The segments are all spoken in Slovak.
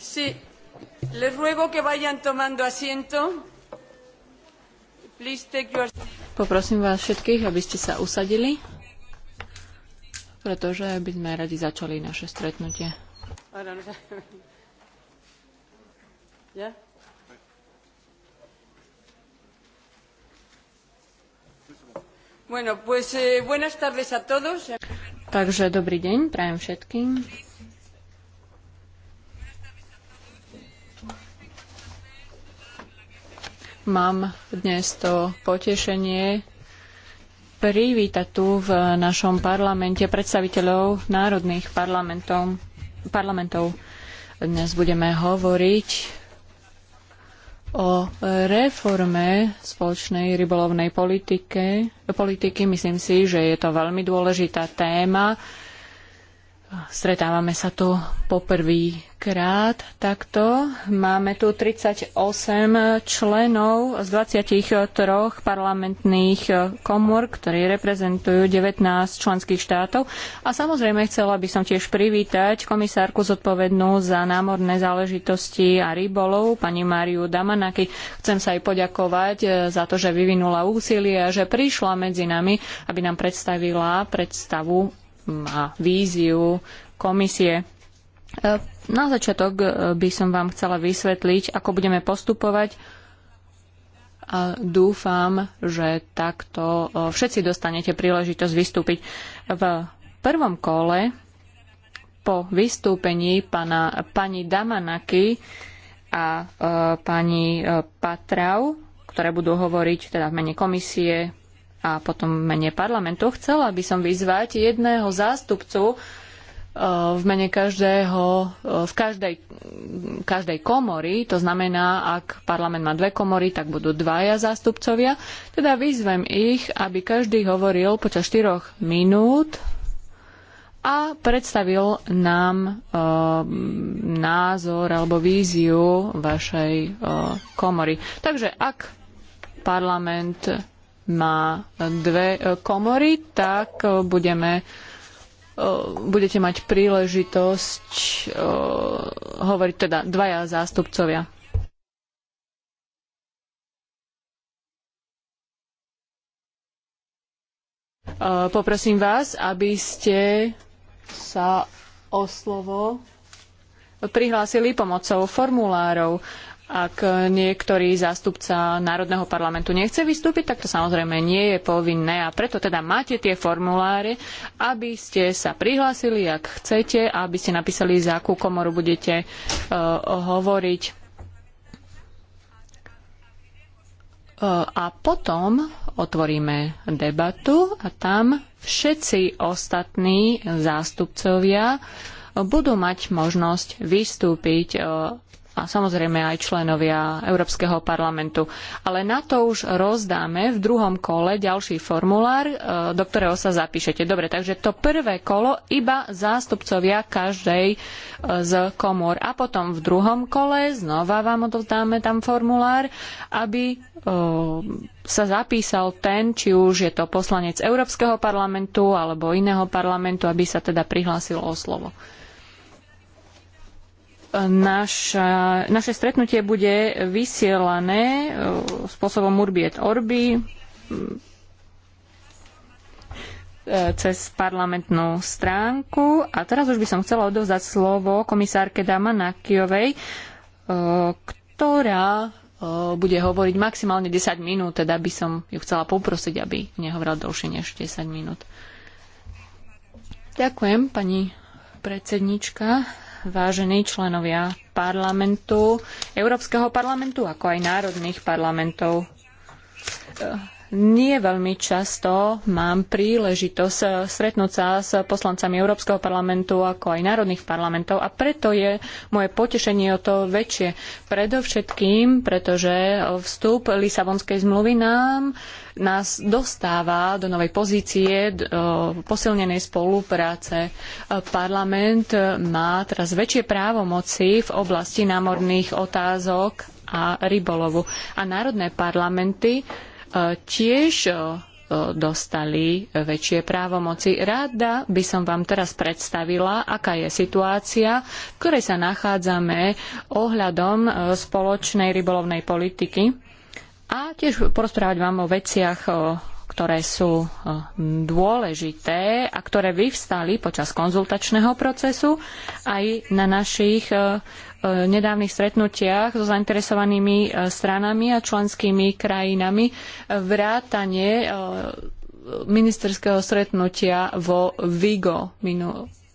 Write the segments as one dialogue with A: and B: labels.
A: Sí, les ruego que vayan tomando asiento. Poprosím vás všetkých, aby ste sa usadili, pretože by sme radi začali naše stretnutie. No bueno, pues, eh, buenas tardes a todos. Takže dobrý deň, prajem všetkým. Mám dnes to potešenie privítať tu v našom parlamente predstaviteľov národných parlamentov. parlamentov. Dnes budeme hovoriť o reforme spoločnej rybolovnej politike, politiky. Myslím si, že je to veľmi dôležitá téma. Stretávame sa tu poprvý krát takto. Máme tu 38 členov z 23 parlamentných e, komôr, ktorí reprezentujú 19 členských štátov. A samozrejme chcela by som tiež privítať komisárku zodpovednú za námorné záležitosti a rybolov, pani Máriu Damanaky. Chcem sa aj poďakovať e, za to, že vyvinula úsilie a že prišla medzi nami, aby nám predstavila predstavu a víziu komisie E, na začiatok e, by som vám chcela vysvetliť, ako budeme postupovať a dúfam, že takto e, všetci dostanete príležitosť vystúpiť. V prvom kole po vystúpení pana, pani Damanaky a e, pani e, Patrau, ktoré budú hovoriť teda v mene komisie a potom v mene parlamentu, chcela by som vyzvať jedného zástupcu Eh, v mene každého, eh, v každej, každej komory, to znamená, ak parlament má dve komory, tak budú dvaja zástupcovia. Teda vyzvem ich, aby každý hovoril počas 4 minút a predstavil nám e, názor alebo víziu vašej e, komory. Takže ak parlament má dve komory, tak budeme budete mať príležitosť hovoriť teda dvaja zástupcovia. Poprosím vás, aby ste sa o slovo prihlásili pomocou formulárov. Ak niektorý zástupca Národného parlamentu nechce vystúpiť, tak to samozrejme nie je povinné a preto teda máte tie formuláre, aby ste sa prihlásili, ak chcete, aby ste napísali, za akú komoru budete uh, hovoriť. E, a potom otvoríme debatu a tam všetci ostatní zástupcovia budú mať možnosť vystúpiť e, a samozrejme aj členovia Európskeho parlamentu. Ale na to už rozdáme v druhom kole ďalší formulár, e, do ktorého sa zapíšete. Dobre, takže to prvé kolo iba zástupcovia každej e, z komôr. A potom v druhom kole znova vám odovzdáme tam formulár, aby e, sa zapísal ten, či už je to poslanec Európskeho parlamentu alebo iného parlamentu, aby sa teda prihlásil o slovo. Naša, naše stretnutie bude vysielané e, spôsobom Urbi et Orbi e, cez parlamentnú stránku. A teraz už by som chcela odovzdať slovo komisárke Damanakiovej, e, ktorá bude hovoriť maximálne 10 minút, teda by som ju chcela poprosiť, aby nehovorila dlhšie než 10 minút. Ďakujem, pani predsednička vážení členovia parlamentu, Európskeho parlamentu, ako aj národných parlamentov nie veľmi často mám príležitosť eh, stretnúť sa s poslancami Európskeho parlamentu ako aj národných parlamentov a preto je moje potešenie o to väčšie. Predovšetkým, pretože eh, vstup Lisabonskej zmluvy nám nás dostáva do novej pozície eh, posilnenej spolupráce. Parlament má teraz väčšie právomoci v oblasti námorných otázok a rybolovu. A národné parlamenty tiež e, dostali väčšie právomoci. Rada by som vám teraz predstavila, aká je situácia, v ktorej sa nachádzame ohľadom e, spoločnej rybolovnej politiky a tiež porozprávať vám o veciach, e, ktoré sú dôležité a ktoré vyvstali počas konzultačného procesu aj na našich nedávnych stretnutiach so zainteresovanými e, stranami a členskými krajinami e, vrátane e, ministerského stretnutia vo Vigo,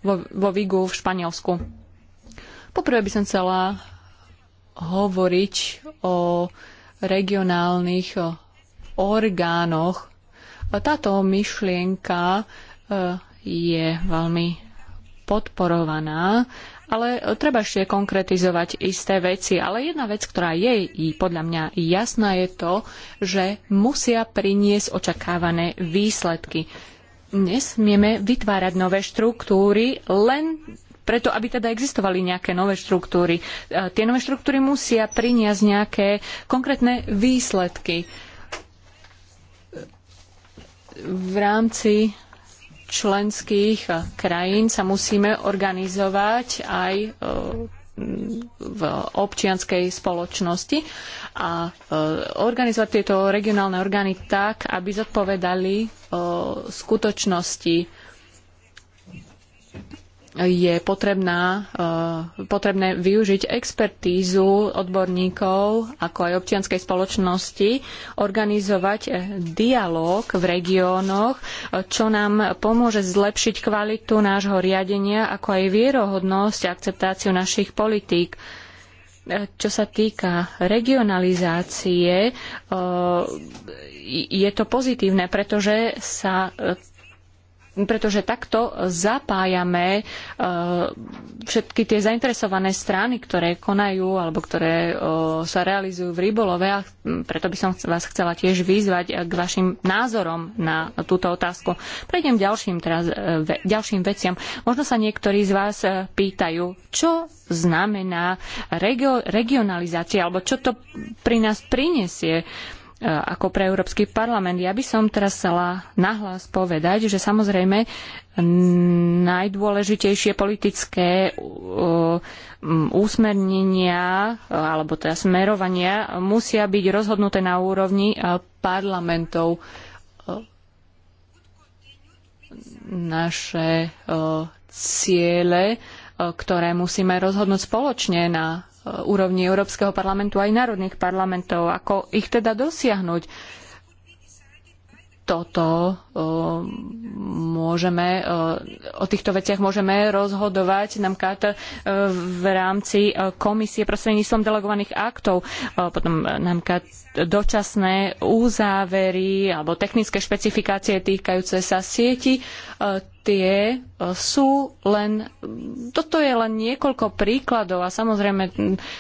A: vo, Vigu v Španielsku. Poprvé by som chcela hovoriť o regionálnych orgánoch. Táto myšlienka je veľmi podporovaná ale e, treba ešte konkretizovať isté veci. Ale jedna vec, ktorá je podľa mňa jasná, je to, že musia priniesť očakávané výsledky. Nesmieme vytvárať nové štruktúry len preto, aby teda existovali nejaké nové štruktúry. E, tie nové štruktúry musia priniesť nejaké konkrétne výsledky v rámci členských eh, krajín sa musíme organizovať aj eh, v občianskej spoločnosti a eh, organizovať tieto regionálne orgány tak, aby zodpovedali skutočnosti je potrebná, eh, potrebné využiť expertízu odborníkov, ako aj občianskej spoločnosti, organizovať eh, dialog v regiónoch, eh, čo nám pomôže zlepšiť kvalitu nášho riadenia, ako aj vierohodnosť a akceptáciu našich politík čo sa týka regionalizácie, je to pozitívne, pretože sa pretože takto zapájame e, všetky tie zainteresované strany, ktoré konajú alebo ktoré e, sa realizujú v rybolove a preto by som vás chcela tiež vyzvať e, k vašim názorom na túto otázku. Prejdem ďalším, teraz, ďalším veciam. Možno sa niektorí z vás pýtajú, čo znamená regionalizácia alebo čo to pri nás prinesie. E, ako pre Európsky parlament. Ja by som teraz chcela nahlas povedať, že samozrejme najdôležitejšie politické úsmernenia e, e, alebo teda smerovania musia byť rozhodnuté na úrovni parlamentov. Naše ciele, ktoré musíme rozhodnúť spoločne na úrovni Európskeho parlamentu aj národných parlamentov. Ako ich teda dosiahnuť? toto môžeme, o týchto veciach môžeme rozhodovať uh, v rámci e, komisie prostredníctvom delegovaných aktov. Potom NAMKAT dočasné úzávery alebo technické špecifikácie týkajúce sa sieti, e, tie sú len, toto je len niekoľko príkladov a samozrejme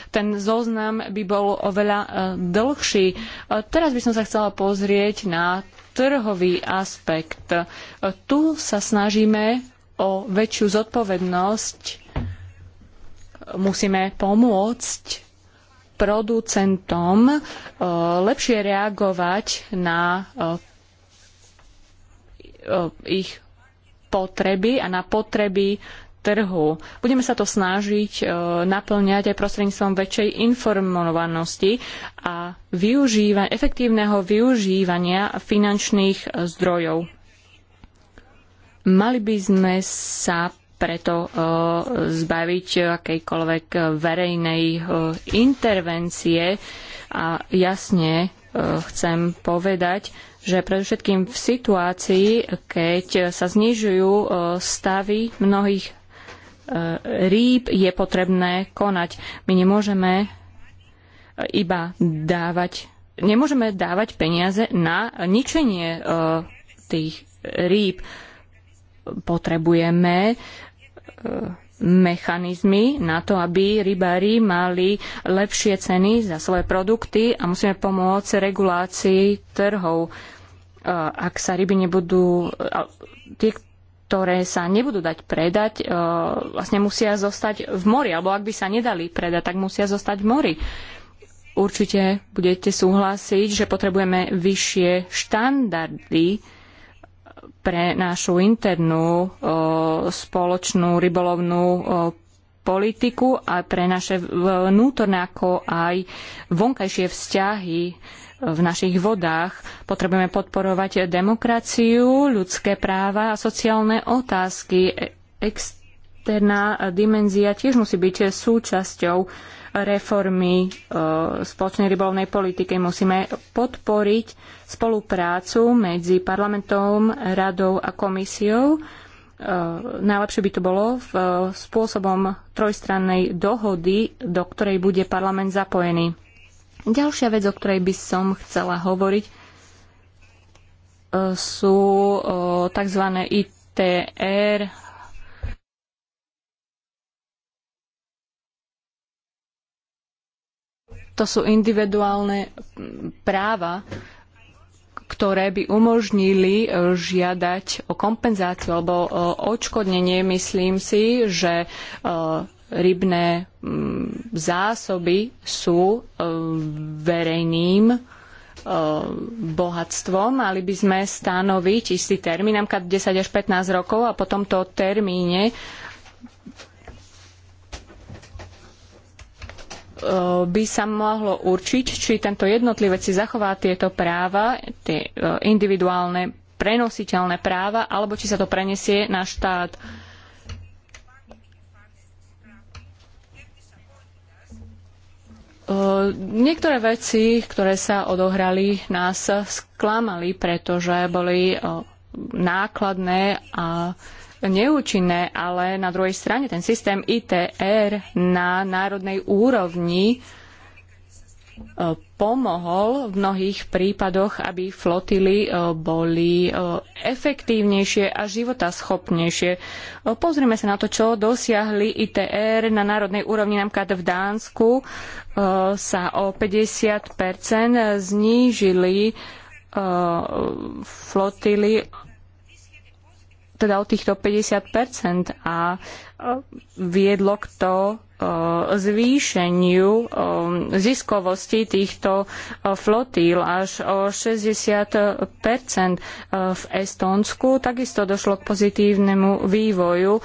A: ten zoznam by bol oveľa dlhší. Teraz by som sa chcela pozrieť na trhový aspekt. Tu sa snažíme o väčšiu zodpovednosť. Musíme pomôcť producentom e, lepšie reagovať na e, e, ich potreby a na potreby trhu. Budeme sa to snažiť e, naplňať aj prostredníctvom väčšej informovanosti a využíva, efektívneho využívania finančných zdrojov. Mali by sme sa preto e, zbaviť akejkoľvek verejnej e, intervencie a jasne chcem povedať, že predovšetkým v situácii, keď sa znižujú stavy mnohých E, rýb je potrebné konať. My nemôžeme iba dávať, nemôžeme dávať peniaze na ničenie e, tých rýb. Potrebujeme e, mechanizmy na to, aby rybári mali lepšie ceny za svoje produkty a musíme pomôcť regulácii trhov. Ak sa ryby nebudú, tie, ktoré sa nebudú dať predať, e, vlastne musia zostať v mori, alebo ak by sa nedali predať, tak musia zostať v mori. Určite budete súhlasiť, že potrebujeme vyššie štandardy pre našu internú e, spoločnú rybolovnú e, politiku a pre naše vnútorné ako aj vonkajšie vzťahy v našich vodách. Potrebujeme podporovať demokraciu, ľudské práva a sociálne otázky. Externá dimenzia tiež musí byť súčasťou reformy e, spoločnej rybovnej politiky. Musíme podporiť spoluprácu medzi parlamentom, radou a komisiou. E, najlepšie by to bolo v e, spôsobom trojstrannej dohody, do ktorej bude parlament zapojený. Ďalšia vec, o ktorej by som chcela hovoriť, e, sú e, tzv. ITR. To sú individuálne práva, ktoré by umožnili e, žiadať o kompenzáciu alebo o odškodnenie. Myslím si, že rybné mm, zásoby sú e, verejným e, bohatstvom. Mali by sme stanoviť istý termín, napríklad 10 až 15 rokov a potom to termíne e, by sa mohlo určiť, či tento jednotlivec si zachová tieto práva, tie individuálne prenositeľné práva, alebo či sa to prenesie na štát Eh, niektoré veci, ktoré sa odohrali, nás sklamali, pretože boli eh, nákladné a neúčinné, ale na druhej strane ten systém ITR na národnej úrovni eh, pomohol v mnohých prípadoch, aby flotily e, boli e, efektívnejšie a životaschopnejšie. E, pozrime sa na to, čo dosiahli ITR na národnej úrovni. Napríklad v Dánsku sa o 50 znížili flotily teda o týchto 50 a viedlo k to zvýšeniu ziskovosti týchto flotíl až o 60 v Estónsku. Takisto došlo k pozitívnemu vývoju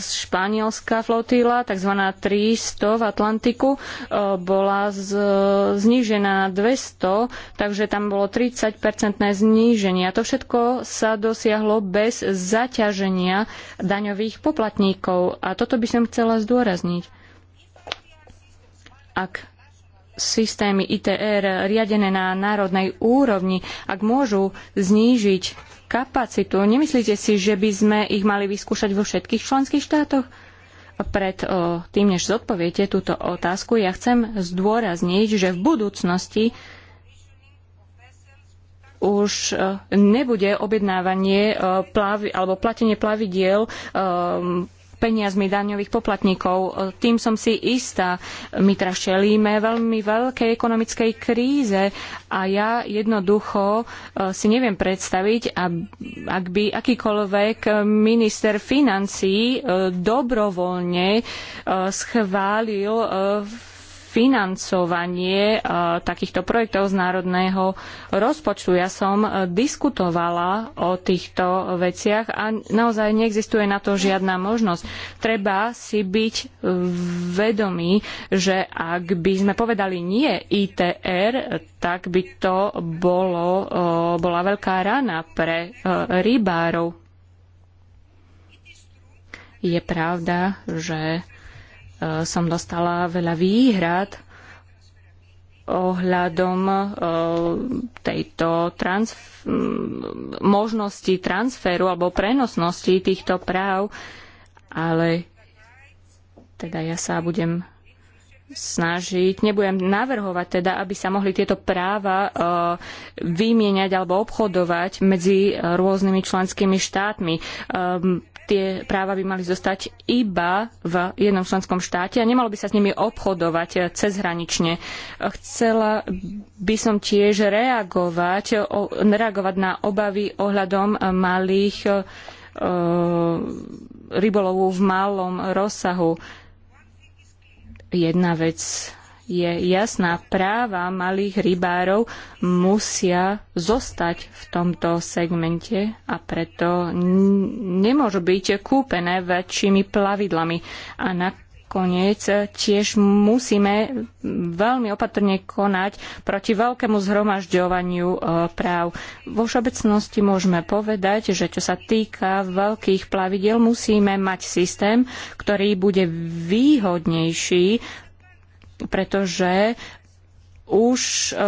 A: španielská flotíla, tzv. 300 v Atlantiku, bola znížená na 200, takže tam bolo 30-percentné zníženie. A to všetko sa dosiahlo bez zaťaženia daňových poplatníkov. A toto by som chcela zdôrazniť zmeniť. Ak systémy ITR riadené na národnej úrovni, ak môžu znížiť kapacitu, nemyslíte si, že by sme ich mali vyskúšať vo všetkých členských štátoch? Pred o, tým, než zodpoviete túto otázku, ja chcem zdôrazniť, že v budúcnosti už e, nebude objednávanie e, alebo platenie plavidiel e, peniazmi daňových poplatníkov. Tým som si istá. My teraz čelíme veľmi veľkej ekonomickej kríze a ja jednoducho eh, si neviem predstaviť, ak by akýkoľvek minister financií eh, dobrovoľne eh, schválil v financovanie e, takýchto projektov z národného rozpočtu. Ja som e, diskutovala o týchto veciach a naozaj neexistuje na to žiadna možnosť. Treba si byť vedomí, že ak by sme povedali nie ITR, tak by to bolo, e, bola veľká rana pre rybárov. Je pravda, že Eh, som dostala veľa výhrad ohľadom eh, tejto transf- mm, možnosti transferu alebo prenosnosti týchto práv, ale teda ja sa budem snažiť, nebudem navrhovať teda, aby sa mohli tieto práva eh, vymieňať alebo obchodovať medzi rôznymi členskými štátmi. Ehm, tie práva by mali zostať iba v jednom členskom štáte a nemalo by sa s nimi obchodovať cezhranične. Chcela by som tiež reagovať, reagovať na obavy ohľadom malých e, rybolovu v malom rozsahu. Jedna vec je jasná. Práva malých rybárov musia zostať v tomto segmente a preto nemôžu byť kúpené väčšími plavidlami. A nakoniec tiež musíme veľmi opatrne konať proti veľkému zhromažďovaniu e, práv. Vo všeobecnosti môžeme povedať, že čo sa týka veľkých plavidel, musíme mať systém, ktorý bude výhodnejší pretože už e, e,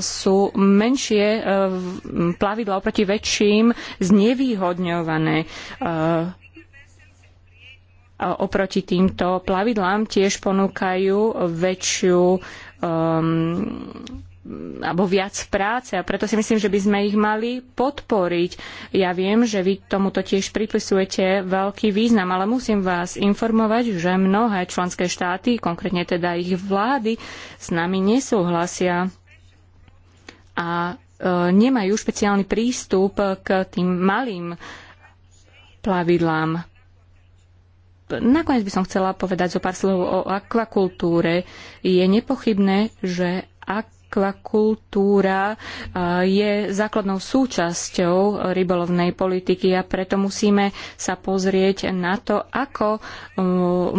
A: sú menšie e, plavidla oproti väčším znevýhodňované. Oproti týmto plavidlám tiež ponúkajú väčšiu um, alebo viac práce a preto si myslím, že by sme ich mali podporiť. Ja viem, že vy tomuto tiež pripisujete veľký význam, ale musím vás informovať, že mnohé členské štáty, konkrétne teda ich vlády, s nami nesúhlasia a e, nemajú špeciálny prístup k tým malým plavidlám. Nakoniec by som chcela povedať zo pár slov o akvakultúre. Je nepochybné, že ak akvakultúra je základnou súčasťou rybolovnej politiky a preto musíme sa pozrieť na to, ako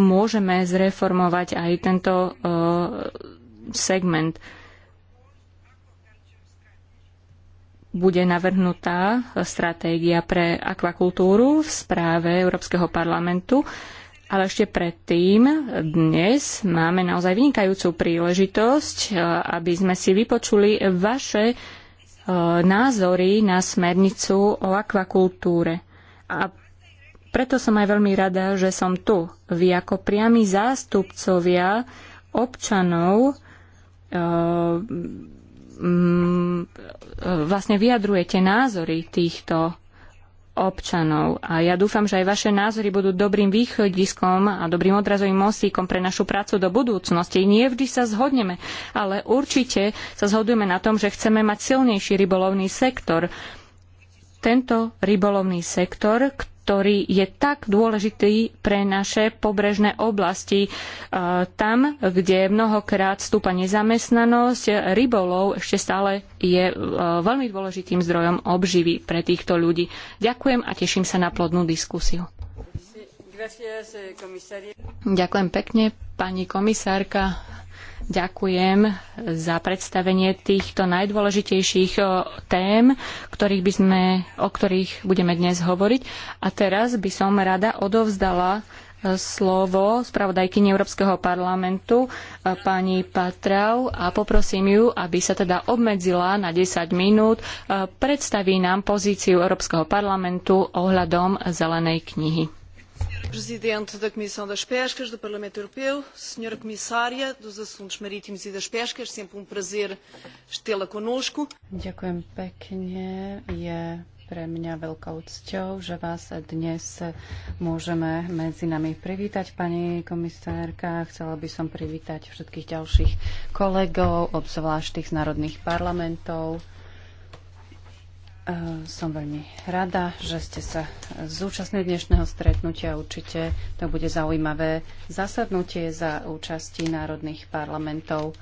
A: môžeme zreformovať aj tento segment. Bude navrhnutá stratégia pre akvakultúru v správe Európskeho parlamentu ale ešte predtým, dnes máme naozaj vynikajúcu príležitosť, e, aby sme si vypočuli vaše e, názory na smernicu o akvakultúre. A preto som aj veľmi rada, že som tu. Vy ako priami zástupcovia občanov e, vlastne vyjadrujete názory týchto občanov. A ja dúfam, že aj vaše názory budú dobrým východiskom a dobrým odrazovým mostíkom pre našu prácu do budúcnosti. Nie vždy sa zhodneme, ale určite sa zhodujeme na tom, že chceme mať silnejší rybolovný sektor. Tento rybolovný sektor, ktorý ktorý je tak dôležitý pre naše pobrežné oblasti. E, tam, kde mnohokrát stúpa nezamestnanosť, rybolov ešte stále je e, veľmi dôležitým zdrojom obživy pre týchto ľudí. Ďakujem a teším sa na plodnú diskusiu. Eh, Ďakujem pekne, pani komisárka. Ďakujem za predstavenie týchto najdôležitejších tém, ktorých by sme, o ktorých budeme dnes hovoriť. A teraz by som rada odovzdala e, slovo spravodajkyni Európskeho parlamentu e, pani Patrau a poprosím ju, aby sa teda obmedzila na 10 minút. E, predstaví nám pozíciu Európskeho parlamentu ohľadom zelenej knihy. Presidente da Comissão das Pescas do Parlamento
B: Europeu, Senhora Comissária dos Assuntos Marítimos e das Pescas, sempre um prazer tê-la connosco. Ďakujem pekne. Je pre mňa veľkou cťou, že vás dnes môžeme medzi nami privítať, pani komisárka. Chcela by som privítať všetkých ďalších kolegov, obzvlášť tých z národných parlamentov Eh, som veľmi rada, že ste sa zúčastnili dnešného stretnutia. Určite to bude zaujímavé zasadnutie za účasti národných parlamentov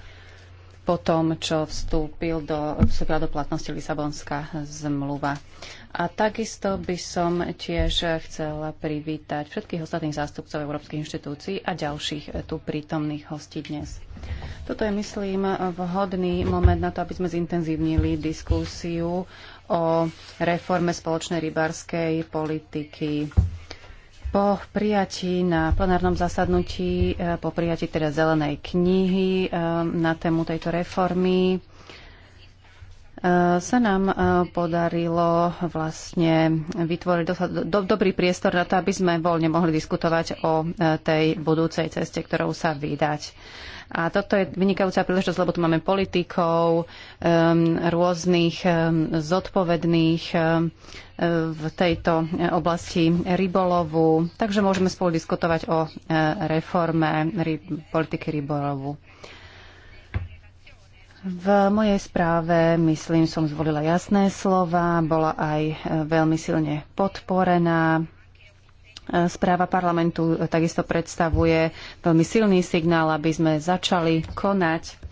B: po tom, čo vstúpil do, vstúpila do platnosti Lisabonská zmluva. A takisto by som tiež chcela privítať všetkých ostatných zástupcov európskych inštitúcií a ďalších eh, tu prítomných hostí dnes. Toto je, myslím, vhodný moment na to, aby sme zintenzívnili diskusiu o reforme spoločnej rybárskej politiky. Po prijatí na plenárnom zasadnutí, eh, po prijatí teda zelenej knihy eh, na tému tejto reformy, E, sa nám e, podarilo vlastne vytvoriť do, do, dobrý priestor na to, aby sme voľne mohli diskutovať o e, tej budúcej ceste, ktorou sa vydať. A toto je vynikajúca príležitosť, lebo tu máme politikov, rôznych zodpovedných v tejto oblasti rybolovu, takže môžeme spolu diskutovať o reforme politiky rybolovu. V mojej správe, myslím, som zvolila jasné slova, bola aj e, veľmi silne podporená. E, správa parlamentu takisto predstavuje veľmi silný signál, aby sme začali konať.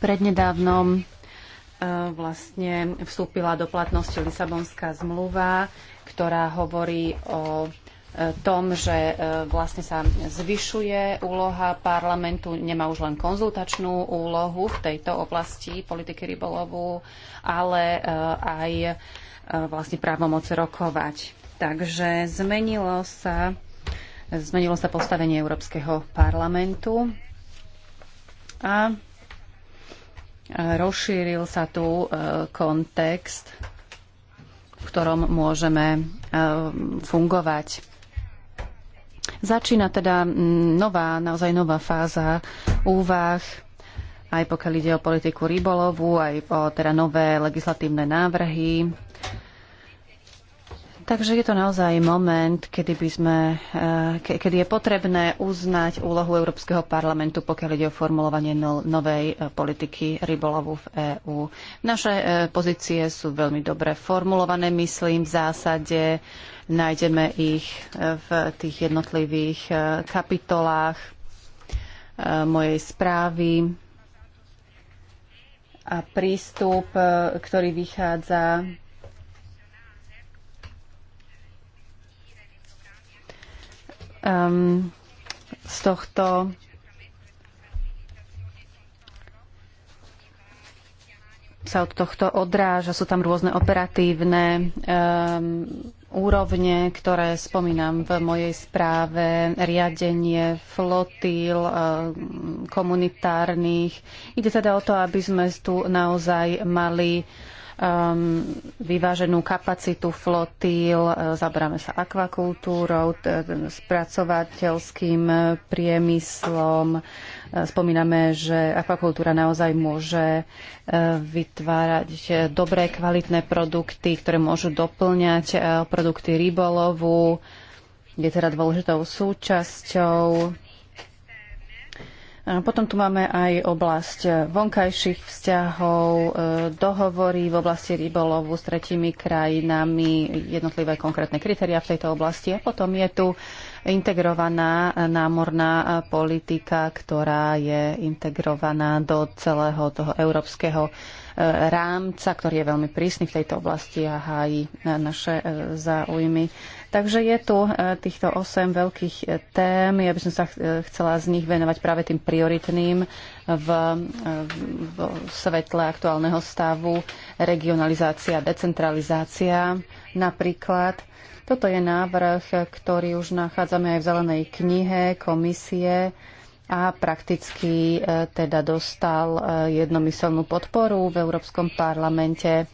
B: Prednedávnom e, vlastne vstúpila do platnosti Lisabonská zmluva, ktorá hovorí o tom, že e, vlastne sa zvyšuje úloha parlamentu, nemá už len konzultačnú úlohu v tejto oblasti politiky rybolovu, ale e, aj e, vlastne právomoc rokovať. Takže zmenilo sa, zmenilo sa postavenie Európskeho parlamentu a rozšíril sa tu kontext, v ktorom môžeme fungovať Začína teda nová, naozaj nová fáza úvah aj pokiaľ ide o politiku rybolovu, aj o teda nové legislatívne návrhy. Takže je to naozaj moment, kedy, by sme, eh, kedy je potrebné uznať úlohu Európskeho parlamentu, pokiaľ ide o formulovanie novej eh, politiky rybolovu v EÚ. Naše eh, pozície sú veľmi dobre formulované, myslím, v zásade. Nájdeme ich e, v tých jednotlivých e, kapitolách e, mojej správy a prístup, ktorý vychádza z tohto sa od tohto odráža. Sú tam rôzne operatívne um, úrovne, ktoré spomínam v mojej správe, riadenie flotíl eh, komunitárnych. Ide teda o to, aby sme tu naozaj mali um, vyváženú kapacitu flotíl, eh, zabráme sa akvakultúrou, eh, spracovateľským priemyslom, spomíname, že akvakultúra naozaj môže e, vytvárať dobré, kvalitné produkty, ktoré môžu doplňať e, produkty rybolovu, je teda dôležitou súčasťou. Potom tu máme aj oblasť vonkajších vzťahov, e, dohovory v oblasti rybolovu s tretími krajinami, jednotlivé konkrétne kritéria v tejto oblasti. A potom je tu uh, integrovaná námorná politika, ktorá je integrovaná do celého toho európskeho e, rámca, ktorý je veľmi prísny v tejto oblasti a hájí e, naše e, záujmy. Takže je tu týchto 8 veľkých tém. Ja by som sa chcela z nich venovať práve tým prioritným v, v svetle aktuálneho stavu regionalizácia, decentralizácia napríklad toto je návrh, ktorý už nachádzame aj v zelenej knihe komisie a prakticky e, teda dostal e, jednomyselnú podporu v Európskom parlamente.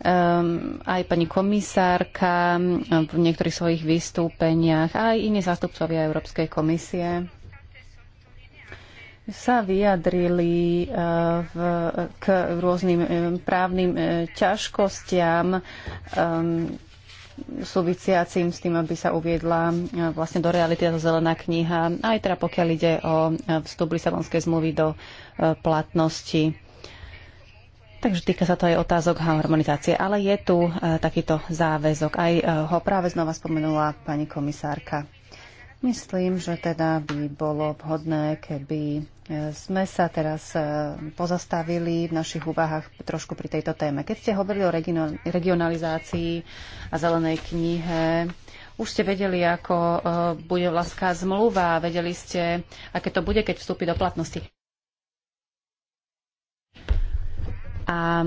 B: Ehm, aj pani komisárka v niektorých svojich vystúpeniach, aj iní zástupcovia Európskej komisie sa vyjadrili e, v, k rôznym právnym ťažkostiam ehm, súvisiacím s tým, aby sa uviedla e, vlastne do reality táto zelená kniha, aj teda pokiaľ ide o e, vstup Lisabonskej zmluvy do e, platnosti. Takže týka sa to aj otázok harmonizácie, ale je tu takýto záväzok. Aj ho práve znova spomenula pani komisárka. Myslím, že teda by bolo vhodné, keby e, sme sa teraz e, pozastavili v našich úvahách trošku pri tejto téme. Keď ste hovorili o regionalizácii a zelenej knihe, už ste vedeli, ako e, bude vlastná zmluva, vedeli ste, aké to bude, keď vstúpi do platnosti. A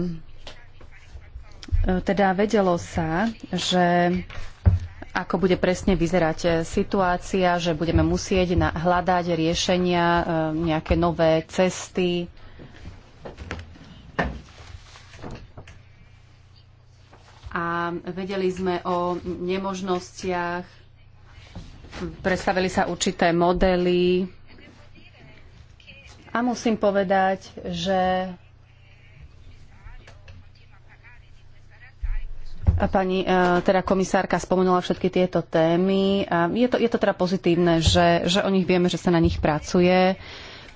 B: teda vedelo sa, že ako bude presne vyzerať e, situácia, že budeme musieť hľadať riešenia, e, nejaké nové cesty. A vedeli sme o nemožnostiach, predstavili sa určité modely. A musím povedať, že Pani e, teda komisárka spomenula všetky tieto témy a je to, je to teda pozitívne, že, že o nich vieme, že sa na nich pracuje.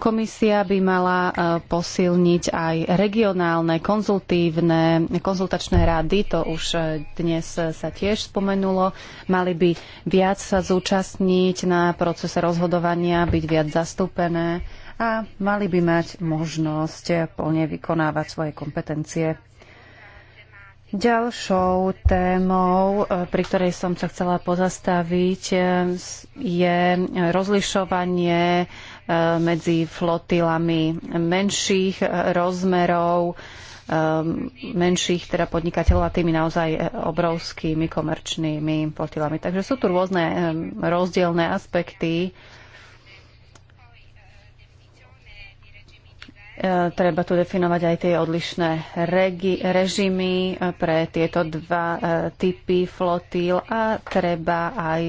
B: Komisia by mala e, posilniť aj regionálne konzultívne, konzultačné rady, to už e, dnes sa tiež spomenulo. Mali by viac sa zúčastniť na procese rozhodovania, byť viac zastúpené a mali by mať možnosť plne vykonávať svoje kompetencie. Ďalšou témou, e, pri ktorej som sa chcela pozastaviť, e, je rozlišovanie e, medzi flotilami menších rozmerov, menších teda podnikateľov a tými naozaj obrovskými komerčnými flotilami. Takže sú tu rôzne rozdielne aspekty E, treba tu definovať aj tie odlišné regi- režimy e, pre tieto dva e, typy flotíl a treba aj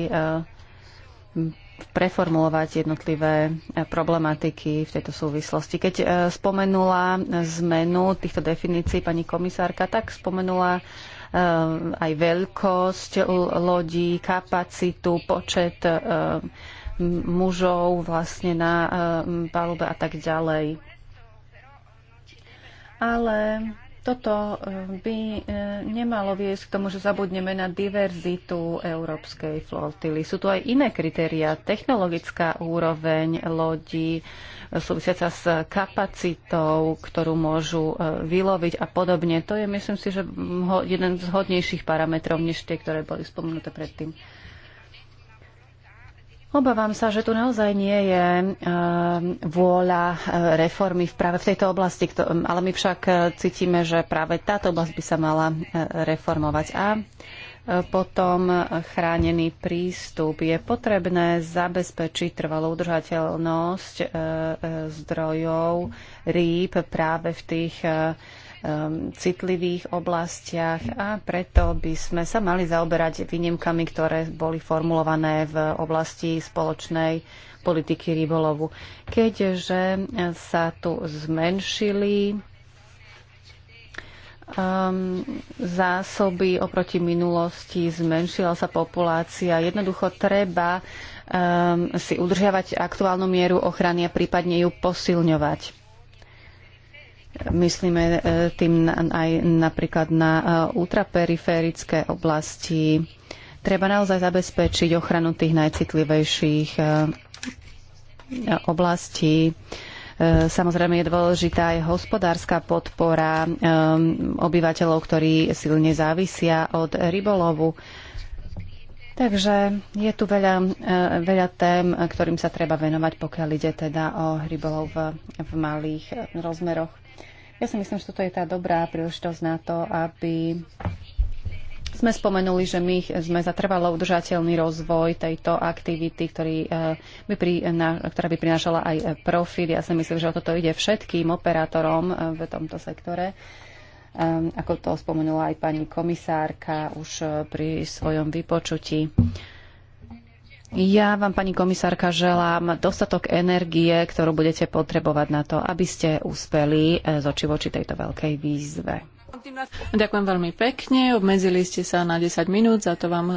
B: preformulovať jednotlivé problematiky v tejto súvislosti. Keď spomenula zmenu týchto definícií pani komisárka, tak spomenula aj veľkosť lodí, kapacitu, počet mužov vlastne na palube a tak ďalej ale toto eh, by eh, nemalo viesť k tomu, že zabudneme na diverzitu európskej flotily. Sú tu aj iné kritéria, technologická úroveň lodí, eh, súvisiaca s kapacitou, ktorú môžu vyloviť a podobne. To je, myslím si, že jeden z hodnejších parametrov, než tie, ktoré boli spomenuté predtým. Obávam sa, že tu naozaj nie je eh, vôľa eh, reformy práve v tejto oblasti, ale my však eh, cítime, že práve táto oblasť by sa mala reformovať. A potom chránený prístup. Je potrebné zabezpečiť trvalú udržateľnosť zdrojov rýb práve v tých Um, citlivých oblastiach a preto by sme sa mali zaoberať výnimkami, ktoré boli formulované v oblasti spoločnej politiky rybolovu. Keďže sa tu zmenšili um, zásoby oproti minulosti, zmenšila sa populácia. Jednoducho treba um, si udržiavať aktuálnu mieru ochrany a prípadne ju posilňovať. Myslíme e, tým aj napríklad na e, ultraperiférické oblasti. Treba naozaj zabezpečiť ochranu tých najcitlivejších e, oblastí. Samozrejme je dôležitá aj hospodárska podpora obyvateľov, ktorí silne závisia od rybolovu. Takže je tu veľa, veľa tém, ktorým sa treba venovať, pokiaľ ide teda o rybolov v, v malých rozmeroch. Ja si myslím, že toto je tá dobrá príležitosť na to, aby sme spomenuli, že my sme za trvalo udržateľný rozvoj tejto aktivity, ktorý eh, by pri, na, ktorá by prinášala aj eh, profit. Ja si myslím, že o toto ide všetkým operátorom eh, v tomto sektore. Ako to spomenula aj pani komisárka už pri svojom vypočutí. Ja vám, pani komisárka, želám dostatok energie, ktorú budete potrebovať na to, aby ste uspeli e, z oči voči tejto veľkej výzve.
A: Ďakujem veľmi pekne. Obmedzili ste sa na 10 minút, za to vám e,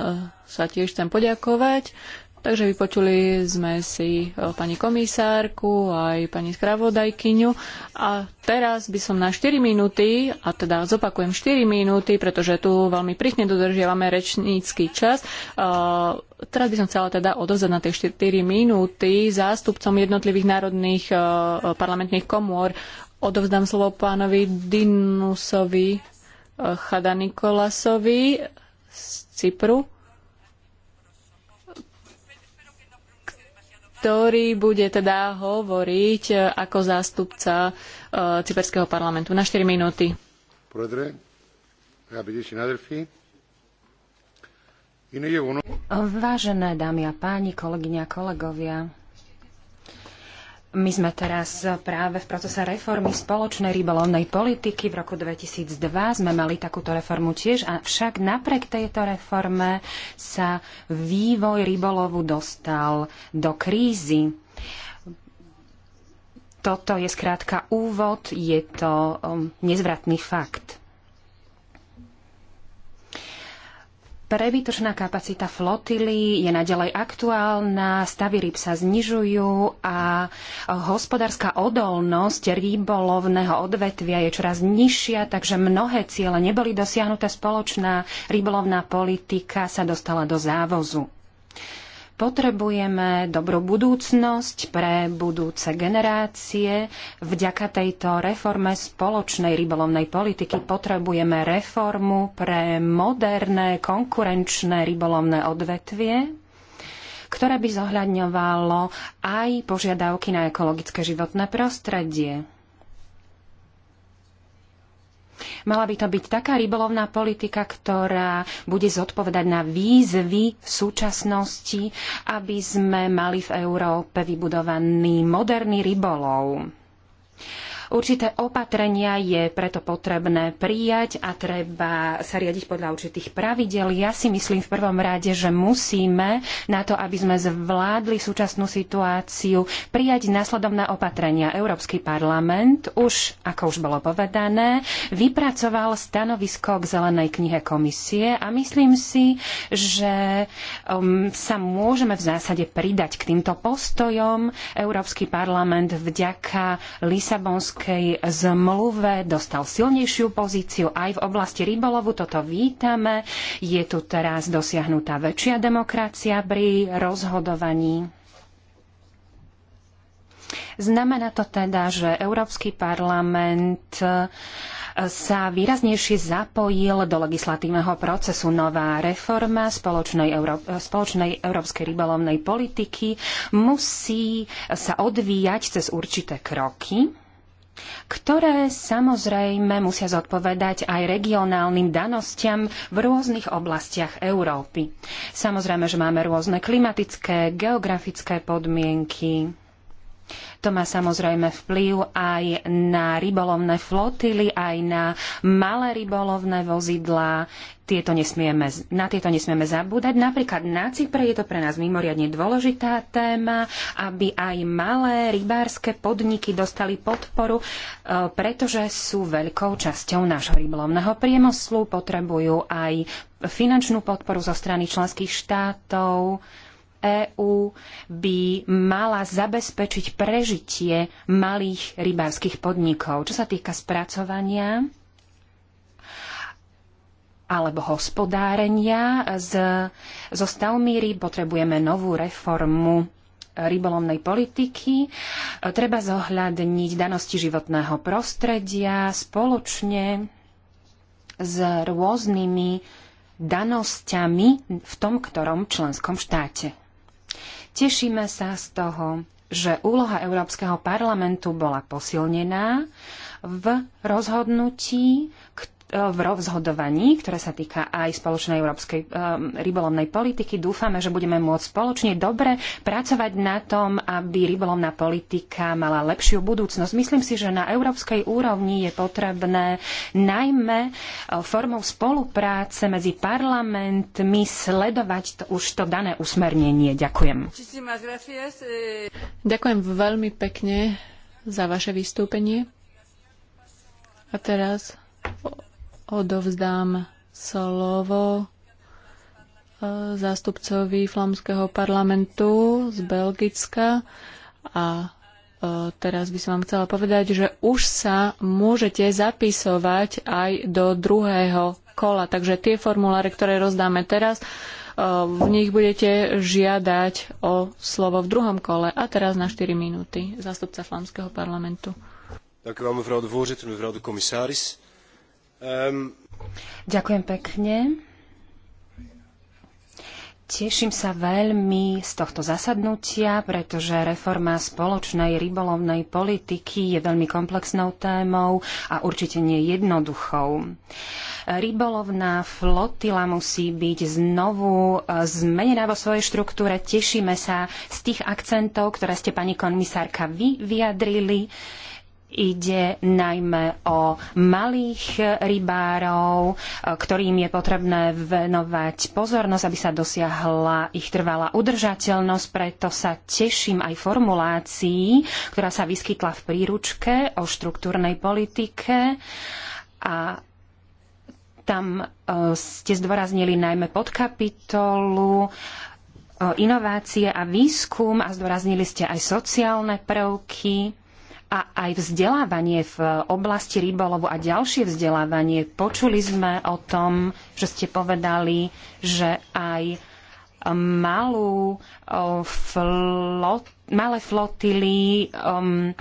A: sa tiež chcem poďakovať. Takže vypočuli sme si e, pani komisárku aj pani spravodajkyňu a teraz by som na 4 minúty, a teda zopakujem 4 minúty, pretože tu veľmi prísne dodržiavame rečnícky čas. Uh, teraz by som chcela teda odovzdať na tie 4 minúty zástupcom jednotlivých národných uh, parlamentných komôr. Odovzdám slovo pánovi Dinusovi uh, Chada Nikolasovi z Cypru ktorý bude teda hovoriť e, ako zástupca e, Cyperského parlamentu. Na 4 minúty.
C: Vážené dámy a páni, kolegyňa, kolegovia, my sme teraz práve v procese reformy spoločnej rybolovnej politiky. V roku 2002 sme mali takúto reformu tiež, avšak napriek tejto reforme sa vývoj rybolovu dostal do krízy. Toto je skrátka úvod, je to um, nezvratný fakt. Prebytočná kapacita flotily je naďalej aktuálna, stavy rýb sa znižujú a hospodárska odolnosť rybolovného odvetvia je čoraz nižšia, takže mnohé ciele neboli dosiahnuté. Spoločná rybolovná politika sa dostala do závozu. Potrebujeme dobrú budúcnosť pre budúce generácie. Vďaka tejto reforme spoločnej rybolovnej politiky potrebujeme reformu pre moderné konkurenčné rybolovné odvetvie ktoré by zohľadňovalo aj požiadavky na ekologické životné prostredie. Mala by to byť taká rybolovná politika, ktorá bude zodpovedať na výzvy v súčasnosti, aby sme mali v Európe vybudovaný moderný rybolov. Určité opatrenia je preto potrebné prijať a treba sa riadiť podľa určitých pravidel. Ja si myslím v prvom rade, že musíme na to, aby sme zvládli súčasnú situáciu, prijať následovné opatrenia. Európsky parlament už, ako už bolo povedané, vypracoval stanovisko k zelenej knihe komisie a myslím si, že um, sa môžeme v zásade pridať k týmto postojom. Európsky parlament vďaka Lisabonskému Lisabonskej zmluve dostal silnejšiu pozíciu aj v oblasti rybolovu. Toto vítame. Je tu teraz dosiahnutá väčšia demokracia pri rozhodovaní. Znamená to teda, že Európsky parlament sa výraznejšie zapojil do legislatívneho procesu. Nová reforma spoločnej, Euró- spoločnej európskej rybolovnej politiky musí sa odvíjať cez určité kroky ktoré samozrejme musia zodpovedať aj regionálnym danostiam v rôznych oblastiach Európy. Samozrejme, že máme rôzne klimatické, geografické podmienky, to má samozrejme vplyv aj na rybolovné flotily, aj na malé rybolovné vozidlá. Tieto nesmieme, na tieto nesmieme zabúdať. Napríklad na Cypre je to pre nás mimoriadne dôležitá téma, aby aj malé rybárske podniky dostali podporu, e, pretože sú veľkou časťou nášho rybolovného priemyslu, potrebujú aj finančnú podporu zo strany členských štátov. EÚ by mala zabezpečiť prežitie malých rybárskych podnikov. Čo sa týka spracovania alebo hospodárenia s, so stavmi ryb. potrebujeme novú reformu rybolovnej politiky. Treba zohľadniť danosti životného prostredia spoločne s rôznymi danosťami v tom ktorom členskom štáte. Tešíme sa z toho, že úloha Európskeho parlamentu bola posilnená v rozhodnutí, ktoré v rozhodovaní, ktoré sa týka aj spoločnej európskej um, rybolovnej politiky. Dúfame, že budeme môcť spoločne dobre pracovať na tom, aby rybolovná politika mala lepšiu budúcnosť. Myslím si, že na európskej úrovni je potrebné najmä uh, formou spolupráce medzi parlamentmi sledovať
A: to, už to dané usmernenie. Ďakujem. Ďakujem veľmi pekne za vaše vystúpenie. A teraz odovzdám slovo e, zástupcovi flamského parlamentu z Belgicka a e, teraz by som vám chcela povedať, že už sa môžete zapisovať aj do druhého kola. Takže tie formuláre, ktoré rozdáme teraz, e, v nich budete žiadať o slovo v druhom kole. A teraz na 4 minúty zástupca flamského parlamentu.
D: Dank u wel, mevrouw de voorzitter, mevrouw de commissaris. Um...
A: Ďakujem pekne.
C: Teším sa veľmi z tohto zasadnutia, pretože reforma spoločnej rybolovnej politiky je veľmi komplexnou témou a určite nie jednoduchou. Rybolovná flotila musí byť znovu eh, zmenená vo svojej štruktúre. Tešíme sa z tých akcentov, ktoré ste, pani komisárka, vy vyjadrili. Ide najmä o malých rybárov, ktorým je potrebné venovať pozornosť, aby sa dosiahla ich trvalá udržateľnosť. Preto sa teším aj formulácií, ktorá sa vyskytla v príručke o štruktúrnej politike. A tam e, ste zdôraznili najmä podkapitolu e, inovácie a výskum a zdôraznili ste aj sociálne prvky a aj vzdelávanie v oblasti rybolovu a ďalšie vzdelávanie. Počuli sme o tom, že ste povedali, že aj malú flot, malé flotily um,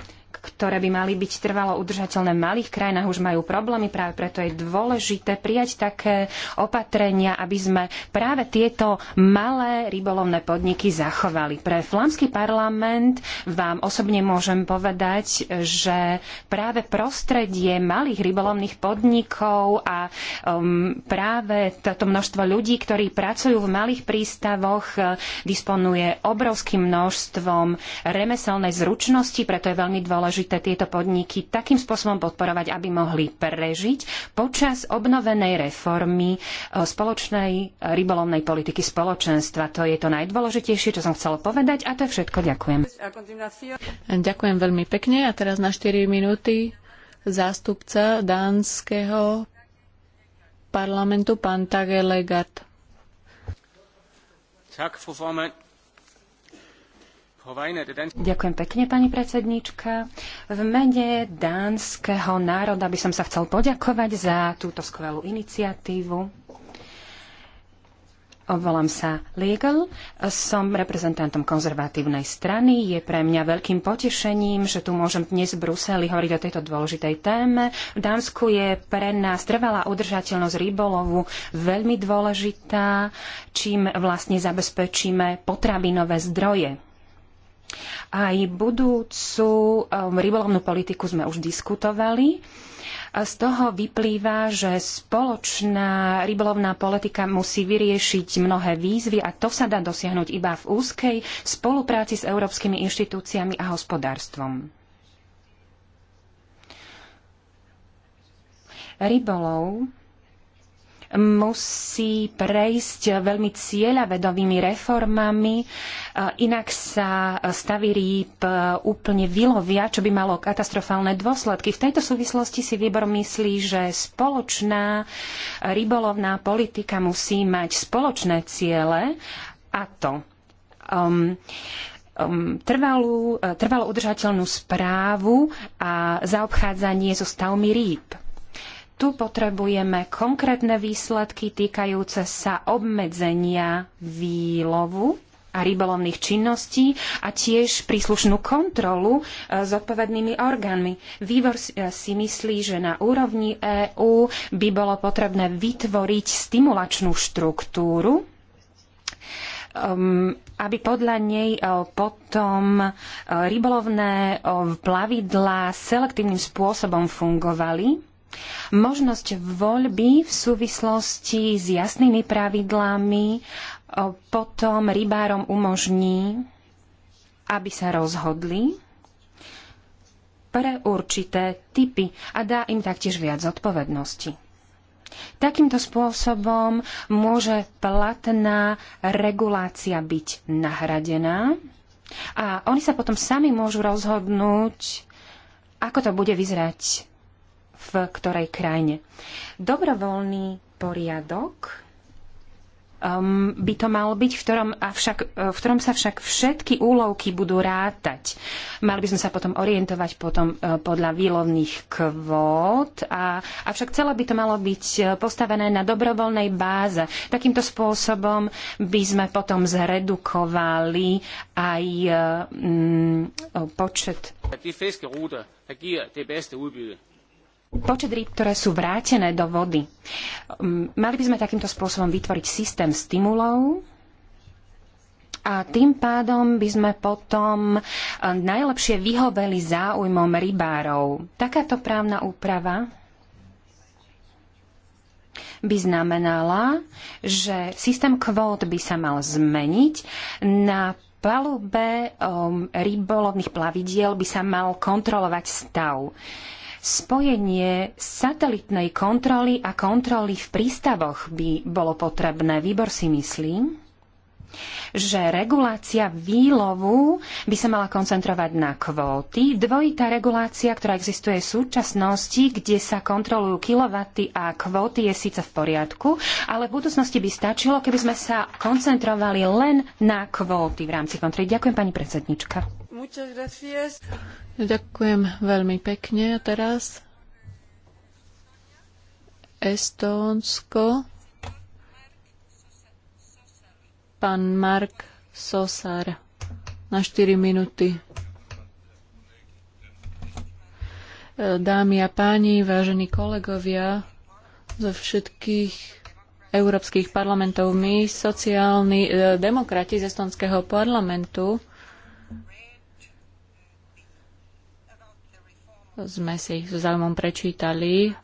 C: ktoré by mali byť trvalo udržateľné v malých krajinách, už majú problémy. Práve preto je dôležité prijať také opatrenia, aby sme práve tieto malé rybolovné podniky zachovali. Pre flámsky parlament vám osobne môžem povedať, že práve prostredie malých rybolovných podnikov a um, práve toto množstvo ľudí, ktorí pracujú v malých prístavoch, uh, disponuje obrovským množstvom remeselnej zručnosti, preto je veľmi dôležité dôležité tieto podniky takým spôsobom podporovať, aby mohli prežiť počas obnovenej reformy e, spoločnej rybolovnej politiky
A: spoločenstva. To je to najdôležitejšie, čo som chcela povedať a to je všetko. Ďakujem. Ďakujem veľmi pekne a teraz na 4 minúty zástupca dánskeho parlamentu, pán Tage Legard. Tak, Ďakujem pekne,
C: pani predsedníčka. V mene dánskeho národa by som sa chcel poďakovať za túto skvelú iniciatívu. Volám sa Legal, som reprezentantom konzervatívnej strany. Je pre mňa veľkým potešením, že tu môžem dnes v Bruseli hovoriť o tejto dôležitej téme. V Dánsku je pre nás trvalá udržateľnosť rybolovu veľmi dôležitá, čím vlastne zabezpečíme potravinové zdroje aj budúcu um, rybolovnú politiku sme už diskutovali. Z toho vyplýva, že spoločná rybolovná politika musí vyriešiť mnohé výzvy a to sa dá dosiahnuť iba v úzkej spolupráci s európskymi inštitúciami a hospodárstvom. Rybolov musí prejsť veľmi cieľavedovými reformami, inak sa stavy rýb úplne vylovia, čo by malo katastrofálne dôsledky. V tejto súvislosti si výbor myslí, že spoločná rybolovná politika musí mať spoločné ciele a to um, um, trvalú, trvalú udržateľnú správu a zaobchádzanie so stavmi rýb tu potrebujeme konkrétne výsledky týkajúce sa obmedzenia výlovu a rybolovných činností a tiež príslušnú kontrolu e, s odpovednými orgánmi. Výbor e, si myslí, že na úrovni EÚ by bolo potrebné vytvoriť stimulačnú štruktúru, um, aby podľa nej e, potom rybolovné plavidlá selektívnym spôsobom fungovali Možnosť voľby v súvislosti s jasnými pravidlami potom rybárom umožní, aby sa rozhodli pre určité typy a dá im taktiež viac odpovednosti. Takýmto spôsobom môže platná regulácia byť nahradená a oni sa potom sami môžu rozhodnúť, ako to bude vyzerať v ktorej krajine. Dobrovoľný poriadok um, by to malo byť, v ktorom, avšak, e, v ktorom sa však všetky úlovky budú rátať. Mali by sme sa potom orientovať potom e, podľa výlovných kvót, a, avšak celé by to malo byť e, postavené na dobrovoľnej báze. Takýmto spôsobom by sme potom zredukovali aj um, počet počet rýb, ktoré sú vrátené do vody. Mm, mali by sme takýmto spôsobom vytvoriť systém stimulov, a tým pádom by sme potom e, najlepšie vyhoveli záujmom rybárov. Takáto právna úprava by znamenala, že systém kvót by sa mal zmeniť na palube e, rybolovných plavidiel by sa mal kontrolovať stav. Spojenie satelitnej kontroly a kontroly v prístavoch by bolo potrebné. Výbor si myslí, že regulácia výlovu by sa mala koncentrovať na kvóty. Dvojitá regulácia, ktorá existuje v súčasnosti, kde sa kontrolujú kilovaty a kvóty, je síce v poriadku, ale v budúcnosti by stačilo, keby sme sa koncentrovali len na kvóty v rámci kontroly. Ďakujem, pani predsednička.
A: Ďakujem veľmi pekne. A teraz Estónsko. Pán Mark Sosar na 4 minúty. Dámy a páni, vážení kolegovia zo všetkých európskych parlamentov, my, sociálni e, demokrati z estonského parlamentu, sme si so zaujímavom prečítali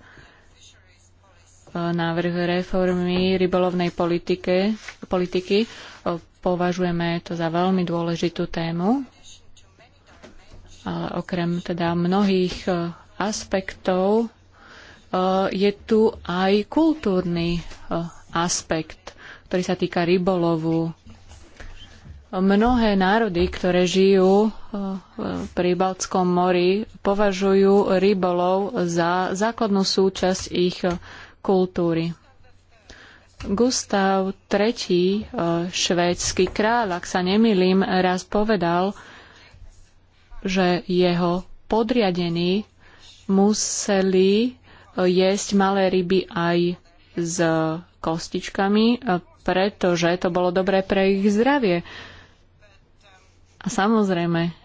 A: návrh reformy rybolovnej politike, politiky. Považujeme to za veľmi dôležitú tému. Ale okrem teda mnohých e, aspektov e, je tu aj kultúrny e, aspekt, ktorý sa týka rybolovu. Mnohé národy, ktoré žijú pri Baltskom mori, považujú rybolov za základnú súčasť ich kultúry. Gustav III, e, švédsky kráľ, ak sa nemýlim, raz povedal, že jeho podriadení museli e, jesť malé ryby aj s kostičkami, e, pretože to bolo dobré pre ich zdravie. A samozrejme,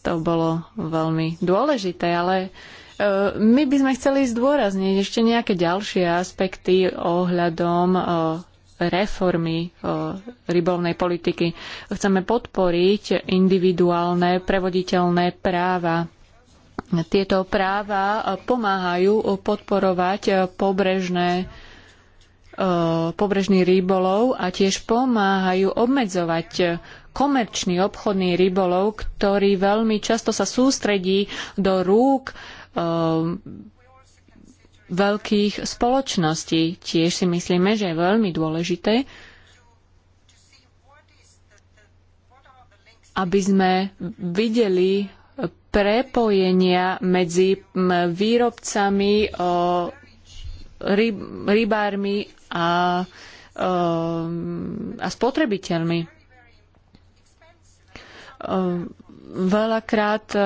A: to bolo veľmi dôležité, ale E, my by sme chceli zdôrazniť ešte nejaké ďalšie aspekty ohľadom e, reformy e, rybovnej politiky. Chceme podporiť individuálne prevoditeľné práva. Tieto práva pomáhajú podporovať pobrežné pobrežný rybolov a tiež pomáhajú obmedzovať komerčný obchodný rybolov, ktorý veľmi často sa sústredí do rúk Ehm, veľkých spoločností. Tiež si myslíme, že je veľmi dôležité, aby sme videli prepojenia medzi výrobcami, rybármi a, ehm, a spotrebiteľmi ehm, veľakrát eh,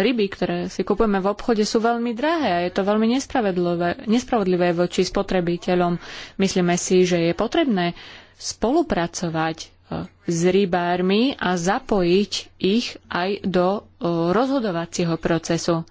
A: ryby, ktoré si kupujeme v obchode, sú veľmi drahé a je to veľmi nespravedlivé, nespravodlivé voči spotrebiteľom. Myslíme si, že je potrebné spolupracovať eh, s rybármi a zapojiť ich aj do eh, rozhodovacieho procesu.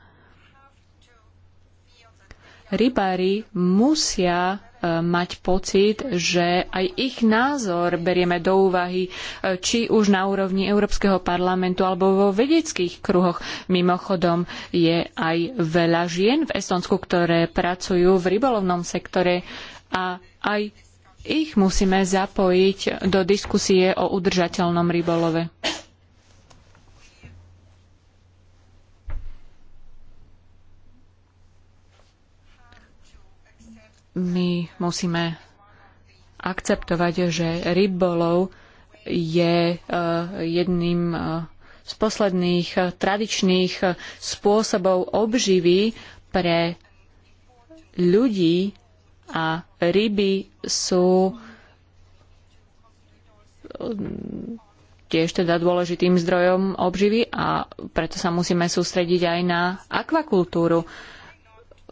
A: Rybári musia mať pocit, že aj ich názor berieme do úvahy, e, či už na úrovni Európskeho parlamentu alebo vo vedeckých kruhoch. Mimochodom je aj veľa žien v Estonsku, ktoré pracujú v rybolovnom sektore a aj ich musíme zapojiť do diskusie o udržateľnom rybolove. My musíme akceptovať, že rybolov je e, jedným e, z posledných e, tradičných spôsobov obživy pre ľudí a ryby sú tiež teda dôležitým zdrojom obživy a preto sa musíme sústrediť aj na akvakultúru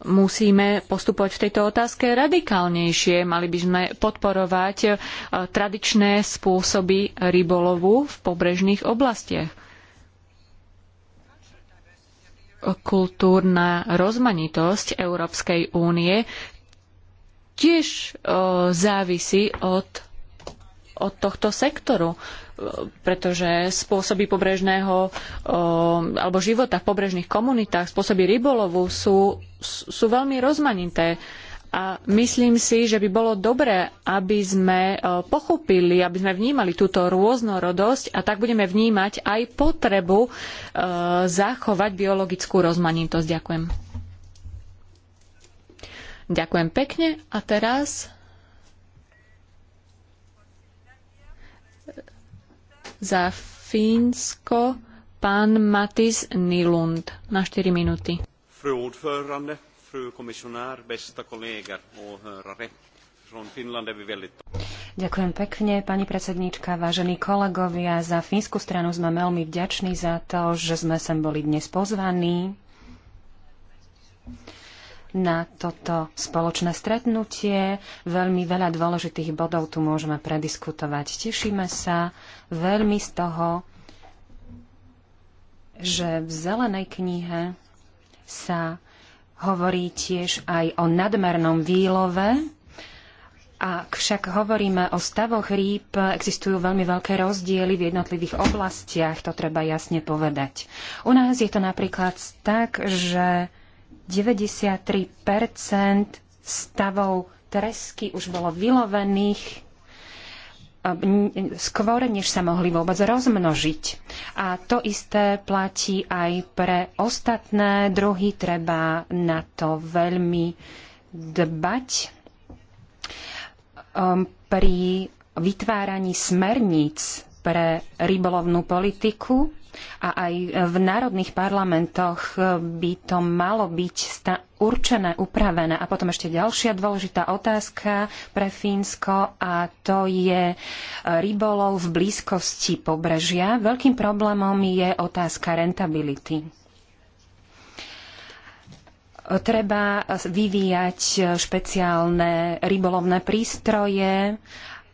A: musíme postupovať v tejto otázke radikálnejšie. Mali by sme podporovať e, tradičné spôsoby rybolovu v pobrežných oblastiach. Kultúrna rozmanitosť Európskej únie tiež e, závisí od, od tohto sektoru pretože spôsoby pobrežného alebo života v pobrežných komunitách, spôsoby rybolovu sú, sú veľmi rozmanité. A myslím si, že by bolo dobré, aby sme pochopili, aby sme vnímali túto rôznorodosť a tak budeme vnímať aj potrebu zachovať biologickú rozmanitosť. Ďakujem. Ďakujem pekne a teraz Za Fínsko pán Matis Nilund na 4 minúty.
D: Fru ordförande, fru komisionär, bästa
A: Ďakujem
C: pekne, pani predsedníčka, vážení kolegovia. Za fínsku stranu sme veľmi vďační za to, že sme sem boli dnes pozvaní na toto spoločné stretnutie. Veľmi veľa dôležitých bodov tu môžeme prediskutovať. Tešíme sa veľmi z toho, že v zelenej knihe sa hovorí tiež aj o nadmernom výlove ak však hovoríme o stavoch rýb, existujú veľmi veľké rozdiely v jednotlivých oblastiach, to treba jasne povedať. U nás je to napríklad tak, že 93 stavov tresky už bolo vylovených um, skôr, než sa mohli vôbec rozmnožiť. A to isté platí aj pre ostatné druhy. Treba na to veľmi dbať um, pri vytváraní smerníc pre rybolovnú politiku a aj v národných parlamentoch eh, by to malo byť určené, upravené. A potom ešte ďalšia dôležitá otázka pre Fínsko a to je eh, rybolov v blízkosti pobrežia. Veľkým problémom je otázka rentability. Treba vyvíjať eh, špeciálne rybolovné prístroje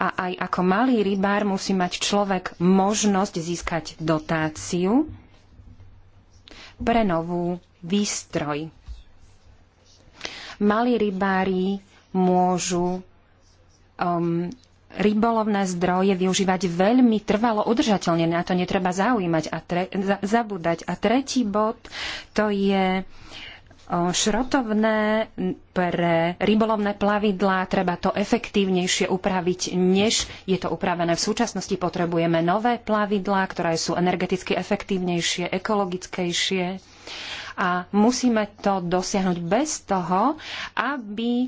C: a aj ako malý rybár musí mať človek možnosť získať dotáciu pre novú výstroj. Malí rybári môžu um, rybolovné zdroje využívať veľmi trvalo udržateľne. Na to netreba zaujímať a tre- za- zabúdať. A tretí bod to je uh, šrotovné pre rybolovné plavidlá, treba to efektívnejšie upraviť, než je to upravené v súčasnosti. Potrebujeme nové plavidlá, ktoré sú energeticky efektívnejšie, ekologickejšie a musíme to dosiahnuť bez toho, aby e,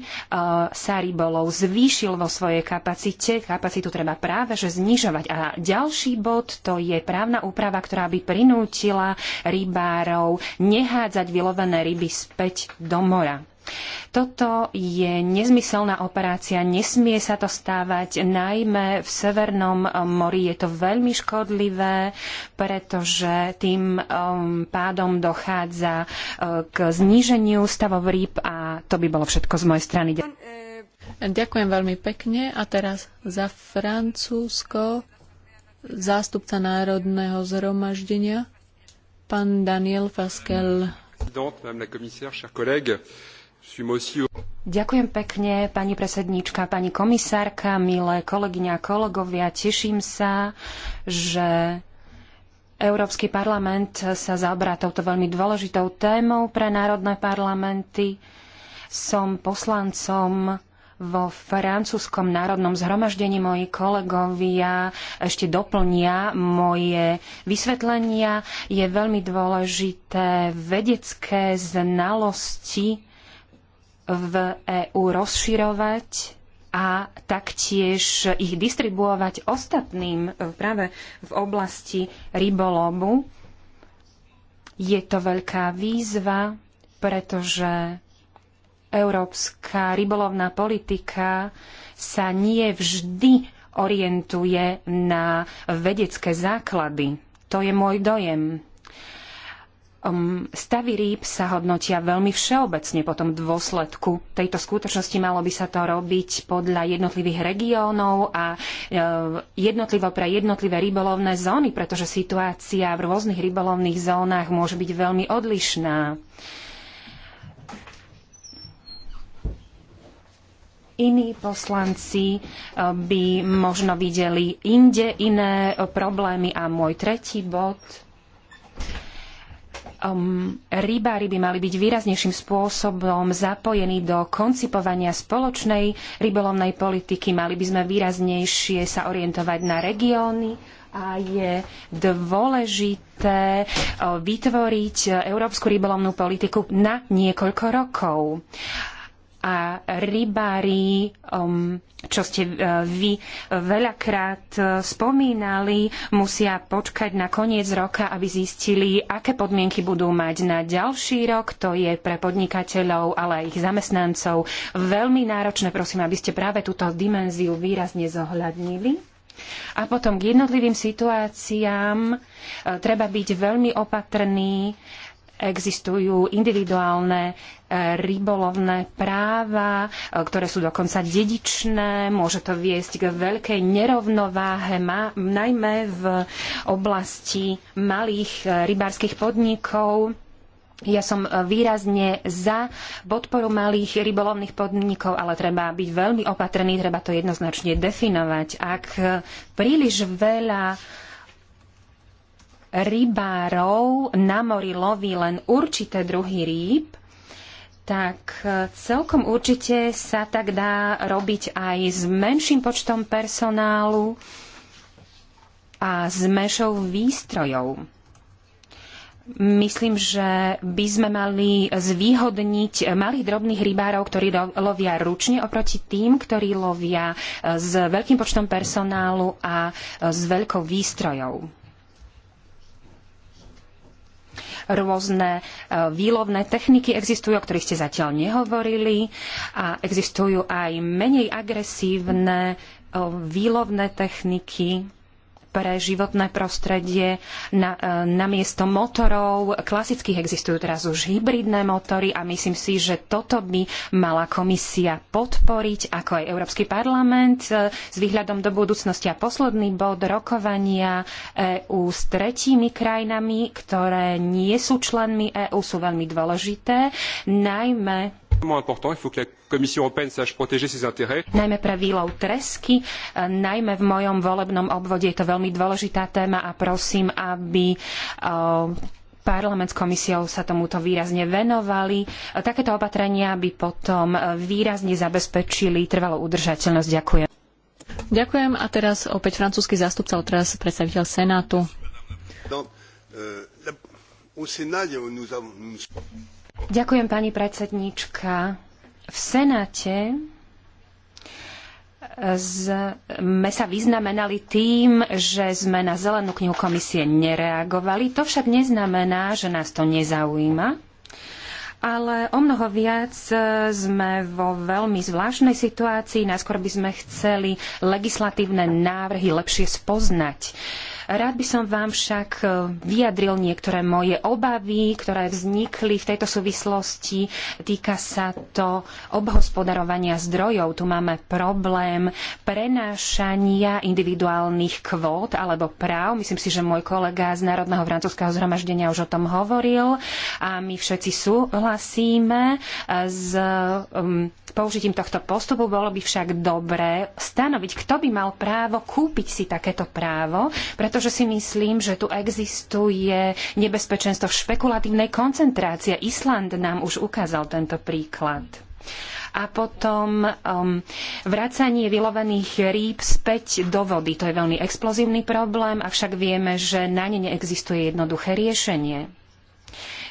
C: sa rybolov zvýšil vo svojej kapacite. Kapacitu treba práve že znižovať. A ďalší bod to je právna úprava, ktorá by prinútila rybárov nehádzať vylovené ryby späť do mora. Toto je nezmyselná operácia, nesmie sa to stávať, najmä v Severnom um, mori je to veľmi škodlivé, pretože tým um, pádom dochádza uh, k zníženiu stavov rýb a to by bolo všetko z mojej strany.
A: Ďakujem veľmi pekne a teraz za Francúzsko zástupca Národného zhromaždenia pán Daniel Faskel.
B: Madame la commissaire, chers collègues,
C: Ďakujem pekne, pani predsedníčka, pani komisárka, milé kolegyňa a kolegovia. Teším sa, že Európsky parlament sa zaoberá touto veľmi dôležitou témou pre národné parlamenty. Som poslancom vo francúzskom národnom zhromaždení moji kolegovia ešte doplnia moje vysvetlenia. Je veľmi dôležité vedecké znalosti v EÚ rozširovať a taktiež ich distribuovať ostatným e, práve v oblasti rybolovu. Je to veľká výzva, pretože európska rybolovná politika sa nie vždy orientuje na vedecké základy. To je môj dojem um, stavy rýb sa hodnotia veľmi všeobecne po tom dôsledku tejto skutočnosti. Malo by sa to robiť podľa jednotlivých regiónov a e, jednotlivo pre jednotlivé rybolovné zóny, pretože situácia v rôznych rybolovných zónach môže byť veľmi odlišná. iní poslanci e, by možno videli inde iné problémy. A môj tretí bod um, rybári by mali byť výraznejším spôsobom zapojení do koncipovania spoločnej rybolovnej politiky, mali by sme výraznejšie sa orientovať na regióny a je dôležité eh, vytvoriť eh, európsku rybolovnú politiku na niekoľko rokov a rybári, um, čo ste uh, vy veľakrát uh, spomínali, musia počkať na koniec roka, aby zistili, aké podmienky budú mať na ďalší rok. To je pre podnikateľov, ale aj ich zamestnancov veľmi náročné. Prosím, aby ste práve túto dimenziu výrazne zohľadnili. A potom k jednotlivým situáciám uh, treba byť veľmi opatrný existujú individuálne e, rybolovné práva, e, ktoré sú dokonca dedičné, môže to viesť k veľkej nerovnováhe, najmä v oblasti malých e, rybárskych podnikov. Ja som výrazne za podporu malých rybolovných podnikov, ale treba byť veľmi opatrný, treba to jednoznačne definovať. Ak príliš veľa rybárov na mori loví len určité druhy rýb, tak e, celkom určite sa tak dá robiť aj s menším počtom personálu a s menšou výstrojou. Myslím, že by sme mali zvýhodniť malých drobných rybárov, ktorí lovia ručne oproti tým, ktorí lovia e, s veľkým počtom personálu a e, s veľkou výstrojou rôzne e, výlovné techniky existujú, o ktorých ste zatiaľ nehovorili a existujú aj menej agresívne e, výlovné techniky pre životné prostredie na, e, na miesto motorov. Klasických existujú teraz už hybridné motory a myslím si, že toto by mala komisia podporiť, ako aj Európsky parlament e, s výhľadom do budúcnosti. A posledný bod rokovania EÚ s tretími krajinami, ktoré nie sú členmi EÚ, sú veľmi dôležité, najmä Najmä pre výlov tresky, najmä v mojom volebnom obvode je to veľmi dôležitá téma a prosím, aby e, parlament s komisiou sa tomuto výrazne venovali. Takéto opatrenia by potom
A: výrazne zabezpečili trvalú udržateľnosť. Ďakujem. Ďakujem a teraz opäť francúzsky zástupca, teraz predstaviteľ Senátu. Euh, Ďakujem, pani predsedníčka.
C: V Senáte e, sme sa vyznamenali tým, že sme na zelenú knihu komisie nereagovali. To však neznamená, že nás to nezaujíma. Ale o mnoho viac e, sme vo veľmi zvláštnej situácii. Najskôr by sme chceli legislatívne návrhy lepšie spoznať. Uh, Rád by som vám však e, vyjadril niektoré moje obavy, ktoré vznikli v tejto súvislosti. Týka sa to obhospodarovania zdrojov. Tu máme problém prenášania individuálnych kvót alebo práv. Myslím si, že môj kolega z Národného francúzského zhromaždenia už o tom hovoril a my všetci súhlasíme e, s použitím tohto postupu. Bolo by však dobré stanoviť, kto by mal právo kúpiť si takéto právo, pretože pretože si myslím, že tu existuje nebezpečenstvo špekulatívnej koncentrácie. Island nám už ukázal tento príklad a potom um, vracanie vylovených rýb späť do vody. To je veľmi explozívny problém, avšak vieme, že na ne neexistuje jednoduché riešenie.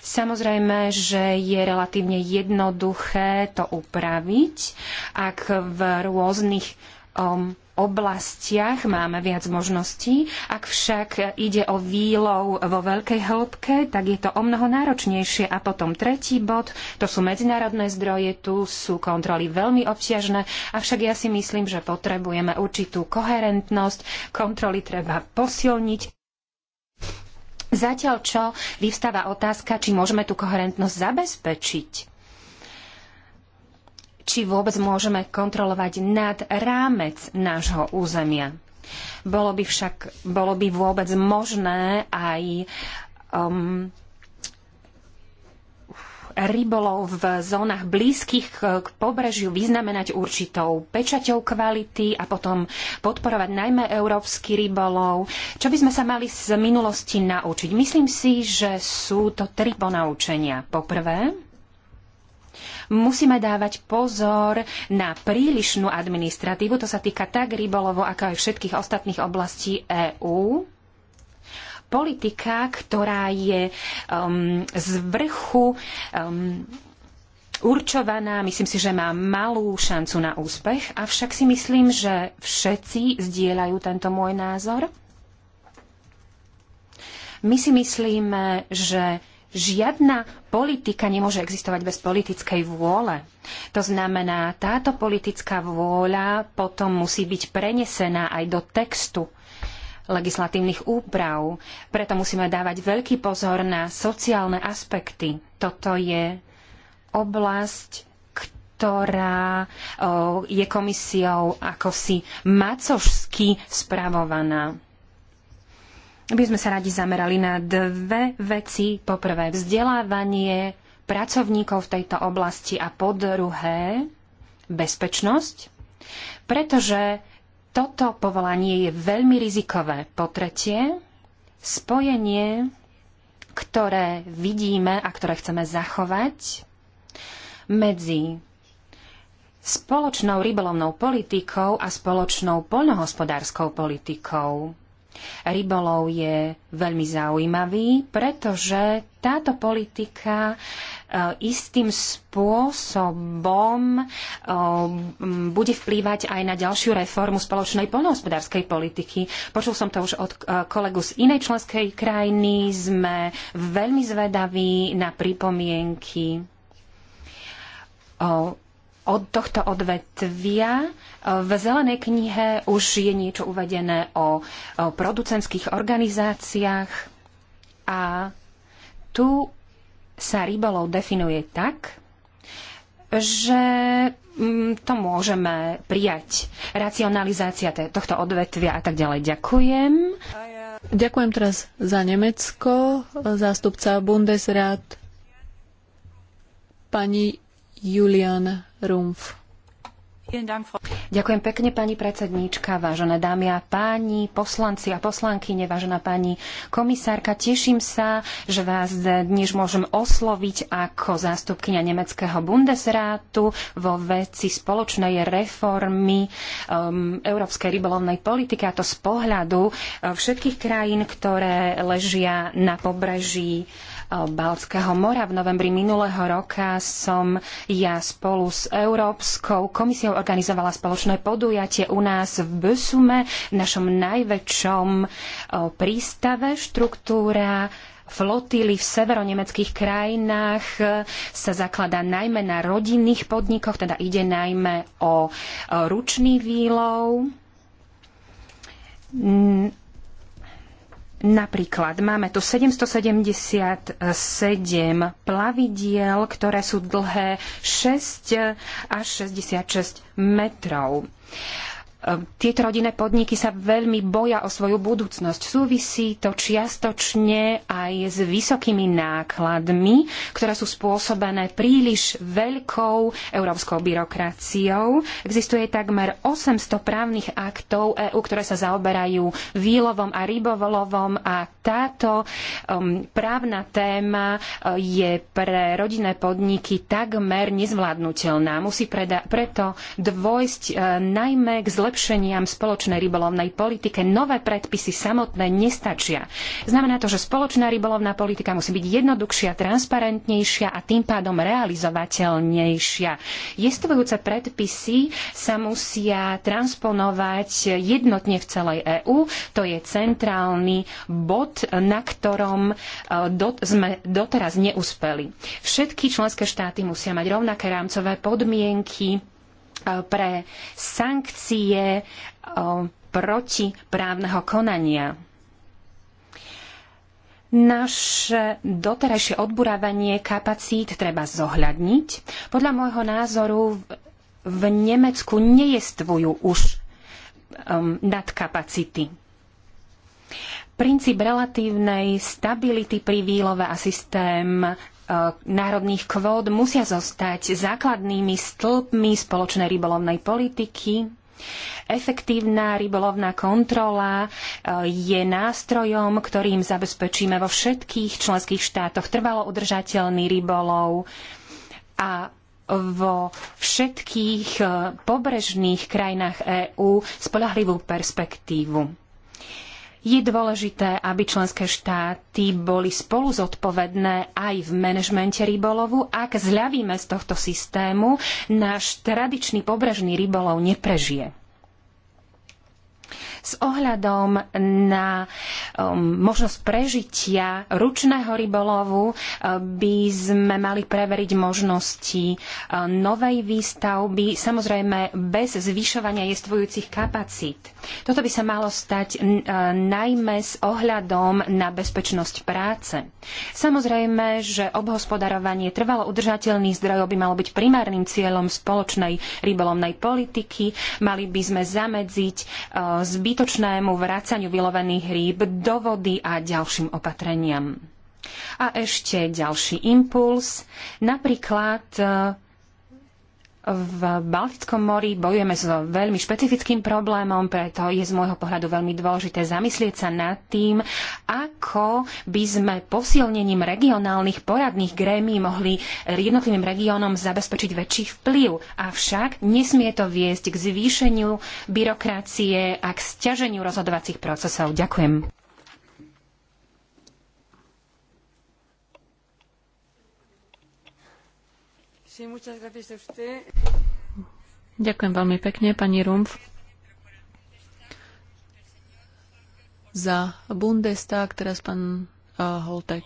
C: Samozrejme, že je relatívne jednoduché to upraviť, ak v rôznych um, oblastiach máme viac možností. Ak však ide o výlov vo veľkej hĺbke, tak je to o mnoho náročnejšie. A potom tretí bod, to sú medzinárodné zdroje, tu sú kontroly veľmi obťažné, avšak ja si myslím, že potrebujeme určitú koherentnosť, kontroly treba posilniť. Zatiaľ čo vyvstáva otázka, či môžeme tú koherentnosť zabezpečiť či vôbec môžeme kontrolovať nad rámec nášho územia. Bolo by však bolo by vôbec možné aj um, rybolov v zónach blízkych k pobrežiu vyznamenať určitou pečaťou kvality a potom podporovať najmä európsky rybolov. Čo by sme sa mali z minulosti naučiť? Myslím si, že sú to tri ponaučenia. Poprvé, musíme dávať pozor na prílišnú administratívu. To sa týka tak rybolovo, ako aj všetkých ostatných oblastí EÚ politika, ktorá je um, z vrchu um, určovaná, myslím si, že má malú šancu na úspech, avšak si myslím, že všetci zdieľajú tento môj názor. My si myslíme, že žiadna politika nemôže existovať bez politickej vôle. To znamená, táto politická vôľa potom musí byť prenesená aj do textu legislatívnych úprav. Preto musíme dávať veľký pozor na sociálne aspekty. Toto je oblasť, ktorá je komisiou akosi macožsky spravovaná by sme sa radi zamerali na dve veci. Poprvé vzdelávanie pracovníkov v tejto oblasti a po druhé bezpečnosť, pretože toto povolanie je veľmi rizikové. Po tretie, spojenie, ktoré vidíme a ktoré chceme zachovať medzi spoločnou rybolovnou politikou a spoločnou poľnohospodárskou politikou. Rybolov je veľmi zaujímavý, pretože táto politika eh, istým spôsobom eh, bude vplývať aj na ďalšiu reformu spoločnej poľnohospodárskej politiky. Počul som to už od eh, kolegu z inej členskej krajiny. Sme veľmi zvedaví na pripomienky od tohto odvetvia. V zelenej knihe už je niečo uvedené o, producentských organizáciách a tu sa rybolov definuje tak, že mm, to môžeme prijať. Racionalizácia tohto odvetvia a tak
A: ďalej. Ďakujem. Ďakujem teraz za Nemecko, zástupca Bundesrat pani Julian
C: Rumpf. Ďakujem pekne, pani predsedníčka, vážené dámy a páni, poslanci a poslankyne, vážená pani komisárka. Teším sa, že vás dnes môžem osloviť ako zástupkynia nemeckého Bundesrátu vo veci spoločnej reformy um, európskej rybolovnej politiky, a to z pohľadu uh, všetkých krajín, ktoré ležia na pobreží uh, Baltského mora. V novembri minulého roka som ja spolu s Európskou komisiou organizovala spoločné podujatie u nás v Bösume, v našom najväčšom prístave. Štruktúra flotily v severonemeckých krajinách e, sa zakladá najmä na rodinných podnikoch, teda ide najmä o ručný výlov Napríklad máme tu 777 plavidiel, ktoré sú dlhé 6 až 66 metrov. Ehm, tieto rodinné podniky sa veľmi boja o svoju budúcnosť. Súvisí to čiastočne aj s vysokými nákladmi, ktoré sú spôsobené príliš veľkou európskou byrokraciou. Existuje takmer 800 právnych aktov EÚ, ktoré sa zaoberajú výlovom a rybovolovom a táto um, právna téma ehm, je pre rodinné podniky takmer nezvládnutelná. Musí preda- preto dvojsť uh, najmä k zlepšeniu zlepšeniam spoločnej rybolovnej politike. Nové predpisy samotné nestačia. Znamená to, že spoločná rybolovná politika musí byť jednoduchšia, transparentnejšia a tým pádom realizovateľnejšia. Jestvujúce predpisy sa musia transponovať jednotne v celej EÚ. To je centrálny bod, na ktorom e, dot, sme doteraz neúspeli. Všetky členské štáty musia mať rovnaké rámcové podmienky E, pre sankcie e, protiprávneho konania. Naše doterajšie odburávanie kapacít treba zohľadniť. Podľa môjho názoru v Nemecku nejestvujú už um, nadkapacity. Princíp relatívnej stability pri výlove a systém Eh, národných kvót musia zostať základnými stĺpmi spoločnej rybolovnej politiky. Efektívna rybolovná kontrola eh, je nástrojom, ktorým zabezpečíme vo všetkých členských štátoch trvalo udržateľný rybolov a vo všetkých eh, pobrežných krajinách EÚ spolahlivú perspektívu. Je dôležité, aby členské štáty boli spolu zodpovedné aj v manažmente rybolovu. Ak zľavíme z tohto systému, náš tradičný pobrežný rybolov neprežije s ohľadom na um, možnosť prežitia ručného rybolovu uh, by sme mali preveriť možnosti uh, novej výstavby, samozrejme bez zvyšovania jestvujúcich kapacít. Toto by sa malo stať uh, najmä s ohľadom na bezpečnosť práce. Samozrejme, že obhospodarovanie trvalo udržateľných zdrojov by malo byť primárnym cieľom spoločnej rybolovnej politiky. Mali by sme zamedziť zbyt zbytočnému vracaniu vylovených rýb do vody a ďalším opatreniam. A ešte ďalší impuls, napríklad eh, v Baltickom mori bojujeme s so veľmi špecifickým problémom, preto je z môjho pohľadu veľmi dôležité zamyslieť sa nad tým, ako by sme posilnením regionálnych poradných grémí mohli jednotlivým regiónom zabezpečiť väčší vplyv. Avšak nesmie to viesť k zvýšeniu byrokracie a k stiaženiu rozhodovacích procesov. Ďakujem.
A: Ďakujem veľmi pekne, pani Rumpf. Za Bundestag teraz pán uh, Holtek.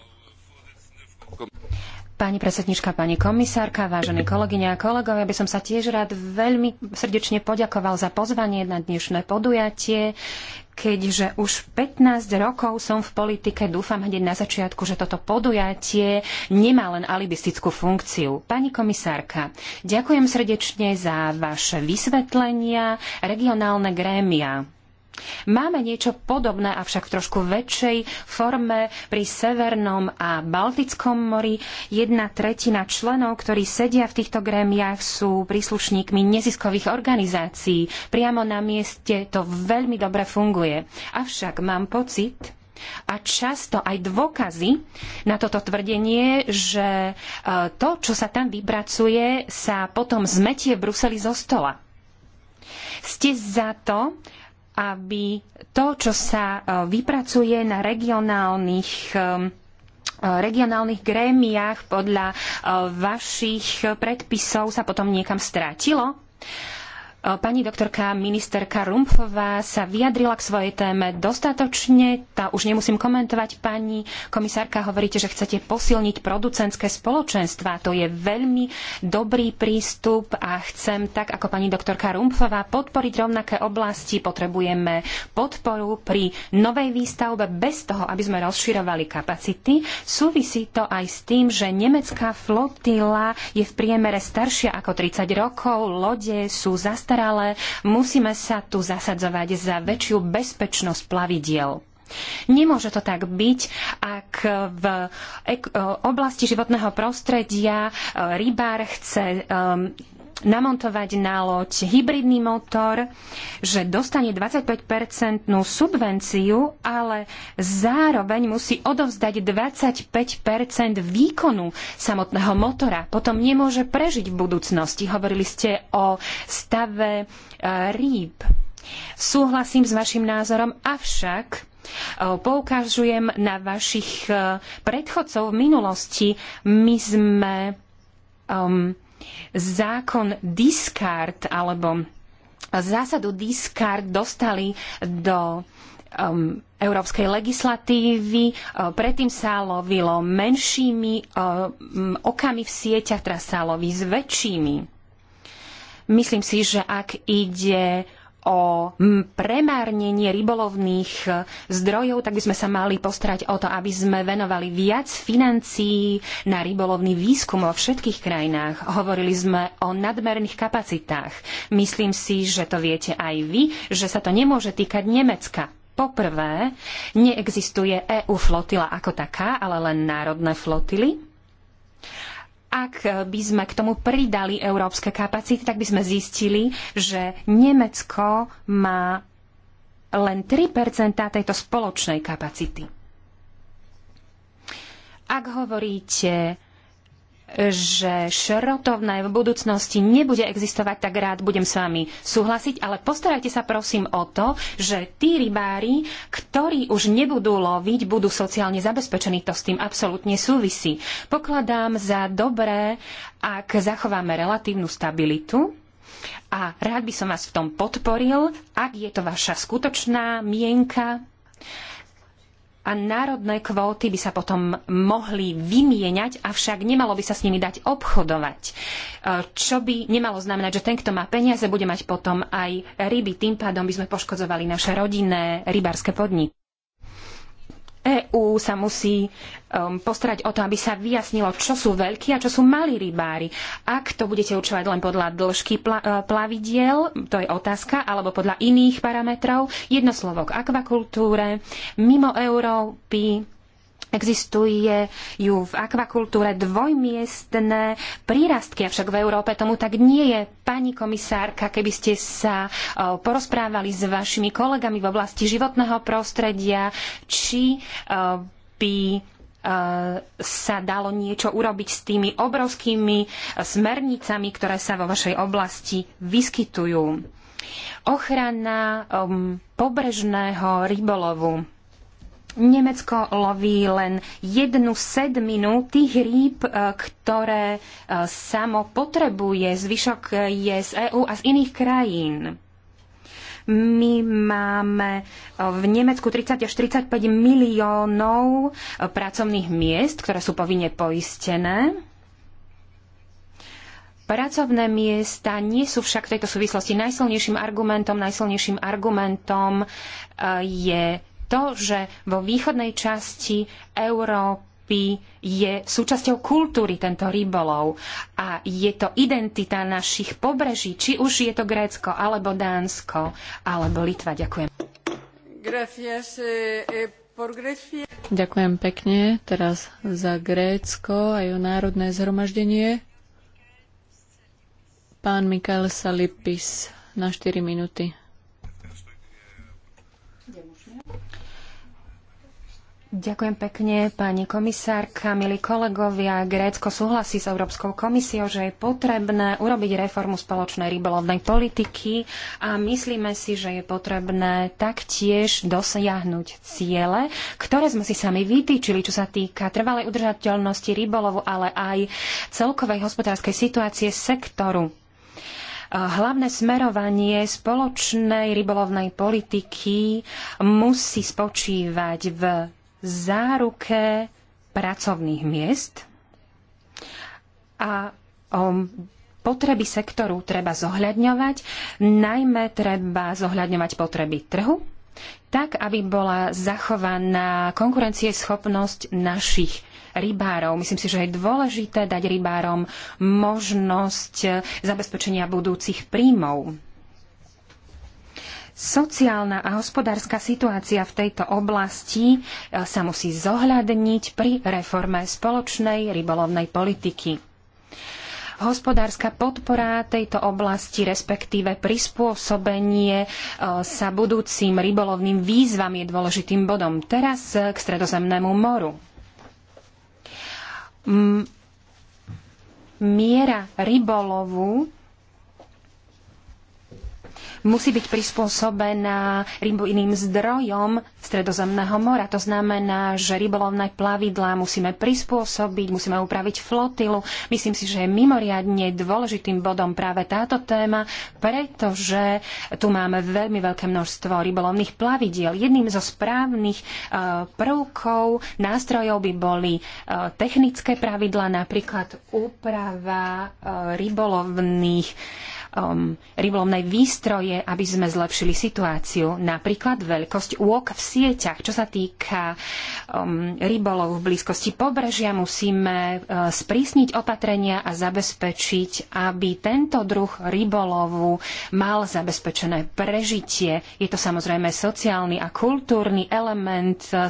C: Pani predsednička, pani komisárka, vážení kolegyne a kolegovia, by som sa tiež rád veľmi srdečne poďakoval za pozvanie na dnešné podujatie keďže už 15 rokov som v politike, dúfam hneď na začiatku, že toto podujatie nemá len alibistickú funkciu. Pani komisárka, ďakujem srdečne za vaše vysvetlenia, regionálne grémia Máme niečo podobné, avšak v trošku väčšej forme pri Severnom a Baltickom mori. Jedna tretina členov, ktorí sedia v týchto grémiách, sú príslušníkmi neziskových organizácií. Priamo na mieste to veľmi dobre funguje. Avšak mám pocit, a často aj dôkazy na toto tvrdenie, že e, to, čo sa tam vybracuje, sa potom zmetie v Bruseli zo stola. Ste za to, aby to, čo sa e, vypracuje na regionálnych e, e, regionálnych grémiách podľa vašich predpisov sa potom niekam strátilo? Eh, pani doktorka ministerka Rumpfová sa vyjadrila k svojej téme dostatočne, tá už nemusím komentovať. Pani komisárka, hovoríte, že chcete posilniť producentské spoločenstva. To je veľmi dobrý prístup a chcem, tak ako pani doktorka Rumpfová, podporiť rovnaké oblasti. Potrebujeme podporu pri novej výstavbe bez toho, aby sme rozširovali kapacity. Súvisí to aj s tým, že nemecká flotila je v priemere staršia ako 30 rokov, lode sú zastavené zastaralé, musíme sa tu zasadzovať za väčšiu bezpečnosť plavidiel. Nemôže to tak byť, ak v oblasti životného prostredia e, rybár chce e, namontovať na loď hybridný motor, že dostane 25-percentnú subvenciu, ale zároveň musí odovzdať 25 výkonu samotného motora. Potom nemôže prežiť v budúcnosti. Hovorili ste o stave e, rýb. Súhlasím s vašim názorom, avšak e, poukážujem na vašich e, predchodcov v minulosti. My sme um, zákon discard alebo zásadu discard dostali do um, európskej legislatívy. Uh, predtým sa lovilo menšími um, okami v sieťach, teraz sa loví s väčšími. Myslím si, že ak ide o premárnenie rybolovných e, zdrojov, tak by sme sa mali postarať o to, aby sme venovali viac financií na rybolovný výskum vo všetkých krajinách. Hovorili sme o nadmerných kapacitách. Myslím si, že to viete aj vy, že sa to nemôže týkať Nemecka. Poprvé, neexistuje EU flotila ako taká, ale len národné flotily ak by sme k tomu pridali európske kapacity, tak by sme zistili, že Nemecko má len 3 tejto spoločnej kapacity. Ak hovoríte že šrotovné v budúcnosti nebude existovať, tak rád budem s vami súhlasiť, ale postarajte sa prosím o to, že tí rybári, ktorí už nebudú loviť, budú sociálne zabezpečení. To s tým absolútne súvisí. Pokladám za dobré, ak zachováme relatívnu stabilitu a rád by som vás v tom podporil, ak je to vaša skutočná mienka a národné kvóty by sa potom mohli vymieňať, avšak nemalo by sa s nimi dať obchodovať. E, čo by nemalo znamenať, že ten, kto má peniaze, bude mať potom aj ryby. Tým pádom by sme poškodzovali naše rodinné rybárske podniky. EÚ sa musí um, postarať o to, aby sa vyjasnilo, čo sú veľkí a čo sú malí rybári. Ak to budete určovať len podľa dĺžky pla- e, plavidiel, to je otázka, alebo podľa iných parametrov, jedno slovo k akvakultúre, mimo Európy, Existuje ju v akvakultúre dvojmiestné prírastky, avšak v Európe tomu tak nie je. Pani komisárka, keby ste sa e, porozprávali s vašimi kolegami v oblasti životného prostredia, či e, by e, sa dalo niečo urobiť s tými obrovskými smernicami, ktoré sa vo vašej oblasti vyskytujú. Ochrana um, pobrežného rybolovu. Nemecko loví len jednu sedminu tých rýb, e, ktoré e, samo potrebuje. Zvyšok je z EÚ a z iných krajín. My máme e, v Nemecku 30 až 35 miliónov pracovných miest, ktoré sú povinne poistené. Pracovné miesta nie sú však v tejto súvislosti najsilnejším argumentom. Najsilnejším argumentom je to, že vo východnej časti Európy je súčasťou kultúry tento rybolov a je to identita našich pobreží, či už je to Grécko, alebo Dánsko, alebo Litva. Ďakujem.
A: Gracias, eh, eh, Ďakujem pekne. Teraz za Grécko a jeho národné zhromaždenie. Pán Mikael Salipis na 4 minúty.
C: Ďakujem pekne, pani komisárka, milí kolegovia. Grécko súhlasí s Európskou komisiou, že je potrebné urobiť reformu spoločnej rybolovnej politiky a myslíme si, že je potrebné taktiež dosiahnuť ciele, ktoré sme si sami vytýčili, čo sa týka trvalej udržateľnosti rybolovu, ale aj celkovej hospodárskej situácie sektoru hlavné smerovanie spoločnej rybolovnej politiky musí spočívať v záruke pracovných miest a o um, potreby sektoru treba zohľadňovať, najmä treba zohľadňovať potreby trhu, tak aby bola zachovaná konkurencieschopnosť našich rybárov. Myslím si, že je dôležité dať rybárom možnosť zabezpečenia budúcich príjmov. Sociálna a hospodárska situácia v tejto oblasti e, sa musí zohľadniť pri reforme spoločnej rybolovnej politiky. Hospodárska podpora tejto oblasti, respektíve prispôsobenie e, sa budúcim rybolovným výzvam je dôležitým bodom. Teraz e, k Stredozemnému moru. Miera rybolovu musí byť prispôsobená rybu iným zdrojom Stredozemného mora. To znamená, že rybolovné plavidlá musíme prispôsobiť, musíme upraviť flotilu. Myslím si, že je mimoriadne dôležitým bodom práve táto téma, pretože tu máme veľmi veľké množstvo rybolovných plavidiel. Jedným zo správnych e, prvkov, nástrojov by boli e, technické pravidlá, napríklad úprava e, rybolovných um, rybolovnej výstroje, aby sme zlepšili situáciu. Napríklad veľkosť úok v sieťach. Čo sa týka um, rybolov v blízkosti pobrežia, musíme uh, sprísniť opatrenia a zabezpečiť, aby tento druh rybolovu mal zabezpečené prežitie. Je to samozrejme sociálny a kultúrny element uh,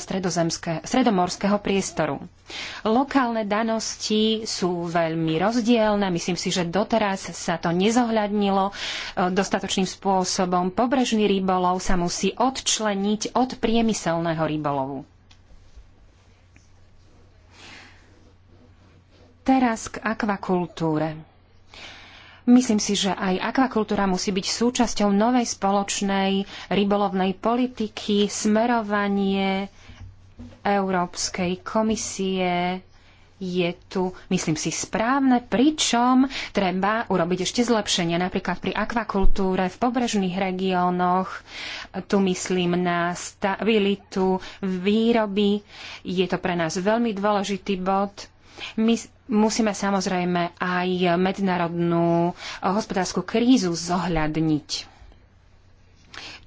C: stredomorského priestoru. Lokálne danosti sú veľmi rozdielne. Myslím si, že doteraz sa to nezohľadní zohľadnilo e, dostatočným spôsobom. Pobrežný rybolov sa musí odčleniť od priemyselného rybolovu. Teraz k akvakultúre. Myslím si, že aj akvakultúra musí byť súčasťou novej spoločnej rybolovnej politiky, smerovanie Európskej komisie je tu, myslím si, správne, pričom treba urobiť ešte zlepšenie. Napríklad pri akvakultúre v pobrežných regiónoch, tu myslím na stabilitu výroby, je to pre nás veľmi dôležitý bod. My musíme samozrejme aj medzinárodnú hospodárskú krízu zohľadniť.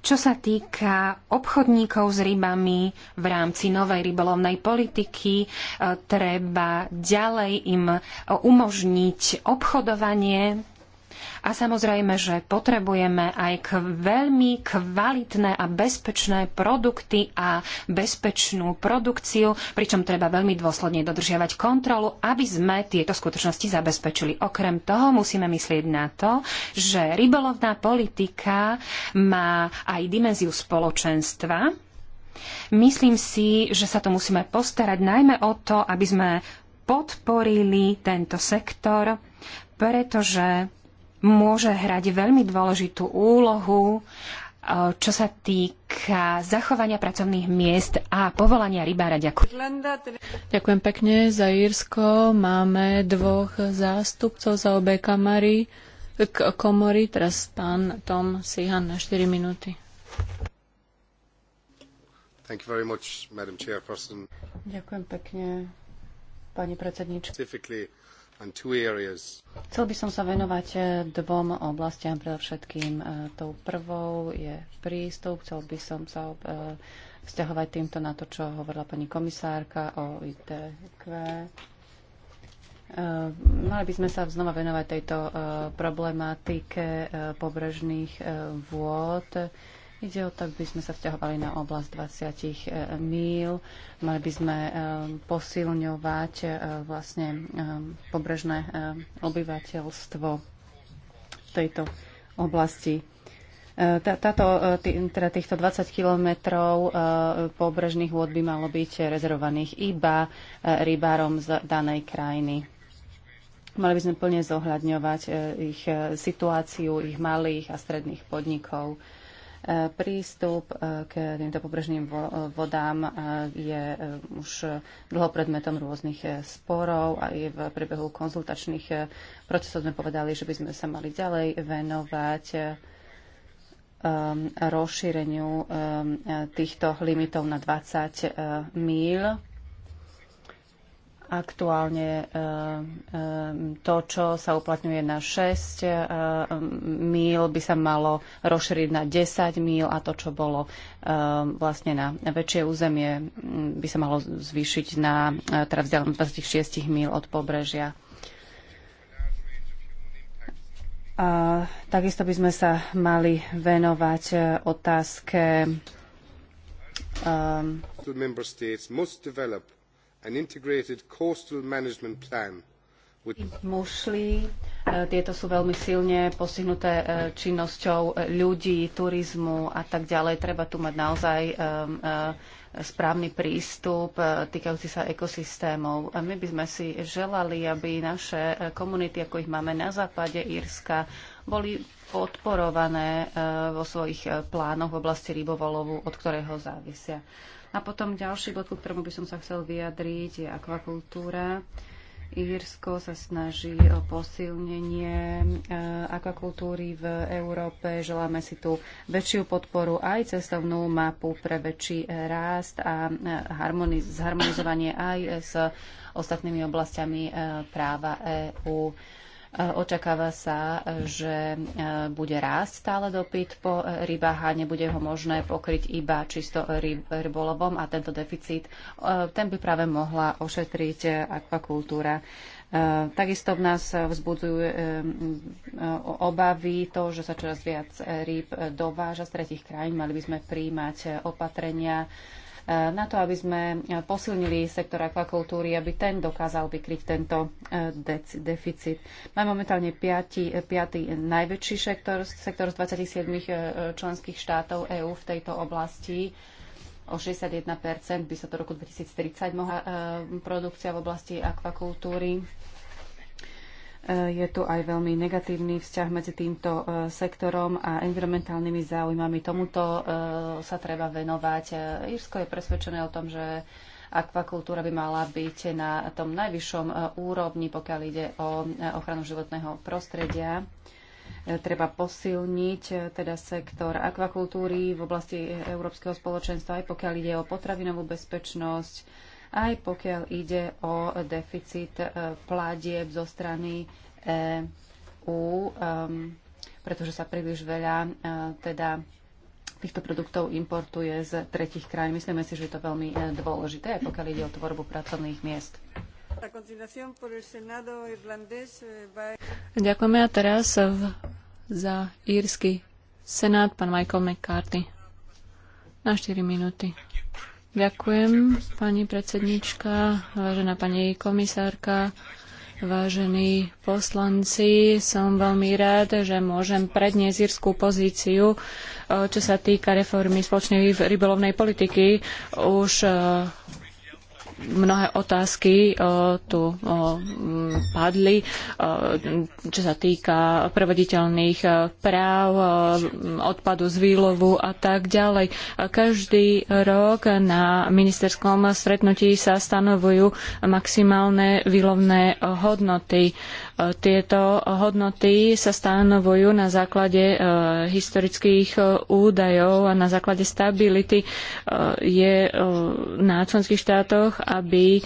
C: Čo sa týka obchodníkov s rybami v rámci novej rybolovnej politiky, e, treba ďalej im umožniť obchodovanie a samozrejme, že potrebujeme aj k veľmi kvalitné a bezpečné produkty a bezpečnú produkciu, pričom treba veľmi dôsledne dodržiavať kontrolu, aby sme tieto skutočnosti zabezpečili. Okrem toho musíme myslieť na to, že rybolovná politika má aj dimenziu spoločenstva. Myslím si, že sa to musíme postarať najmä o to, aby sme podporili tento sektor, pretože môže hrať veľmi dôležitú úlohu, e, čo sa týka zachovania pracovných
A: miest a povolania rybára. Ďakujem. Ďakujem pekne za Írsko. Máme dvoch zástupcov za obe kamary, k komory. Teraz pán Tom Sihan na 4 minúty.
D: Thank you very Much, Madam Ďakujem
A: pekne, pani predsednička.
B: Chcel by som sa venovať eh, dvom oblastiam. Predovšetkým eh, tou prvou je prístup. Chcel by som sa eh, vzťahovať týmto na to, čo hovorila pani komisárka o ITQ. Mali by sme sa znova venovať tejto problematike pobrežných vôd Ide o to, aby sme sa vzťahovali na oblasť 20 e, míl, mali by sme e, posilňovať e, vlastne pobrežné obyvateľstvo v tejto oblasti. Táto, teda týchto 20 kilometrov pobrežných vôd by malo byť rezervovaných iba rybárom z danej krajiny. Mali by sme plne zohľadňovať ich situáciu, ich malých a stredných podnikov. Prístup e, k týmto pobrežným vodám e, je e, už dlho predmetom rôznych sporov a je v priebehu konzultačných procesov sme povedali, že by sme sa mali ďalej venovať rozšíreniu týchto limitov na 20 míl aktuálne eh, eh, to, čo sa uplatňuje na 6 eh, míl, by sa malo rozšíriť na 10 míl a to, čo bolo vlastne na väčšie územie, mm, by sa malo zvýšiť na teda vzdialenosť 26 míl od pobrežia. A takisto by sme sa mali venovať otázke um,
D: an integrated coastal management plan
B: Mušli, e, tieto sú veľmi silne postihnuté e, činnosťou e, ľudí, turizmu a tak ďalej. Treba tu mať naozaj správny prístup týkajúci sa ekosystémov. A my by sme si želali, aby naše komunity, ako ich máme na západe Írska, boli podporované vo svojich plánoch v oblasti rybovolovu, od ktorého závisia. A potom ďalší bod, ku ktorému by som sa chcel vyjadriť, je akvakultúra. Írsko sa snaží o posilnenie e, akvakultúry v Európe. Želáme si tu väčšiu podporu aj cestovnú mapu pre väčší e, rást a e, harmoniz- zharmonizovanie aj s ostatnými oblastiami práva EÚ. E, očakáva sa, e, že e, bude rásť stále dopyt po rybách a nebude ho možné pokryť iba čisto ryb, rybolovom a tento deficit, ten by práve mohla ošetriť akvakultúra. Takisto v nás vzbudzujú obavy to, že sa čoraz viac rýb dováža z tretich krajín. Mali by sme príjmať opatrenia, Eh, na to, aby sme eh, posilnili sektor akvakultúry, aby ten dokázal vykryť tento eh, deficit. Máme momentálne 5, 5. najväčší sektor, sektor z 27 členských štátov EÚ v tejto oblasti o 61 by sa to roku 2030 mohla produkcia v oblasti akvakultúry Eh, je tu aj veľmi negatívny vzťah medzi týmto eh, sektorom a environmentálnymi záujmami. Tomuto eh, sa treba venovať. Írsko je presvedčené o tom, že akvakultúra by mala byť na tom najvyššom úrovni, pokiaľ ide o ochranu životného prostredia treba posilniť teda sektor akvakultúry v oblasti Európskeho spoločenstva, aj pokiaľ ide o potravinovú bezpečnosť, aj pokiaľ ide o deficit e, pladieb zo strany EÚ, pretože sa príliš veľa e, teda týchto produktov importuje z tretich krajín. Myslíme si, že je to veľmi e, dôležité, aj pokiaľ ide o tvorbu pracovných
A: miest. Eh, Ďakujeme a teraz v, za írsky senát pán Michael McCarthy na 4 minúty. Ďakujem, pani predsednička, vážená pani komisárka, vážení poslanci. Som veľmi rád, že môžem predniesť írskú pozíciu, eh, čo sa týka reformy spoločnej rybolovnej politiky. Už eh, mnohé otázky eh, tu eh, padli, eh, čo sa týka prevoditeľných práv, odpadu z výlovu a tak ďalej. Každý rok na ministerskom stretnutí sa stanovujú maximálne výlovné hodnoty. Tieto hodnoty sa stanovujú na základe e, historických e, údajov a na základe stability e, je na členských štátoch, aby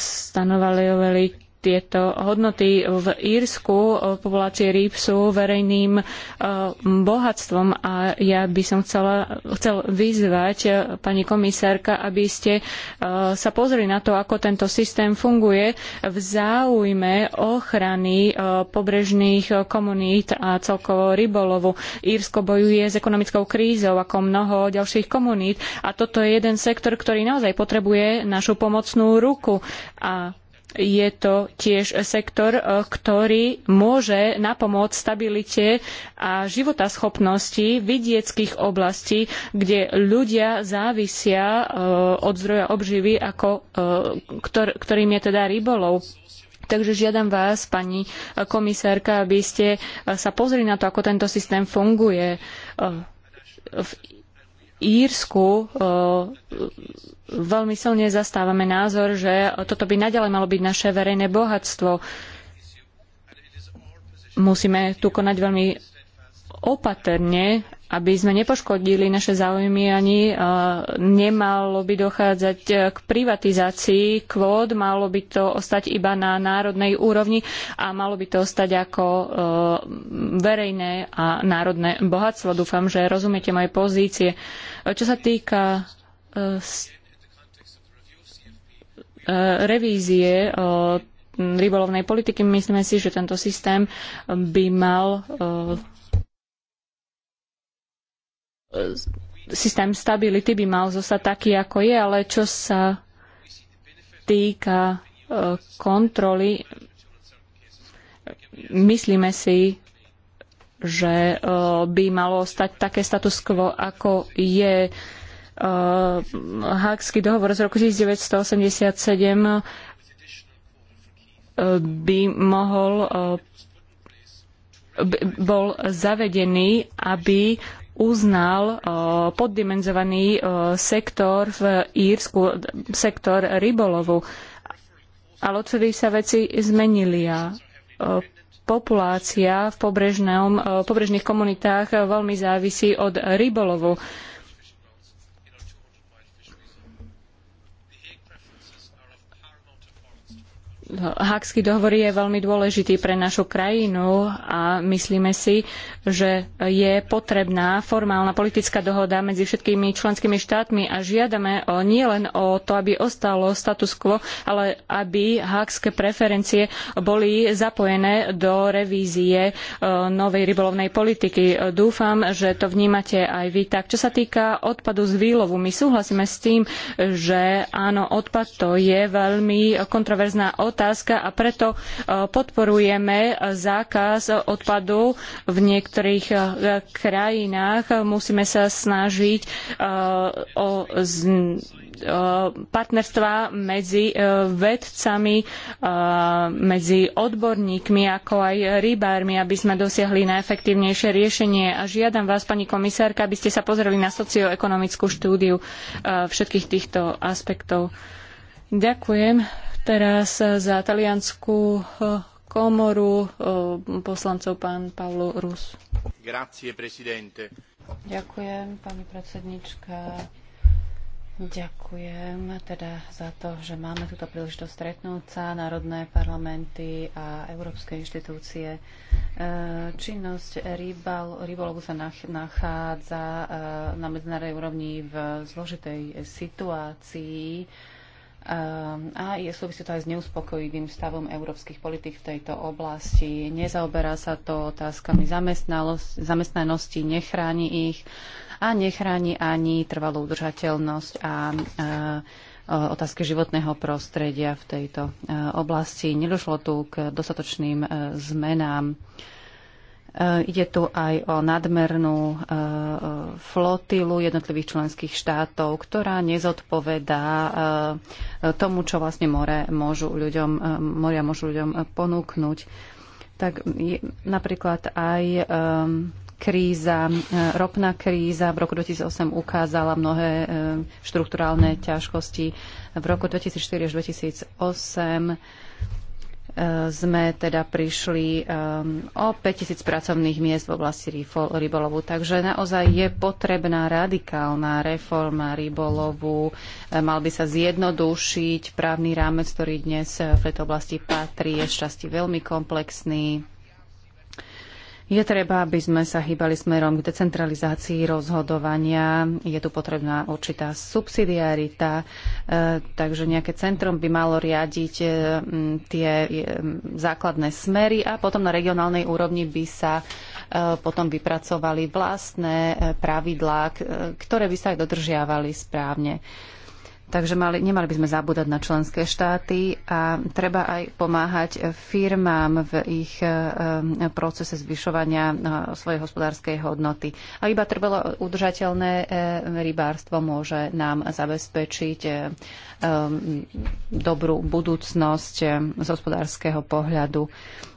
A: stanovali tieto hodnoty. V Írsku eh, populácie rýb sú verejným eh, bohatstvom a ja by som chcela, chcel vyzvať eh, pani komisárka, aby ste sa pozreli na to, ako tento systém funguje v záujme ochrany pobrežných komunít a celkovo rybolovu. Írsko bojuje s ekonomickou krízou ako mnoho ďalších komunít a toto je jeden sektor, ktorý naozaj potrebuje našu pomocnú ruku a je to tiež sektor, e, ktorý môže napomôcť stabilite a životaschopnosti vidieckých oblastí, kde ľudia závisia e, od zdroja obživy, ako, e, ktorým je teda rybolov. Takže žiadam vás, pani komisárka, aby ste sa pozreli na to, ako tento systém funguje v Írsku e, veľmi silne zastávame názor, že toto by naďalej malo byť naše verejné bohatstvo. Musíme tu konať veľmi opatrne aby sme nepoškodili naše záujmy ani e, nemalo by dochádzať e, k privatizácii kvót, malo by to ostať iba na národnej úrovni a malo by to ostať ako e, verejné a národné bohatstvo. Dúfam, že rozumiete moje pozície. Čo sa týka revízie rybolovnej politiky, myslíme si, že tento systém by mal E, systém stability by mal zostať taký, ako je, ale čo sa týka e, kontroly, myslíme si, že e, by malo stať také status quo, ako je Hagský dohovor z roku 1987 by mohol bol zavedený, aby uznal eh, poddimenzovaný eh, sektor v Írsku, sektor rybolovu. Ale odvtedy sa veci zmenili a eh, populácia v pobrežných komunitách veľmi závisí od rybolovu. Hákský dohovor je veľmi dôležitý pre našu krajinu a myslíme si, že je potrebná formálna politická dohoda medzi všetkými členskými štátmi a žiadame o, nielen o to, aby ostalo status quo, ale aby hákske preferencie boli zapojené do revízie e, novej rybolovnej politiky. Dúfam, že to vnímate aj vy. Tak, čo sa týka odpadu z výlovu, my súhlasíme s tým, že áno, odpad to je veľmi kontroverzná otázka otázka a preto e, podporujeme zákaz odpadu v niektorých e, krajinách. Musíme sa snažiť e, o partnerstva medzi vedcami, medzi odborníkmi, ako aj rybármi, aby sme dosiahli najefektívnejšie riešenie. A žiadam vás, pani komisárka, aby ste sa pozreli na socioekonomickú štúdiu všetkých týchto aspektov. Ďakujem teraz za taliansku eh, komoru eh, poslancov pán Pavlo Rus.
D: Grazie, presidente.
A: Ďakujem, pani predsednička.
B: Ďakujem teda za to, že máme túto príležitosť stretnúť sa, národné parlamenty a európske inštitúcie. Eh, činnosť rybal, rybolovu sa nachádza na medzinárodnej úrovni v zložitej situácii Ehm, a je súvisí to aj s neuspokojivým stavom európskych politik v tejto oblasti. Nezaoberá sa to otázkami zamestnanosti, nechráni ich a nechráni ani trvalú udržateľnosť a, a e, otázky životného prostredia v tejto e, oblasti. Nedošlo tu k dostatočným e, zmenám. Eh, ide tu aj o nadmernú eh, flotilu jednotlivých členských štátov, ktorá nezodpovedá eh, tomu, čo vlastne more môžu ľuďom, moria môžu ľuďom ponúknuť. Tak napríklad aj kríza, ropná kríza v roku 2008 ukázala mnohé štruktúrálne ťažkosti. V roku 2004 až 2008 sme teda prišli um, o 5000 pracovných miest v oblasti rybolovu. Takže naozaj je potrebná radikálna reforma rybolovu. E, mal by sa zjednodušiť právny rámec, ktorý dnes v tejto oblasti patrí, je šťastie veľmi komplexný je treba, aby sme sa hýbali smerom k decentralizácii rozhodovania. Je tu potrebná určitá subsidiarita, e, takže nejaké centrum by malo riadiť e, tie e, základné smery a potom na regionálnej úrovni by sa potom vypracovali vlastné pravidlá, ktoré by sa aj dodržiavali správne. Takže mali, nemali by sme zabúdať na členské štáty a treba aj pomáhať firmám v ich e, e, procese zvyšovania e, svojej hospodárskej hodnoty. A iba trvalo udržateľné rybárstvo môže nám zabezpečiť dobrú budúcnosť z hospodárskeho pohľadu.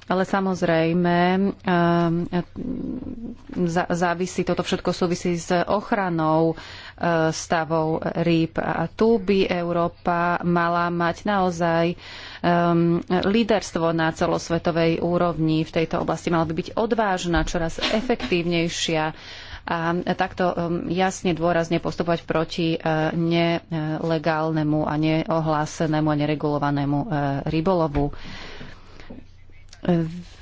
B: Ale samozrejme, ehm, e, závisí, toto všetko súvisí s ochranou e, stavov rýb. A tu by Európa mala mať naozaj ehm, líderstvo na celosvetovej úrovni v tejto oblasti. Mala by byť odvážna, čoraz efektívnejšia a takto ehm, jasne dôrazne postupovať proti e, nelegálnemu a neohlásenému a neregulovanému rybolovu.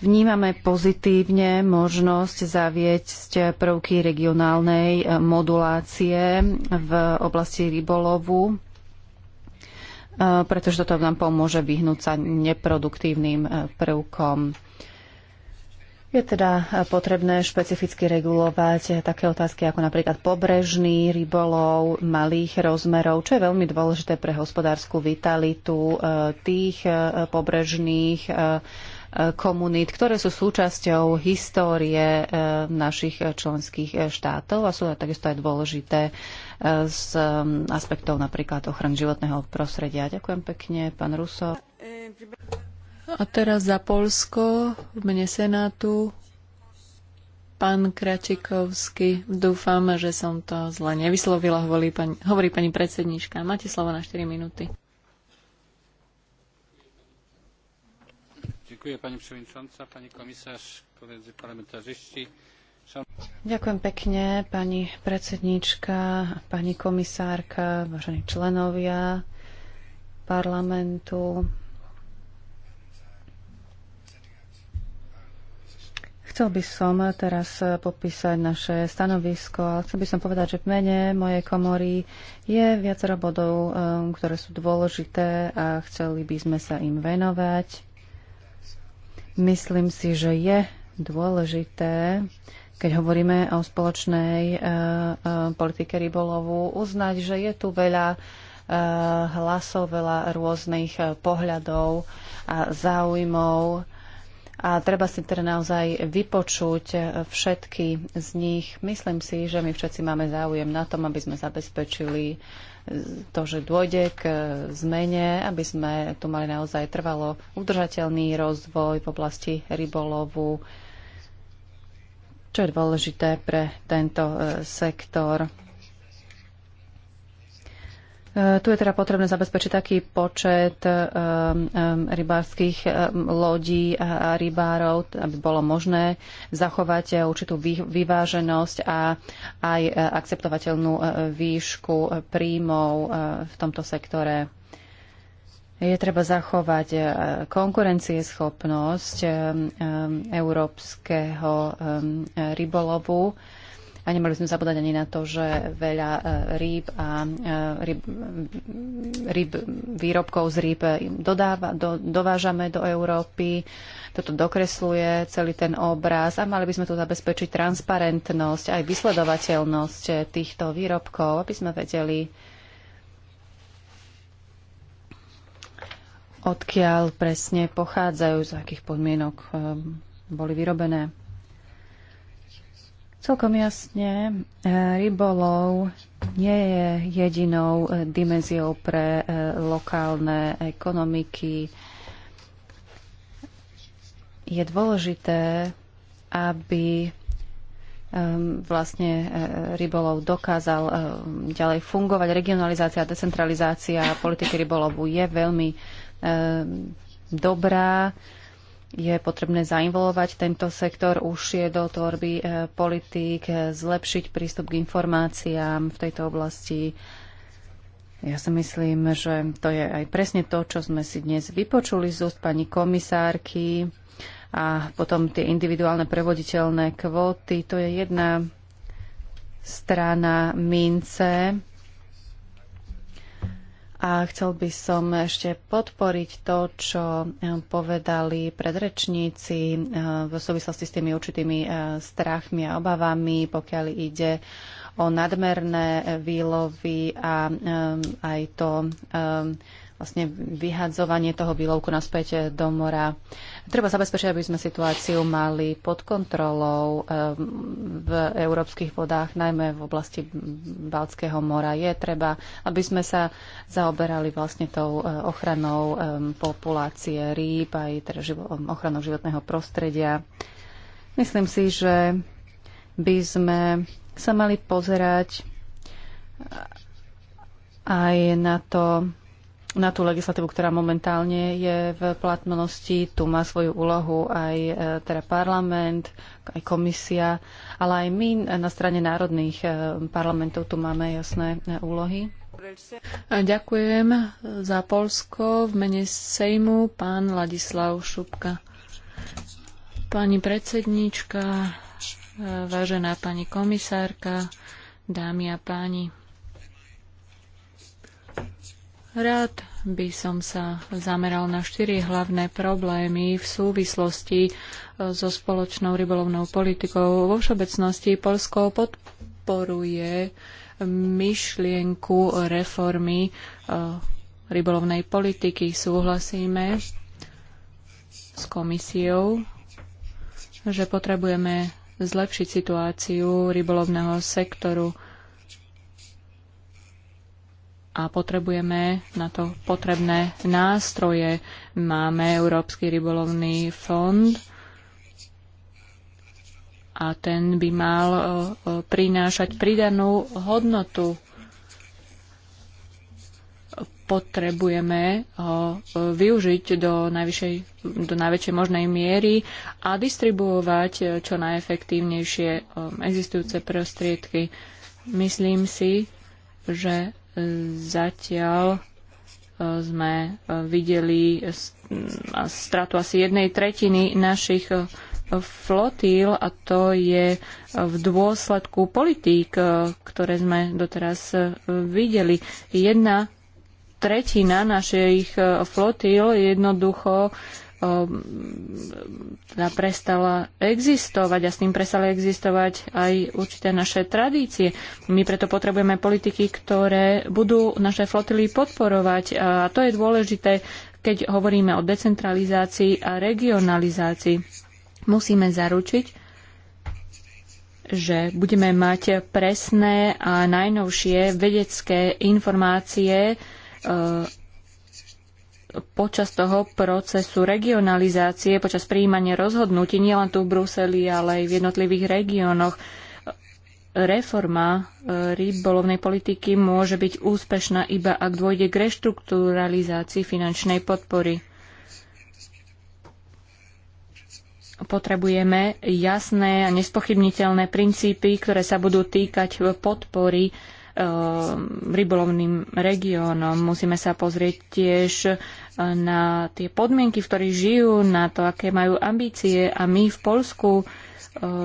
B: Vnímame pozitívne možnosť zaviesť prvky regionálnej eh, modulácie v oblasti rybolovu, eh, pretože toto nám pomôže vyhnúť sa neproduktívnym eh, prvkom. Je teda potrebné špecificky regulovať také otázky ako napríklad pobrežný rybolov malých rozmerov, čo je veľmi dôležité pre hospodárskú vitalitu tých pobrežných komunít, ktoré sú súčasťou histórie e, našich členských štátov a sú takisto aj dôležité e, z e, aspektov napríklad ochrany životného prostredia. Ďakujem pekne, pán Ruso. A
A: teraz za Polsko v mene Senátu pán Kračikovský. Dúfam, že som to zle nevyslovila, hovorí pani, hovorí pani predsednička. Máte slovo na 4 minúty.
D: Ďakujem pani predsedajúca, pani komisář, koledzy parlamentarzyści. Ďakujem
B: pekne, pani predsedníčka, pani komisárka, vážení členovia parlamentu. Chcel by som teraz popísať naše stanovisko, ale chcel by som povedať, že v mene mojej komory je viacero bodov, um, ktoré sú dôležité a chceli by sme sa im venovať. Myslím si, že je dôležité, keď hovoríme o spoločnej eh, eh, politike rybolovu, uznať, že je tu veľa eh, hlasov, veľa rôznych pohľadov a záujmov a treba si teda naozaj vypočuť všetky z nich. Myslím si, že my všetci máme záujem na tom, aby sme zabezpečili to, že dôjde k e, zmene, aby sme tu mali naozaj trvalo udržateľný rozvoj v oblasti rybolovu, čo je dôležité pre tento e, sektor. E, tu je teda potrebné zabezpečiť taký počet e, e, rybárskych lodí a rybárov, aby bolo možné zachovať určitú vyváženosť a aj akceptovateľnú výšku príjmov v tomto sektore. Je treba zachovať konkurencieschopnosť európskeho rybolovu a nemali sme zabúdať ani na to, že veľa e, rýb a e, rýb, rýb výrobkov z rýb dodáva, do, dovážame do Európy. Toto dokresluje celý ten obraz a mali by sme tu zabezpečiť transparentnosť, aj vysledovateľnosť týchto výrobkov, aby sme vedeli, odkiaľ presne pochádzajú, z akých podmienok e, boli vyrobené. Celkom jasne, e, rybolov nie je jedinou e, dimenziou pre e, lokálne ekonomiky. Je dôležité, aby vlastne rybolov dokázal ďalej fungovať. Regionalizácia a decentralizácia politiky rybolovu je veľmi dobrá je potrebné zainvolovať tento sektor užšie do tvorby e, politík, e, zlepšiť prístup k informáciám v tejto oblasti. Ja si myslím, že to je aj presne to, čo sme si dnes vypočuli z úst pani komisárky a potom tie individuálne prevoditeľné kvóty. To je jedna strana mince a chcel by som ešte podporiť to, čo eh, povedali predrečníci eh, v súvislosti s tými určitými eh, strachmi a obavami, pokiaľ ide o nadmerné výlovy a aj to vlastne vyhadzovanie toho výlovku naspäť do mora. Treba zabezpečiť, aby sme situáciu mali pod kontrolou eh, v európskych vodách, najmä v oblasti Balckého mora. Je treba, aby sme sa zaoberali vlastne tou eh, ochranou eh, populácie rýb aj teda ochranou životného prostredia. Myslím si, že by sme sa mali pozerať aj na to, na tú legislatívu, ktorá momentálne je v platnosti. Tu má svoju úlohu aj e, teda parlament, aj komisia, ale aj my na strane národných e, parlamentov tu máme jasné e, úlohy.
A: Ďakujem za Polsko. V mene Sejmu pán Ladislav Šupka. Pani predsedníčka, vážená pani komisárka, dámy a páni. Rád by som sa zameral na štyri hlavné problémy v súvislosti e, so spoločnou rybolovnou politikou. Vo všeobecnosti Polsko podporuje myšlienku reformy e, rybolovnej politiky. Súhlasíme s komisiou, že potrebujeme zlepšiť situáciu rybolovného sektoru a potrebujeme na to potrebné nástroje. Máme Európsky rybolovný fond a ten by mal e, e, prinášať pridanú hodnotu potrebujeme ho e, využiť do, do najväčšej možnej miery a distribuovať čo najefektívnejšie existujúce prostriedky. Myslím si, že Zatiaľ e, sme e, videli stratu asi jednej tretiny našich e, flotíl a to je v dôsledku politík, ktoré sme doteraz videli. Jedna tretina našich flotíl jednoducho uh, Ehm, teda prestala existovať a s tým prestali existovať aj určité naše tradície. My preto potrebujeme politiky, ktoré budú naše flotily podporovať a to je dôležité, keď hovoríme o decentralizácii a regionalizácii. Musíme zaručiť, že budeme mať presné a najnovšie vedecké informácie ehm, počas toho procesu regionalizácie, počas príjmania rozhodnutí, nielen tu v Bruseli, ale aj v jednotlivých regiónoch, reforma e, rybolovnej politiky môže byť úspešná iba ak dôjde k reštrukturalizácii finančnej podpory. Potrebujeme jasné a nespochybniteľné princípy, ktoré sa budú týkať podpory Um, rybolovným regiónom. Musíme sa pozrieť tiež uh, na tie podmienky, v ktorých žijú, na to, aké majú ambície. A my v Polsku uh,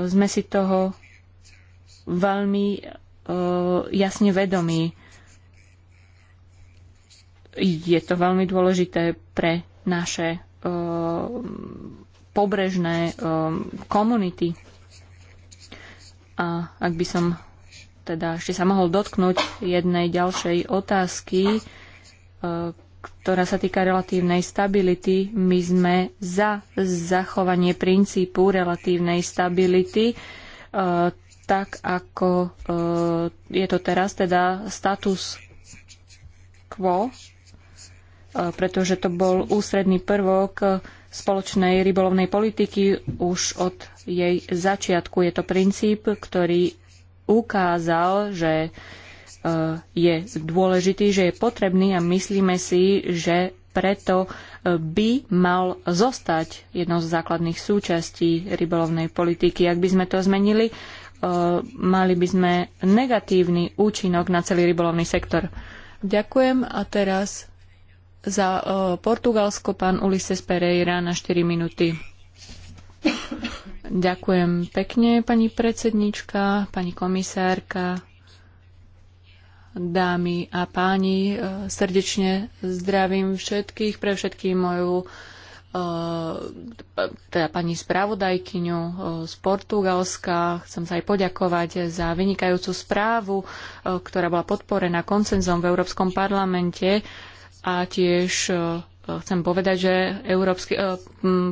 A: sme si toho veľmi uh, jasne vedomí. Je to veľmi dôležité pre naše pobrežné um, komunity. A ak by som teda ešte sa mohol dotknúť jednej ďalšej otázky, e, ktorá sa týka relatívnej stability. My sme za zachovanie princípu relatívnej stability, e, tak ako e, je to teraz, teda status quo, pretože to bol ústredný prvok spoločnej rybolovnej politiky už od jej začiatku. Je to princíp, ktorý ukázal, že eh, je dôležitý, že je potrebný a myslíme si, že preto eh, by mal zostať jednou z základných súčastí rybolovnej politiky. Ak by sme to zmenili, eh, mali by sme negatívny účinok na celý rybolovný sektor. Ďakujem a teraz za Portugalsko pán Ulises Pereira na 4 minúty. Ďakujem pekne, pani predsednička, pani komisárka, dámy a páni. E, srdečne zdravím všetkých, pre všetkým moju e, teda pani spravodajkyňu e, z Portugalska. Chcem sa aj poďakovať za vynikajúcu správu, ktorá bola podporená koncenzom v Európskom parlamente a tiež chcem povedať, že Európsky, eh,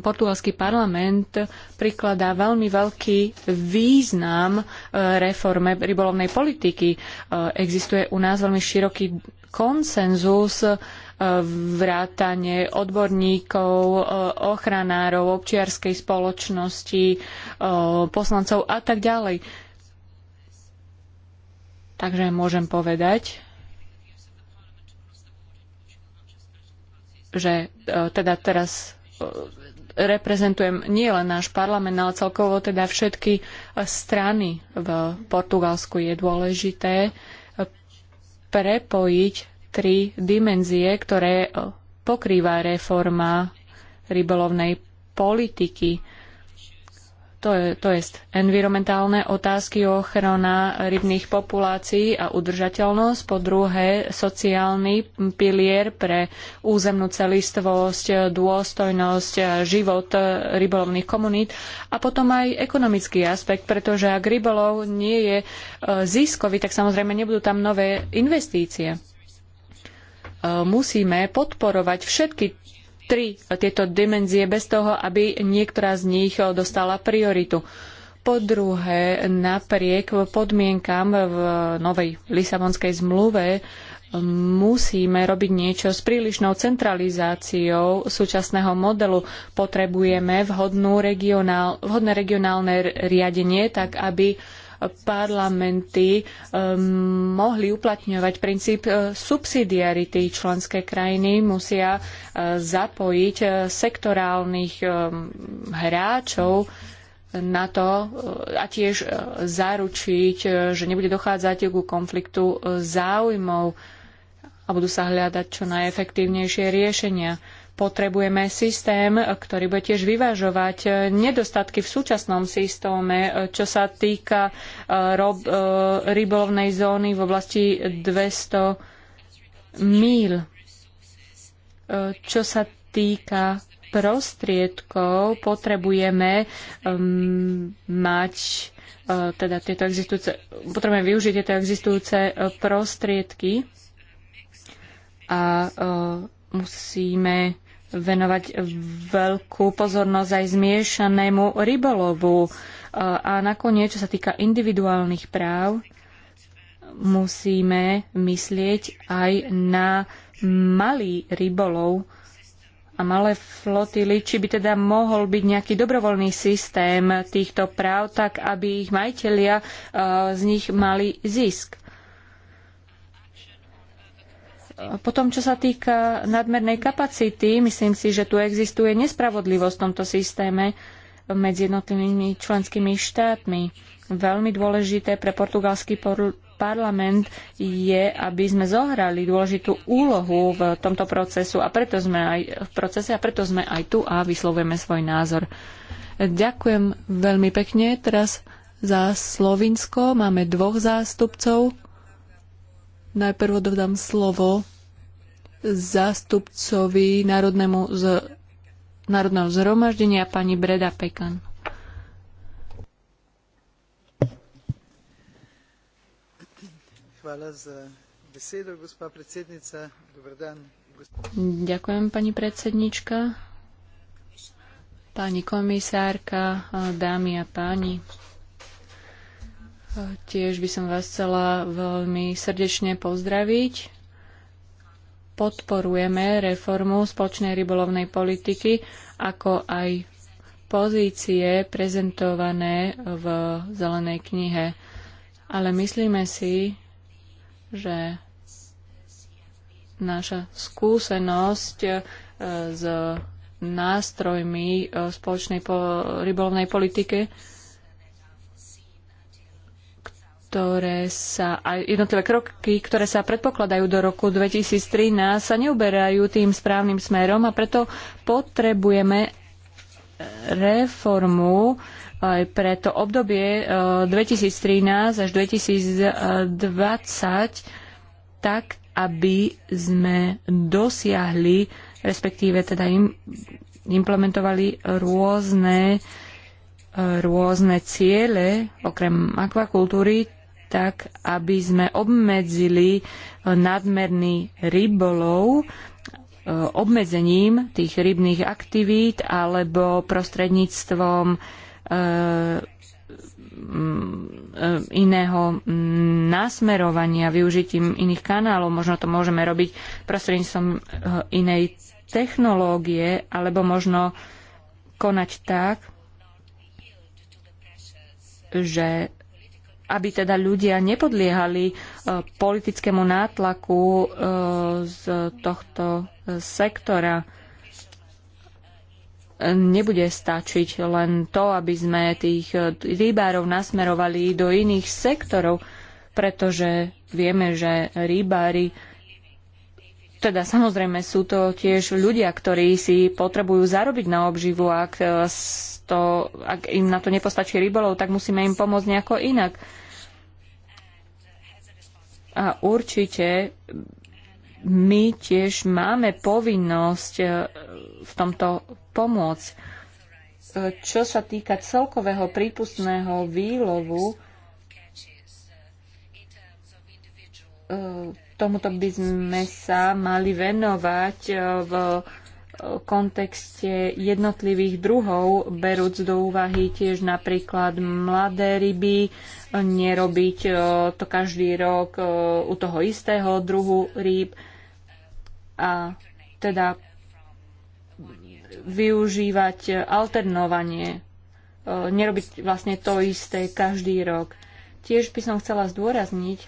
A: portugalský parlament prikladá veľmi veľký význam e, reforme rybolovnej politiky. Eh, existuje u nás veľmi široký konsenzus e, vrátanie odborníkov, e, ochranárov, občiarskej spoločnosti, poslancov a tak ďalej. Takže môžem povedať, že e, teda teraz e, reprezentujem nielen náš parlament, ale celkovo teda všetky e, strany v Portugalsku je dôležité prepojiť tri dimenzie, ktoré pokrýva reforma rybolovnej politiky to, je, to jest environmentálne otázky ochrana rybných populácií a udržateľnosť, po druhé sociálny pilier pre územnú celistvosť, dôstojnosť, život rybolovných komunít a potom aj ekonomický aspekt, pretože ak rybolov nie je e, ziskový, tak samozrejme nebudú tam nové investície e, musíme podporovať všetky tri tieto dimenzie bez toho, aby niektorá z nich dostala prioritu. Po druhé, napriek podmienkám v novej Lisabonskej zmluve musíme robiť niečo s prílišnou centralizáciou súčasného modelu. Potrebujeme vhodnú regionál, vhodné regionálne riadenie, tak aby parlamenty ehm, mohli uplatňovať princíp e, subsidiarity. Členské krajiny musia e, zapojiť e, sektorálnych ehm, hráčov na to a tiež zaručiť, že nebude dochádzať ku konfliktu záujmov a budú sa hľadať čo najefektívnejšie riešenia potrebujeme systém, ktorý bude tiež vyvážovať nedostatky v súčasnom systéme, čo sa týka e, rob, e, rybolovnej zóny v oblasti 200 míl. E, čo sa týka prostriedkov, potrebujeme um, mať uh, teda tieto existujúce, potrebujeme využiť tieto existujúce prostriedky a uh, musíme venovať veľkú pozornosť aj zmiešanému rybolovu. E, a nakoniec, čo sa týka individuálnych práv, musíme myslieť aj na malý rybolov a malé flotily, či by teda mohol byť nejaký dobrovoľný systém týchto práv, tak aby ich majitelia e, z nich mali zisk. Potom, čo sa týka nadmernej kapacity, myslím si, že tu existuje nespravodlivosť v tomto systéme medzi jednotlivými členskými štátmi. Veľmi dôležité pre portugalský parlament je, aby sme zohrali dôležitú úlohu v tomto procesu a preto sme aj v procese a preto sme aj tu a vyslovujeme svoj názor. Ďakujem veľmi pekne. Teraz za Slovinsko máme dvoch zástupcov Najprv dodám slovo zástupcovi Národnému z, Národného zhromaždenia pani Breda Pekan.
D: Hvala za besedo, gospa predsednica. Dobar dan.
A: Ďakujem, pani predsednička. Pani komisárka, dámy a páni. Tiež by som vás chcela veľmi srdečne pozdraviť. Podporujeme reformu spoločnej rybolovnej politiky, ako aj pozície prezentované v zelenej knihe. Ale myslíme si, že naša skúsenosť eh, s nástrojmi eh, spoločnej rybolovnej politiky ktoré sa, a jednotlivé kroky, ktoré sa predpokladajú do roku 2013, sa neuberajú tým správnym smerom a preto potrebujeme eh, reformu aj pre to obdobie 2013 eh, až 2020 tak, aby sme dosiahli, respektíve teda im, implementovali rôzne eh, rôzne ciele, okrem akvakultúry, tak aby sme obmedzili e, nadmerný rybolov e, obmedzením tých rybných aktivít alebo prostredníctvom e, mm, iného mm, nasmerovania, využitím iných kanálov. Možno to môžeme robiť prostredníctvom inej technológie, alebo možno konať tak, že aby teda ľudia nepodliehali e, politickému nátlaku e, z tohto sektora. Nebude stačiť len to, aby sme tých e, rybárov nasmerovali do iných sektorov, pretože vieme, že rybári teda samozrejme sú to tiež ľudia, ktorí si potrebujú zarobiť na obživu. Ak, to, ak im na to nepostačí rybolov, tak musíme im pomôcť nejako inak. A určite my tiež máme povinnosť e, v tomto pomôcť. E, čo sa týka celkového prípustného výlovu, e, tomuto by sme sa mali venovať v kontexte jednotlivých druhov, berúc do úvahy tiež napríklad mladé ryby, nerobiť e, to každý rok e, u toho istého druhu rýb a teda využívať alternovanie, e, nerobiť vlastne to isté každý rok. Tiež by som chcela zdôrazniť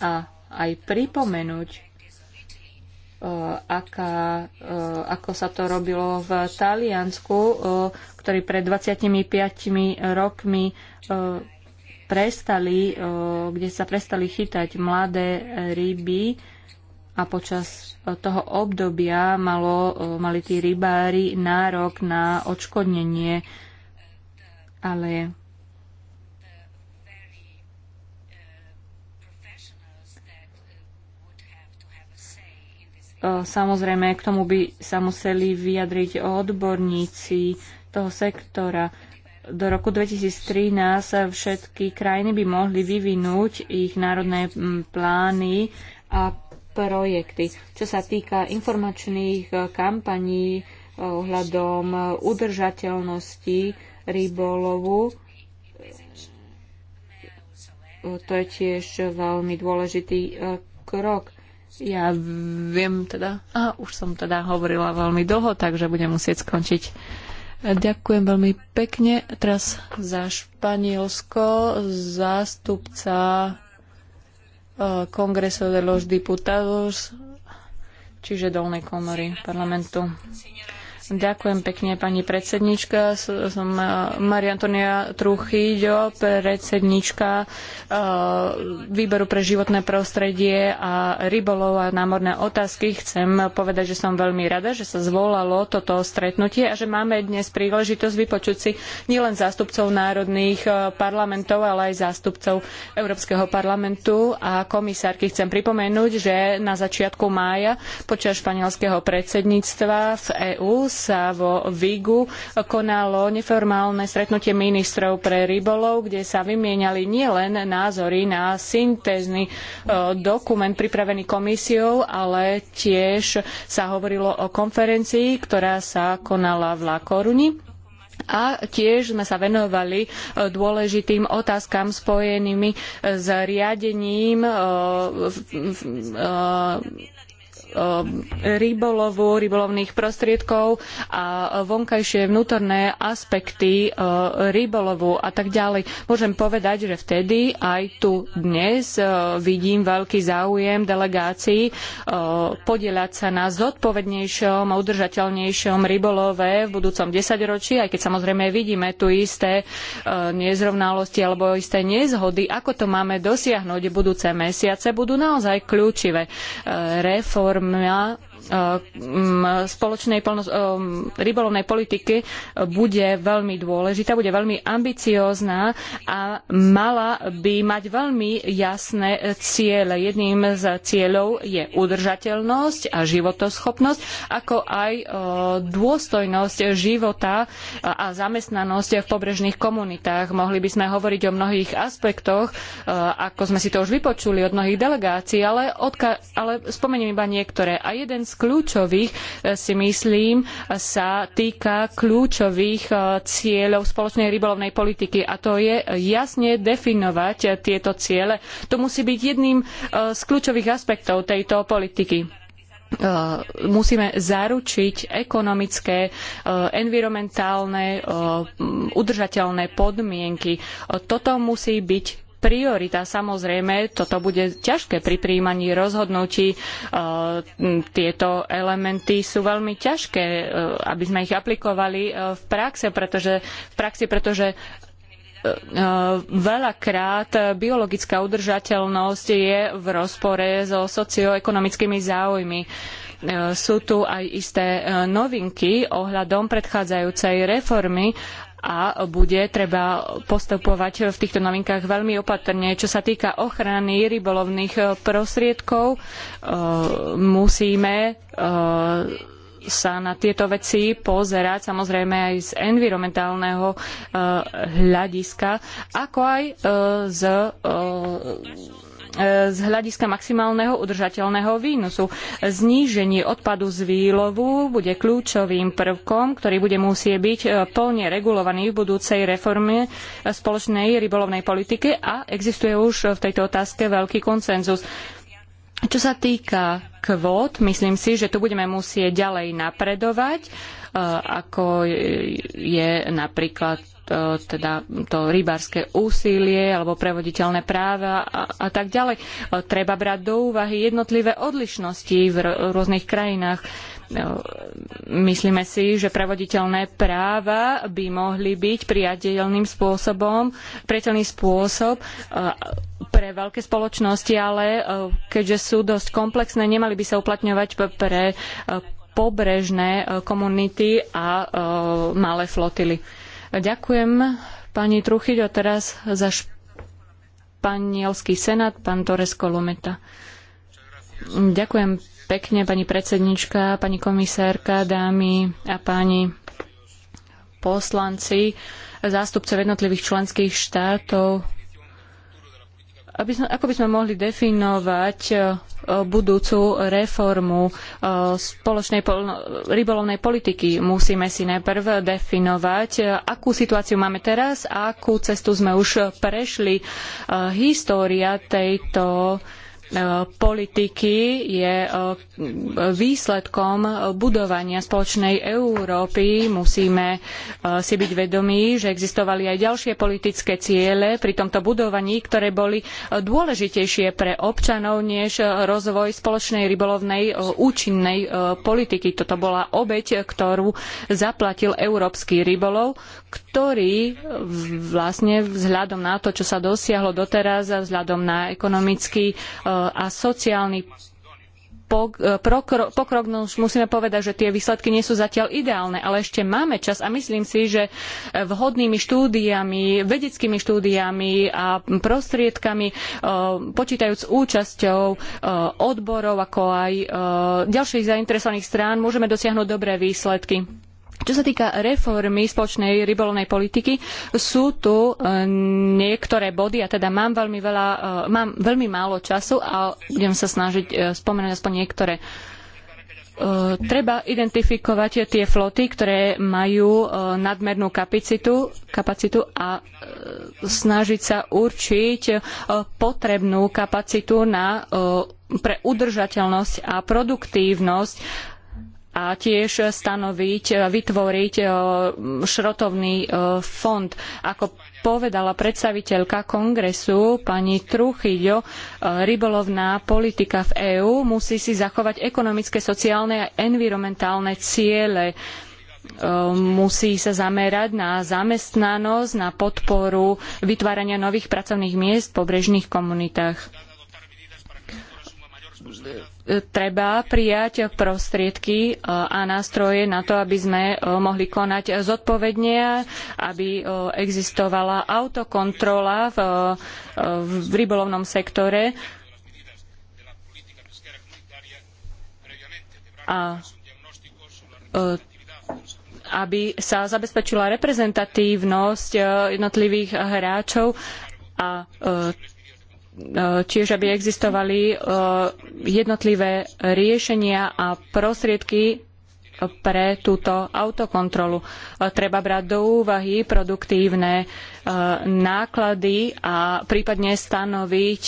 A: a aj pripomenúť E, aká, e, ako sa to robilo v Taliansku, e, ktorí pred 25 rokmi prestali, kde sa prestali chytať mladé ryby a počas toho obdobia malo, mali tí rybári nárok na odškodnenie. Ale E, samozrejme, k tomu by sa museli vyjadriť odborníci toho sektora. Do roku 2013 všetky krajiny by mohli vyvinúť ich národné plány a projekty. Čo sa týka informačných e, kampaní e, ohľadom udržateľnosti rybolovu, to je tiež veľmi dôležitý krok. Ja viem teda, a už som teda hovorila veľmi dlho, takže budem musieť skončiť. Ďakujem veľmi pekne. Teraz za Španielsko zástupca e, Kongreso de los Diputados, čiže dolnej komory parlamentu. Ďakujem pekne, pani predsednička. Som e, Maria Antonia Truchýďo, predsednička e, Výboru pre životné prostredie a rybolov a námorné otázky. Chcem povedať, že som veľmi rada, že sa zvolalo toto stretnutie a že máme dnes príležitosť vypočuť si nielen zástupcov národných e, parlamentov, ale aj zástupcov Európskeho parlamentu a komisárky. Chcem pripomenúť, že na začiatku mája počas španielskeho predsedníctva v EÚ sa vo Vigu konalo neformálne stretnutie ministrov pre rybolov, kde sa vymieniali nielen názory na syntézny e, dokument pripravený komisiou, ale tiež sa hovorilo o konferencii, ktorá sa konala v Coruni. a tiež sme sa venovali e, dôležitým otázkam spojenými e, s riadením Eh, rybolovu, rybolovných prostriedkov a vonkajšie vnútorné aspekty eh, rybolovu a tak ďalej. Môžem povedať, že vtedy aj tu dnes eh, vidím veľký záujem delegácií podieľať sa na zodpovednejšom a udržateľnejšom rybolove v budúcom desaťročí, aj keď samozrejme vidíme tu isté nezrovnalosti alebo isté nezhody, ako to máme dosiahnuť budúce mesiace, budú naozaj kľúčivé. reformy reforma Ehm, spoločnej ehm, rybolovnej politiky bude veľmi dôležitá, bude veľmi ambiciózna a mala by mať veľmi jasné ciele. Jedným z cieľov je udržateľnosť a životoschopnosť, ako aj e, dôstojnosť života a zamestnanosť v pobrežných komunitách. Mohli by sme hovoriť o mnohých aspektoch, e, ako sme si to už vypočuli od mnohých delegácií, ale, ale spomeniem iba niektoré. A jeden z z kľúčových, e, si myslím, sa týka kľúčových e, cieľov spoločnej rybolovnej politiky a to je jasne definovať e, tieto ciele. To musí byť jedným z kľúčových aspektov tejto politiky musíme zaručiť ekonomické, environmentálne, udržateľné podmienky. Toto musí byť priorita. Samozrejme, toto bude ťažké pri príjmaní rozhodnutí. E, tieto elementy sú veľmi ťažké, e, aby sme ich aplikovali e, v praxe, pretože, v praxi, pretože veľakrát biologická udržateľnosť je v rozpore so socioekonomickými záujmi. Sú tu aj isté novinky ohľadom predchádzajúcej reformy a bude treba postupovať v týchto novinkách veľmi opatrne. Čo sa týka ochrany rybolovných prostriedkov, e, musíme e, sa na tieto veci pozerať samozrejme aj z environmentálneho e, hľadiska, ako aj z E, z hľadiska maximálneho udržateľného výnosu. Zníženie odpadu z výlovu bude kľúčovým prvkom, ktorý bude musieť byť e, plne regulovaný v budúcej reforme e, spoločnej rybolovnej politiky a existuje už v tejto otázke veľký konsenzus. Čo sa týka kvót, myslím si, že tu budeme musieť ďalej napredovať, ako je napríklad E, teda to rybárske úsilie alebo prevoditeľné práva a, a tak ďalej. E, treba brať do úvahy jednotlivé odlišnosti v rôznych krajinách. E, myslíme si, že prevoditeľné práva by mohli byť priateľným spôsobom, priateľný spôsob pre veľké spoločnosti, ale keďže sú dosť komplexné, nemali by sa uplatňovať pre pobrežné komunity a malé flotily. Ďakujem pani Truchyď a teraz za španielský senát pán Torres Kolometa. Ďakujem pekne pani predsednička, pani komisárka, dámy a páni poslanci, zástupce jednotlivých členských štátov aby sme, ako by sme mohli definovať e, budúcu reformu e, spoločnej rybolovnej politiky? Musíme si najprv definovať, e, akú situáciu máme teraz a akú cestu sme už prešli. História tejto uh, politiky je e, výsledkom budovania spoločnej Európy. Musíme e, si byť vedomí, že existovali aj ďalšie politické ciele pri tomto budovaní, ktoré boli dôležitejšie pre občanov než rozvoj spoločnej rybolovnej e, účinnej politiky. Toto bola obeť, ktorú zaplatil európsky rybolov, ktorý vlastne vzhľadom na to, čo sa dosiahlo doteraz a vzhľadom na ekonomický a sociálny e, pokrok, no už musíme povedať, že tie výsledky nie sú zatiaľ ideálne, ale ešte máme čas a myslím si, že e, vhodnými štúdiami, vedeckými štúdiami a prostriedkami, e, počítajúc s účasťou odborov, ako aj ďalších zainteresovaných strán, môžeme dosiahnuť dobré výsledky čo sa týka reformy spoločnej rybolovnej politiky, sú tu e, niektoré body, a teda mám veľmi, veľa, e, mám veľmi málo času a budem sa snažiť e, spomenúť aspoň niektoré. Treba identifikovať tie floty, ktoré majú nadmernú kapacitu, kapacitu a snažiť sa určiť potrebnú kapacitu na pre udržateľnosť a produktívnosť a tiež stanoviť, vytvoriť e, šrotovný e, fond. Ako povedala predstaviteľka kongresu pani Truchyďo, e, rybolovná politika v EÚ musí si zachovať ekonomické, sociálne a environmentálne ciele musí sa zamerať na zamestnanosť, na podporu vytvárania nových pracovných miest v pobrežných komunitách treba prijať prostriedky a nástroje na to, aby sme e, mohli konať zodpovedne, aby e, existovala autokontrola v, e, v rybolovnom sektore. A aby sa zabezpečila reprezentatívnosť jednotlivých hráčov a E, tiež, aby existovali e, jednotlivé riešenia a prostriedky pre túto autokontrolu. E, treba brať do úvahy produktívne náklady a prípadne stanoviť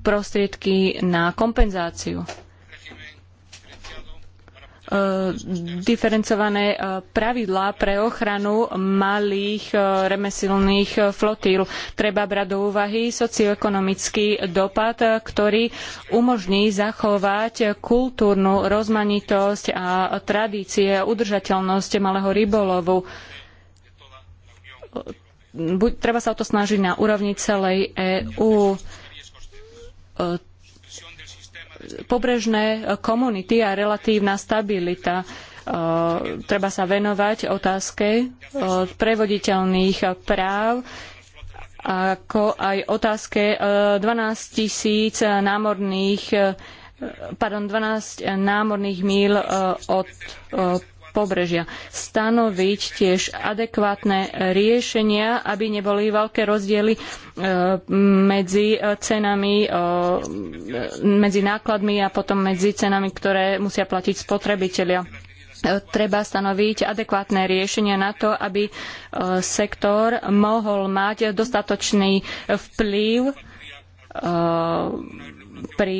A: prostriedky na kompenzáciu. E, diferencované e, pravidlá pre ochranu malých e, remesilných flotíl. Treba brať do úvahy socioekonomický dopad, ktorý umožní zachovať kultúrnu rozmanitosť a tradície a udržateľnosť malého rybolovu. treba sa o to snažiť na úrovni celej EÚ pobrežné komunity a relatívna stabilita. E, treba sa venovať otázke e, prevoditeľných práv ako aj otázke 12 e, tisíc námorných pardon, 12 námorných míl od pobrežia. Stanoviť tiež adekvátne riešenia, aby neboli veľké rozdiely e, medzi e, cenami, e, medzi nákladmi a potom medzi cenami, ktoré musia platiť spotrebitelia treba stanoviť adekvátne riešenia na to, aby sektor mohol mať dostatočný vplyv pri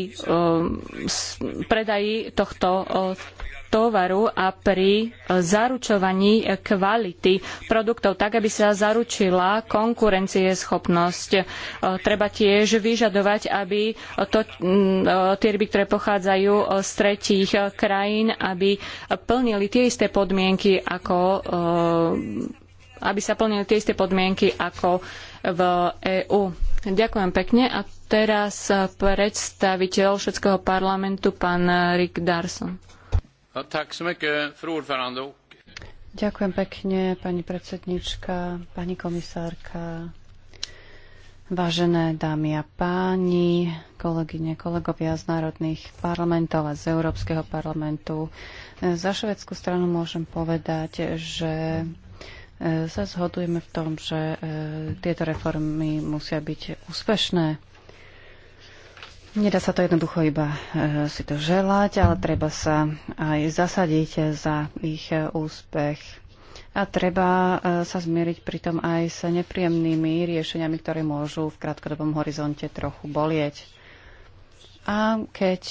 A: predaji tohto tovaru a pri e, zaručovaní kvality produktov, tak aby sa zaručila konkurencieschopnosť. E, treba tiež vyžadovať, aby to, e, tie ryby, ktoré pochádzajú z tretích krajín, aby plnili tie isté podmienky ako aby sa plnili tie isté podmienky ako v EÚ. Ďakujem pekne. A teraz predstaviteľ všetkého parlamentu, pán Rick Darson. Ďakujem pekne, pani predsednička, pani
B: komisárka, vážené dámy a páni, kolegyne, kolegovia z národných parlamentov a z Európskeho parlamentu. Za švedskú stranu môžem povedať, že e, sa zhodujeme v tom, že e, tieto reformy musia byť úspešné. Nedá sa to jednoducho iba e, si to želať, ale treba sa aj zasadiť za ich e, úspech. A treba e, sa zmieriť pritom aj s nepríjemnými riešeniami, ktoré môžu v krátkodobom horizonte trochu bolieť. A keď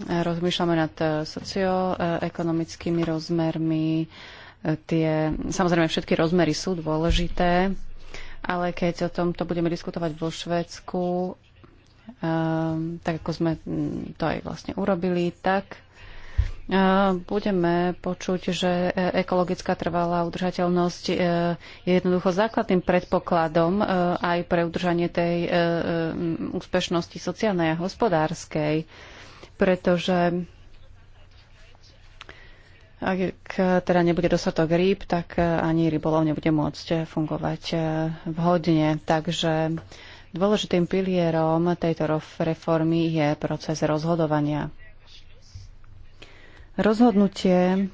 B: rozmýšľame nad socioekonomickými rozmermi, tie, samozrejme všetky rozmery sú dôležité, ale keď o tomto budeme diskutovať vo Švedsku, Ehm, tak ako sme mm, to aj vlastne urobili, tak ehm, budeme počuť, že e, ekologická trvalá udržateľnosť e, je jednoducho základným predpokladom e, aj pre udržanie tej mm, úspešnosti sociálnej a hospodárskej, pretože ak teda nebude dostatok rýb, tak ani rybolov nebude môcť fungovať vhodne. Takže Dôležitým pilierom tejto reformy je proces rozhodovania. Rozhodnutie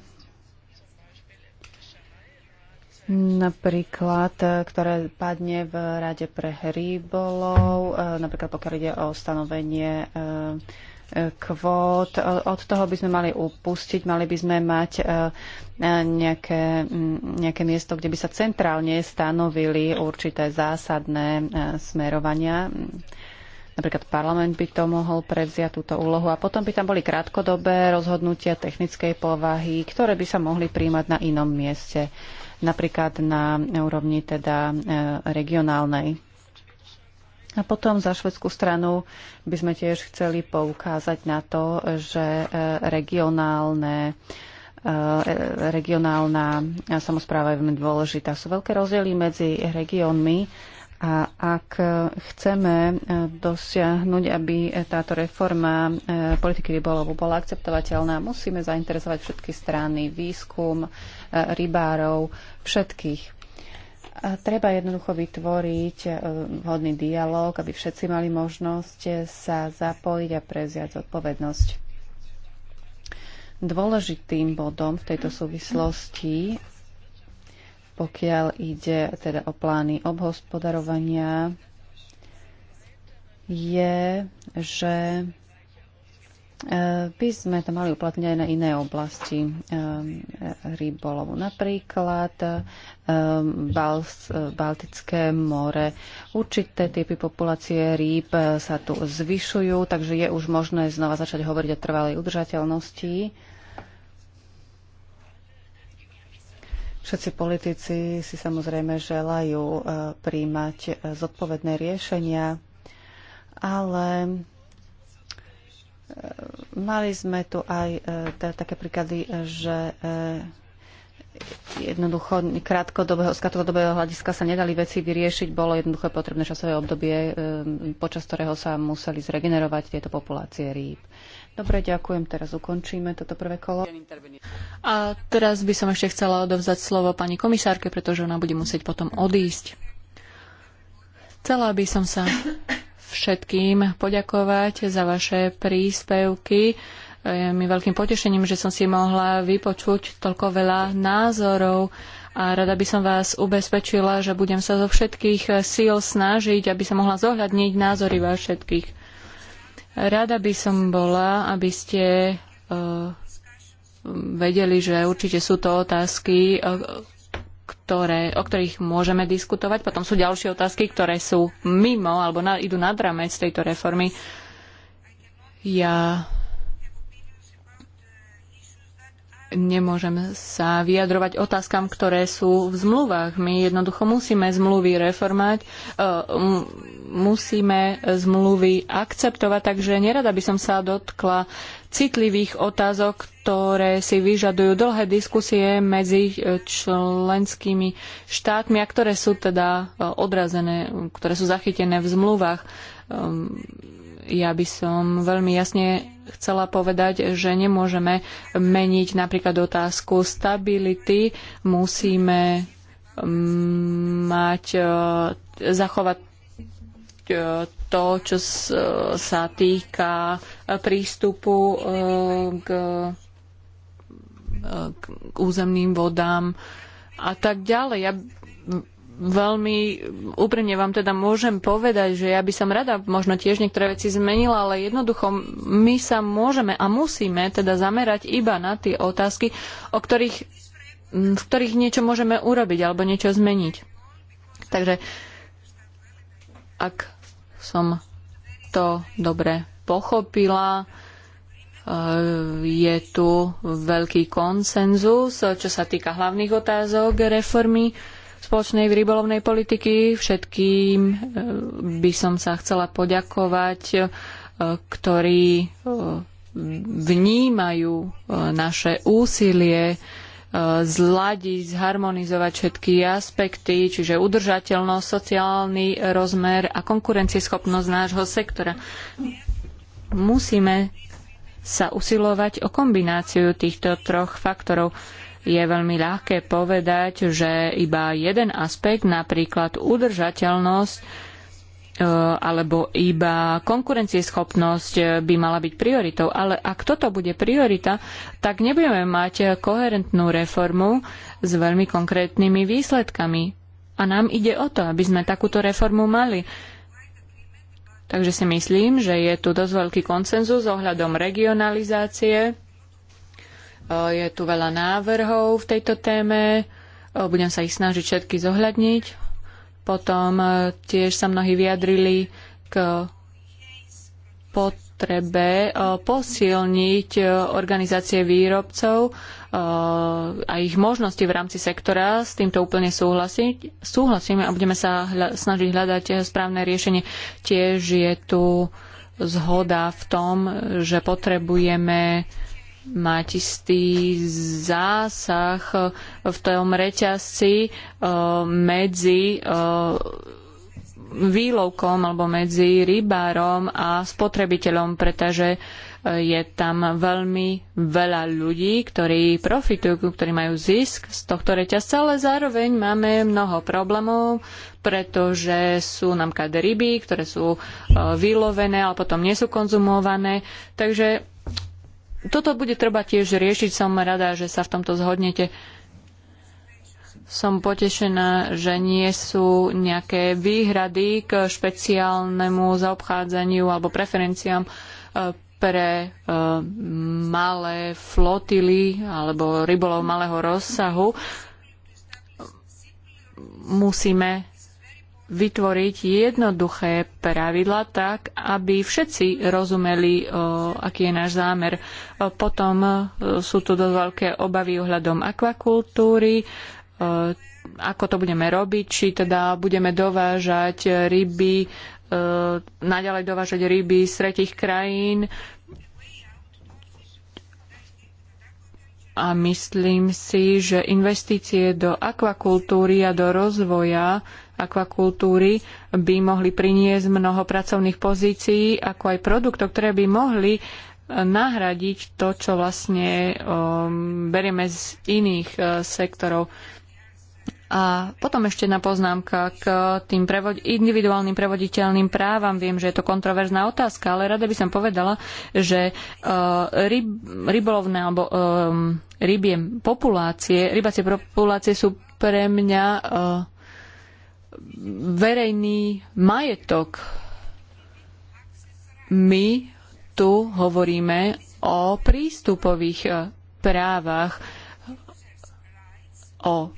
B: Napríklad, ktoré padne v Rade pre bolo e, napríklad pokiaľ ide o stanovenie e, kvót. Od toho by sme mali upustiť, mali by sme mať e, e, nejaké, nejaké miesto, kde by sa centrálne stanovili určité zásadné e, smerovania napríklad parlament by to mohol prevziať túto úlohu a potom by tam boli krátkodobé rozhodnutia technickej povahy, ktoré by sa mohli príjmať na inom mieste, napríklad na úrovni teda regionálnej. A potom za švedskú stranu by sme tiež chceli poukázať na to, že e, regionálne e, e, regionálna samozpráva je veľmi dôležitá. Sú veľké rozdiely medzi regiónmi a ak chceme dosiahnuť, aby táto reforma politiky rybolovu bola akceptovateľná, musíme zainteresovať všetky strany, výskum, rybárov, všetkých a treba jednoducho vytvoriť e, vhodný dialog, aby všetci mali možnosť e, sa zapojiť a prevziať zodpovednosť. Dôležitým bodom v tejto súvislosti, pokiaľ ide teda o plány obhospodarovania, je, že by sme to mali uplatniť aj na iné oblasti ehm, rybolovu. Napríklad ehm, Bals, Baltické more. Určité typy populácie rýb e, sa tu zvyšujú, takže je už možné znova začať hovoriť o trvalej udržateľnosti. Všetci politici si samozrejme želajú e, príjmať e, zodpovedné riešenia, ale Mali sme tu aj e, také príklady, e, že e, jednoducho krátkodobého, z krátkodobého hľadiska sa nedali veci vyriešiť, bolo jednoduché potrebné časové obdobie, počas ktorého sa museli zregenerovať tieto populácie rýb. Dobre, ďakujem. Teraz ukončíme toto prvé kolo.
A: A teraz by som ešte chcela odovzdať slovo pani komisárke, pretože ona bude musieť potom odísť. Chcela by som sa všetkým poďakovať za vaše príspevky. Je mi veľkým potešením, že som si mohla vypočuť toľko veľa názorov a rada by som vás ubezpečila, že budem sa zo všetkých síl snažiť, aby som mohla zohľadniť názory vás všetkých. Rada by som bola, aby ste uh, vedeli, že určite sú to otázky, uh, ktoré, o ktorých môžeme diskutovať. Potom sú ďalšie otázky, ktoré sú mimo alebo na, idú nad ramec tejto reformy. Ja nemôžem sa vyjadrovať otázkam, ktoré sú v zmluvách. My jednoducho musíme zmluvy reformať, e, musíme zmluvy akceptovať, takže nerada by som sa dotkla citlivých otázok, ktoré si vyžadujú dlhé diskusie medzi e, členskými štátmi a ktoré sú teda e, odrazené, ktoré sú zachytené v zmluvách. Ehm, ja by som veľmi jasne chcela povedať, že nemôžeme meniť napríklad otázku stability, musíme ehm, mať, e, zachovať to, čo sa týka prístupu eh, eh, k, k územným vodám a tak ďalej. Ja veľmi úprimne vám teda môžem povedať, že ja by som rada možno tiež niektoré veci zmenila, ale jednoducho my sa môžeme a musíme teda zamerať iba na tie otázky, o ktorých, v ktorých niečo môžeme urobiť alebo niečo zmeniť. Takže ak som to dobre pochopila, e, je tu veľký konsenzus, čo sa týka hlavných otázok reformy spoločnej rybolovnej politiky. Všetkým e, by som sa chcela poďakovať, e, ktorí vnímajú naše úsilie zladiť, zharmonizovať všetky aspekty, čiže udržateľnosť, sociálny rozmer a konkurencieschopnosť nášho sektora musíme sa usilovať o kombináciu týchto troch faktorov. Je veľmi ľahké povedať, že iba jeden aspekt, napríklad udržateľnosť, e, alebo iba konkurencieschopnosť e, by mala byť prioritou. Ale ak toto bude priorita, tak nebudeme mať koherentnú reformu s veľmi konkrétnymi výsledkami. A nám ide o to, aby sme takúto reformu mali. Takže si myslím, že je tu dosť veľký koncenzus ohľadom regionalizácie. E, je tu veľa návrhov v tejto téme. E, budem sa ich snažiť všetky zohľadniť. Potom e, tiež sa mnohí vyjadrili k pod potrebe eh, posilniť eh, organizácie výrobcov eh, a ich možnosti v rámci sektora. S týmto úplne súhlasiť. súhlasíme a budeme sa snažiť hľadať správne riešenie. Tiež je tu zhoda v tom, že potrebujeme mať istý zásah v tom reťazci medzi výlovkom alebo medzi rybárom a spotrebiteľom, pretože e, je tam veľmi veľa ľudí, ktorí profitujú, ktorí majú zisk z tohto reťazca, ale zároveň máme mnoho problémov, pretože sú nám kade ryby, ktoré sú e, vylovené, ale potom nie sú konzumované. Takže toto bude treba tiež riešiť. Som rada, že sa v tomto zhodnete som potešená, že nie sú nejaké výhrady k špeciálnemu zaobchádzaniu alebo preferenciám e, pre e, malé flotily alebo rybolov malého rozsahu. Musíme vytvoriť jednoduché pravidla tak, aby všetci rozumeli, e, aký je náš zámer. Potom sú tu dosť veľké obavy ohľadom akvakultúry E, ako to budeme robiť, či teda budeme dovážať ryby, e, naďalej dovážať ryby z tretich krajín. A myslím si, že investície do akvakultúry a do rozvoja akvakultúry by mohli priniesť mnoho pracovných pozícií, ako aj produktov, ktoré by mohli e, nahradiť to, čo vlastne um, berieme z iných uh, sektorov. A potom ešte na poznámka k tým prevod- individuálnym prevoditeľným právam. Viem, že je to kontroverzná otázka, ale rada by som povedala, že uh, ryb, rybolovné alebo um, rybie populácie, rybacie populácie sú pre mňa uh, verejný majetok. My tu hovoríme o prístupových právach, o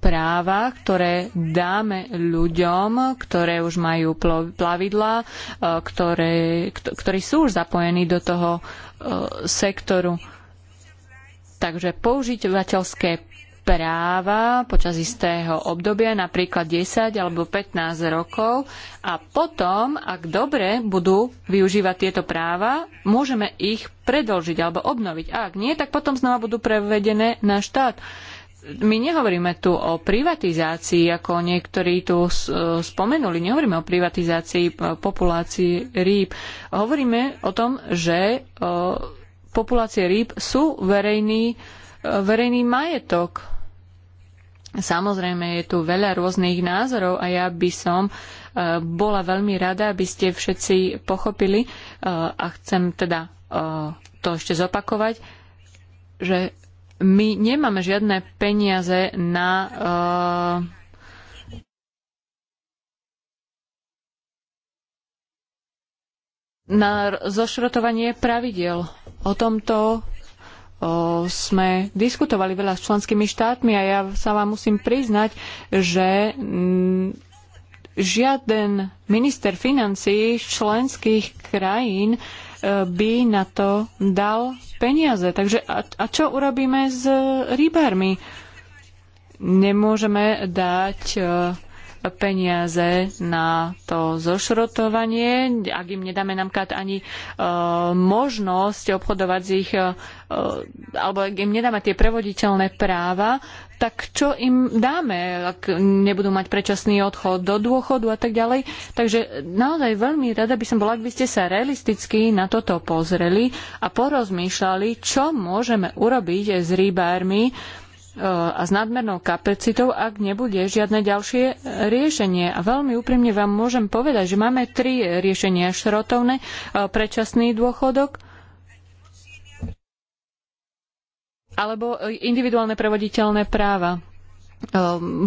A: práva, ktoré dáme ľuďom, ktoré už majú plavidla, e, ktoré, ktorí sú už zapojení do toho e, sektoru. Takže používateľské práva počas istého obdobia, napríklad 10 alebo 15 rokov a potom, ak dobre budú využívať tieto práva, môžeme ich predlžiť alebo obnoviť. A ak nie, tak potom znova budú prevedené na štát my nehovoríme tu o privatizácii, ako niektorí tu e, spomenuli. Nehovoríme o privatizácii e, populácií rýb. Hovoríme o tom, že e, populácie rýb sú verejný, verejný majetok. Samozrejme, je tu veľa rôznych názorov a ja by som bola veľmi rada, aby ste všetci pochopili a chcem teda to ešte zopakovať, že my nemáme žiadne peniaze na eh, na zošrotovanie pravidel. O tomto o, eh, sme diskutovali veľa s členskými štátmi a ja sa vám musím priznať, že mm, žiaden minister financií členských krajín by na to dal peniaze. Takže a, a čo urobíme s e, rybármi? Nemôžeme dať e, peniaze na to zošrotovanie, ak im nedáme napríklad ani uh, možnosť obchodovať z ich, uh, alebo ak im nedáme tie prevoditeľné práva, tak čo im dáme, ak nebudú mať predčasný odchod do dôchodu a tak ďalej. Takže naozaj veľmi rada by som bola, ak by ste sa realisticky na toto pozreli a porozmýšľali, čo môžeme urobiť s rybármi e, a s nadmernou kapacitou, ak nebude žiadne ďalšie e, riešenie. A veľmi úprimne vám môžem povedať, že máme tri riešenia. Šrotovné, e, predčasný dôchodok, alebo e, individuálne prevoditeľné práva. E,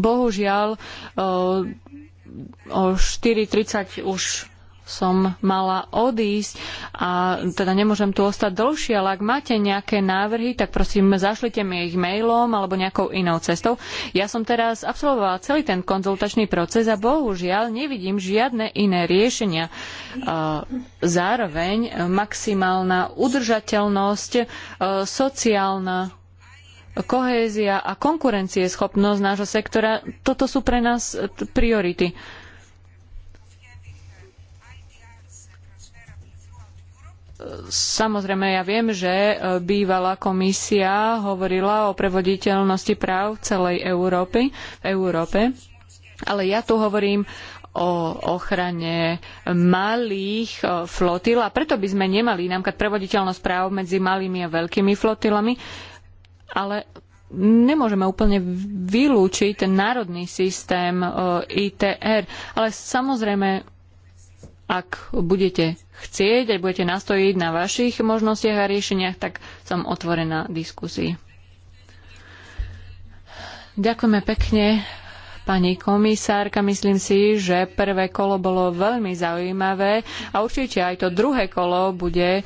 A: bohužiaľ, e, o 4.30 už som mala odísť a teda nemôžem tu ostať dlhšie, ale ak máte nejaké návrhy, tak prosím, zašlite mi ich mailom alebo nejakou inou cestou. Ja som teraz absolvovala celý ten konzultačný proces a bohužiaľ nevidím žiadne iné riešenia. Zároveň maximálna udržateľnosť, sociálna kohézia a konkurencieschopnosť nášho sektora, toto sú pre nás e, priority. Samozrejme, ja viem, že e, bývalá komisia hovorila o prevoditeľnosti práv v celej Európy, v Európe, ale ja tu hovorím o ochrane malých e, flotil a preto by sme nemali napríklad prevoditeľnosť práv medzi malými a veľkými flotilami, ale nemôžeme úplne vylúčiť ten národný systém e, ITR, ale samozrejme, ak budete chcieť, ak budete nastojiť na vašich možnostiach a riešeniach, tak som otvorená diskusii. Ďakujeme pekne, pani komisárka. Myslím si, že prvé kolo bolo veľmi zaujímavé a určite aj to druhé kolo bude uh,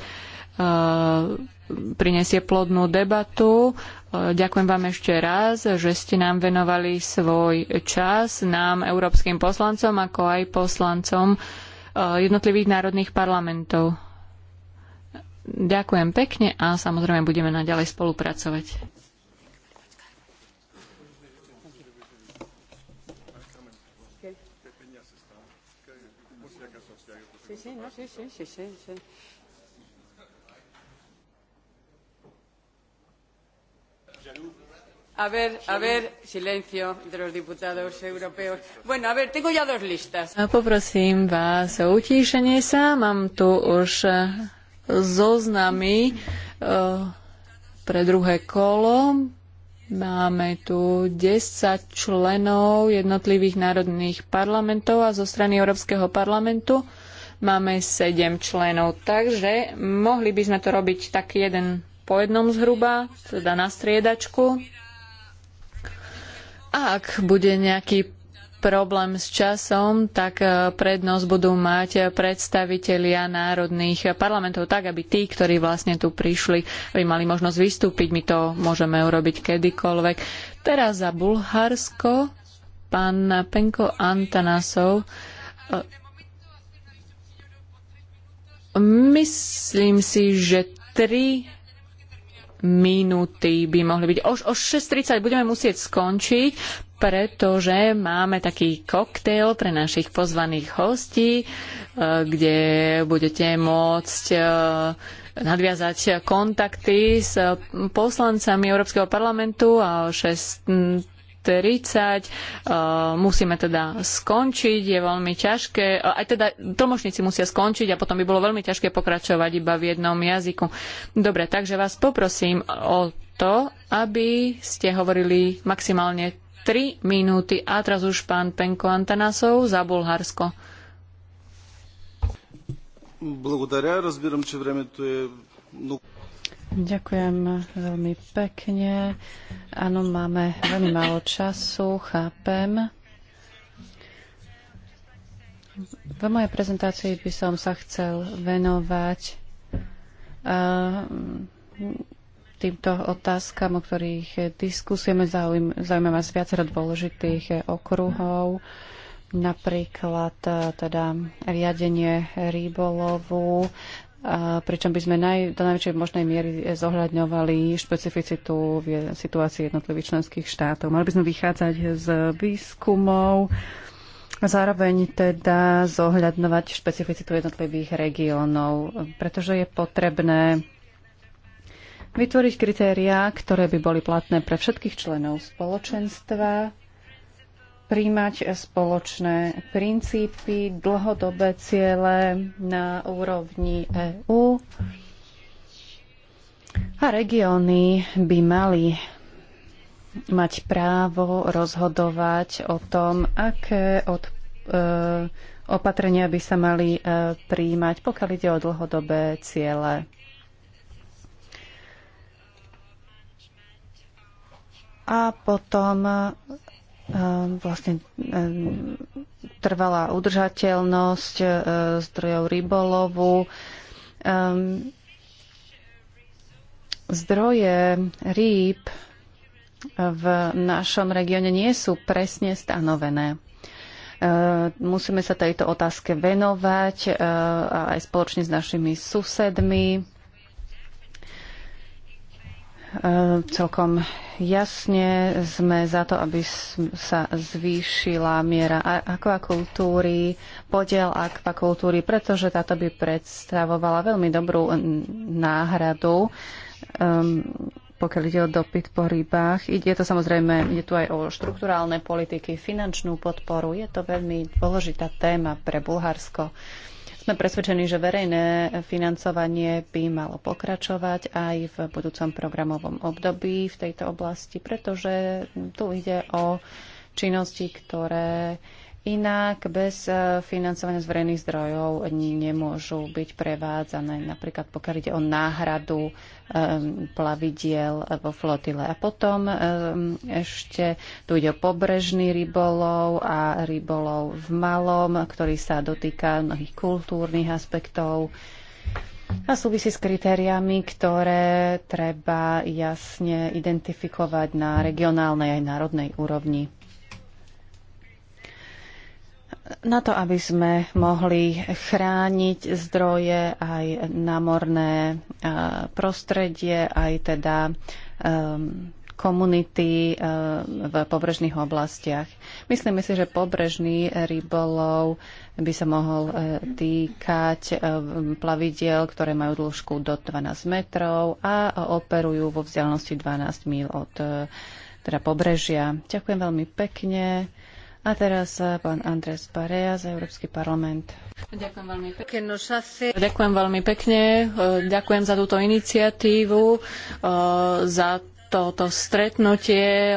A: prinesie plodnú debatu Ďakujem vám ešte raz, že ste nám venovali svoj čas, nám, európskym poslancom, ako aj poslancom eh, jednotlivých národných parlamentov. Ďakujem pekne a samozrejme budeme naďalej spolupracovať.
B: Sí, sí, no, sí, sí, sí, sí,
A: A ver, a ver, silencio de los diputados europeos. Bueno, a ver, tengo ya dos listas. Poprosím vás o utíšenie sa. Mám tu už eh, zoznamy eh, pre druhé kolo. Máme tu 10 členov jednotlivých národných parlamentov a zo strany Európskeho parlamentu máme 7 členov. Takže mohli by sme to robiť tak jeden po jednom zhruba, teda na striedačku. Ak bude nejaký problém s časom, tak e, prednosť budú mať predstavitelia národných parlamentov tak, aby tí, ktorí vlastne tu prišli, aby mali možnosť vystúpiť. My to môžeme urobiť kedykoľvek. Teraz za Bulharsko pán Penko Antanasov. E, myslím si, že tri minúty by mohli byť. Už o 6.30 budeme musieť skončiť, pretože máme taký koktail pre našich pozvaných hostí, e, kde budete môcť e, nadviazať kontakty s e, poslancami Európskeho parlamentu a o 6 10.40. Eh, musíme teda skončiť, je veľmi ťažké. Eh, aj teda tlmočníci musia skončiť a potom by bolo veľmi ťažké pokračovať iba v jednom jazyku. Dobre, takže vás poprosím o to, aby ste hovorili maximálne 3 minúty. A teraz už pán Penko Antanasov za Bulharsko.
D: Благодаря. Разбирам, че времето е много.
A: Ďakujem veľmi
B: pekne. Áno, máme veľmi málo času, chápem. V mojej prezentácii by som sa chcel venovať ehm, týmto otázkam, o ktorých diskusujeme. Zaujíma vás viacero dôležitých okruhov, napríklad teda riadenie rýbolovu pričom by sme naj, do najväčšej možnej miery zohľadňovali špecificitu v situácii jednotlivých členských štátov. Mali by sme vychádzať z výskumov, zároveň teda zohľadňovať špecificitu jednotlivých regiónov, pretože je potrebné vytvoriť kritériá, ktoré by boli platné pre všetkých členov spoločenstva, príjmať spoločné princípy, dlhodobé ciele na úrovni EÚ a regióny by mali mať právo rozhodovať o tom, aké od, e, opatrenia by sa mali e, príjmať, pokiaľ ide o dlhodobé ciele. A potom Ehm, vlastne ehm, trvalá udržateľnosť ehm, zdrojov rybolovu. Zdroje rýb v našom regióne nie sú presne stanovené. Musíme sa tejto otázke venovať aj spoločne s našimi susedmi E, celkom jasne sme za to, aby sa zvýšila miera akvakultúry, podiel akvakultúry, pretože táto by predstavovala veľmi dobrú náhradu um, pokiaľ ide o dopyt po rybách. Ide to samozrejme, ide tu aj o štruktúrálne politiky, finančnú podporu. Je to veľmi dôležitá téma pre Bulharsko. Um, sme presvedčení, že verejné financovanie by malo pokračovať aj v budúcom programovom období v tejto oblasti, pretože tu ide o činnosti, ktoré Inak bez eh, financovania z verejných zdrojov nemôžu byť prevádzané, napríklad pokiaľ ide o náhradu eh, plavidiel vo flotile. A potom eh, ešte tu ide o pobrežný rybolov a rybolov v malom, ktorý sa dotýka mnohých kultúrnych aspektov a súvisí s kritériami, ktoré treba jasne identifikovať na regionálnej aj národnej úrovni. Na to, aby sme mohli chrániť zdroje aj námorné prostredie, aj teda komunity v pobrežných oblastiach. Myslíme si, že pobrežný rybolov by sa mohol e, týkať e, plavidiel, ktoré majú dĺžku do 12 metrov a operujú vo vzdialenosti 12 mil od e, teda pobrežia. Ďakujem veľmi pekne. A teraz
A: eh, pán Andres Barea za Európsky parlament. Ďakujem veľmi pekne. Ďakujem veľmi pekne. Eh, ďakujem za túto iniciatívu, eh, za toto stretnutie eh,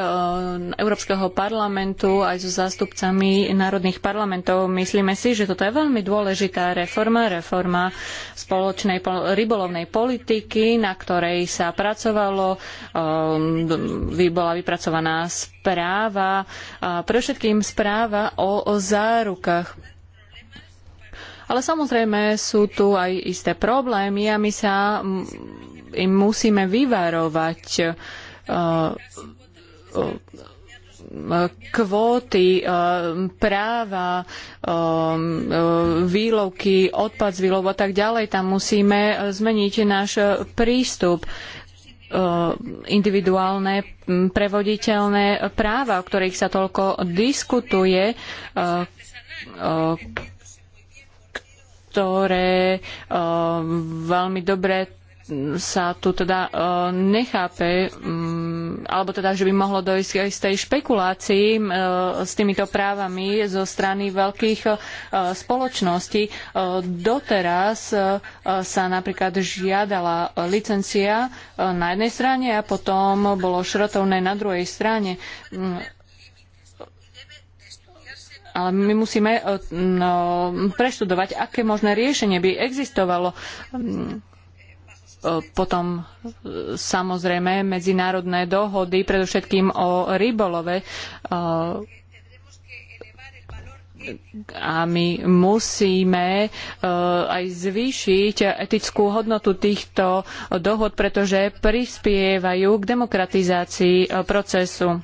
A: Európskeho parlamentu aj so zástupcami národných parlamentov. Myslíme si, že toto je veľmi dôležitá reforma, reforma spoločnej rybolovnej politiky, na ktorej sa pracovalo, eh, bola vypracovaná správa, pre všetkým správa o, zárukách ale samozrejme sú tu aj isté problémy a my sa im musíme vyvarovať Eh, eh, kvóty, eh, práva, výlovky, odpad z výlov a tak ďalej. Tam musíme zmeniť náš prístup individuálne hm, prevoditeľné práva, o ktorých sa toľko diskutuje, ktoré veľmi dobre sa tu teda e, nechápe, mm, alebo teda, že by mohlo dojsť k istej špekulácii e, s týmito právami zo strany veľkých e, spoločností. Doteraz sa napríklad žiadala licencia na jednej strane a potom bolo šrotovné na druhej strane mm, ale my musíme no, preštudovať, aké možné riešenie by existovalo. Mm, E, potom e, samozrejme medzinárodné dohody, predovšetkým o rybolove. E, a my musíme aj zvýšiť etickú hodnotu týchto dohod, pretože prispievajú k demokratizácii procesu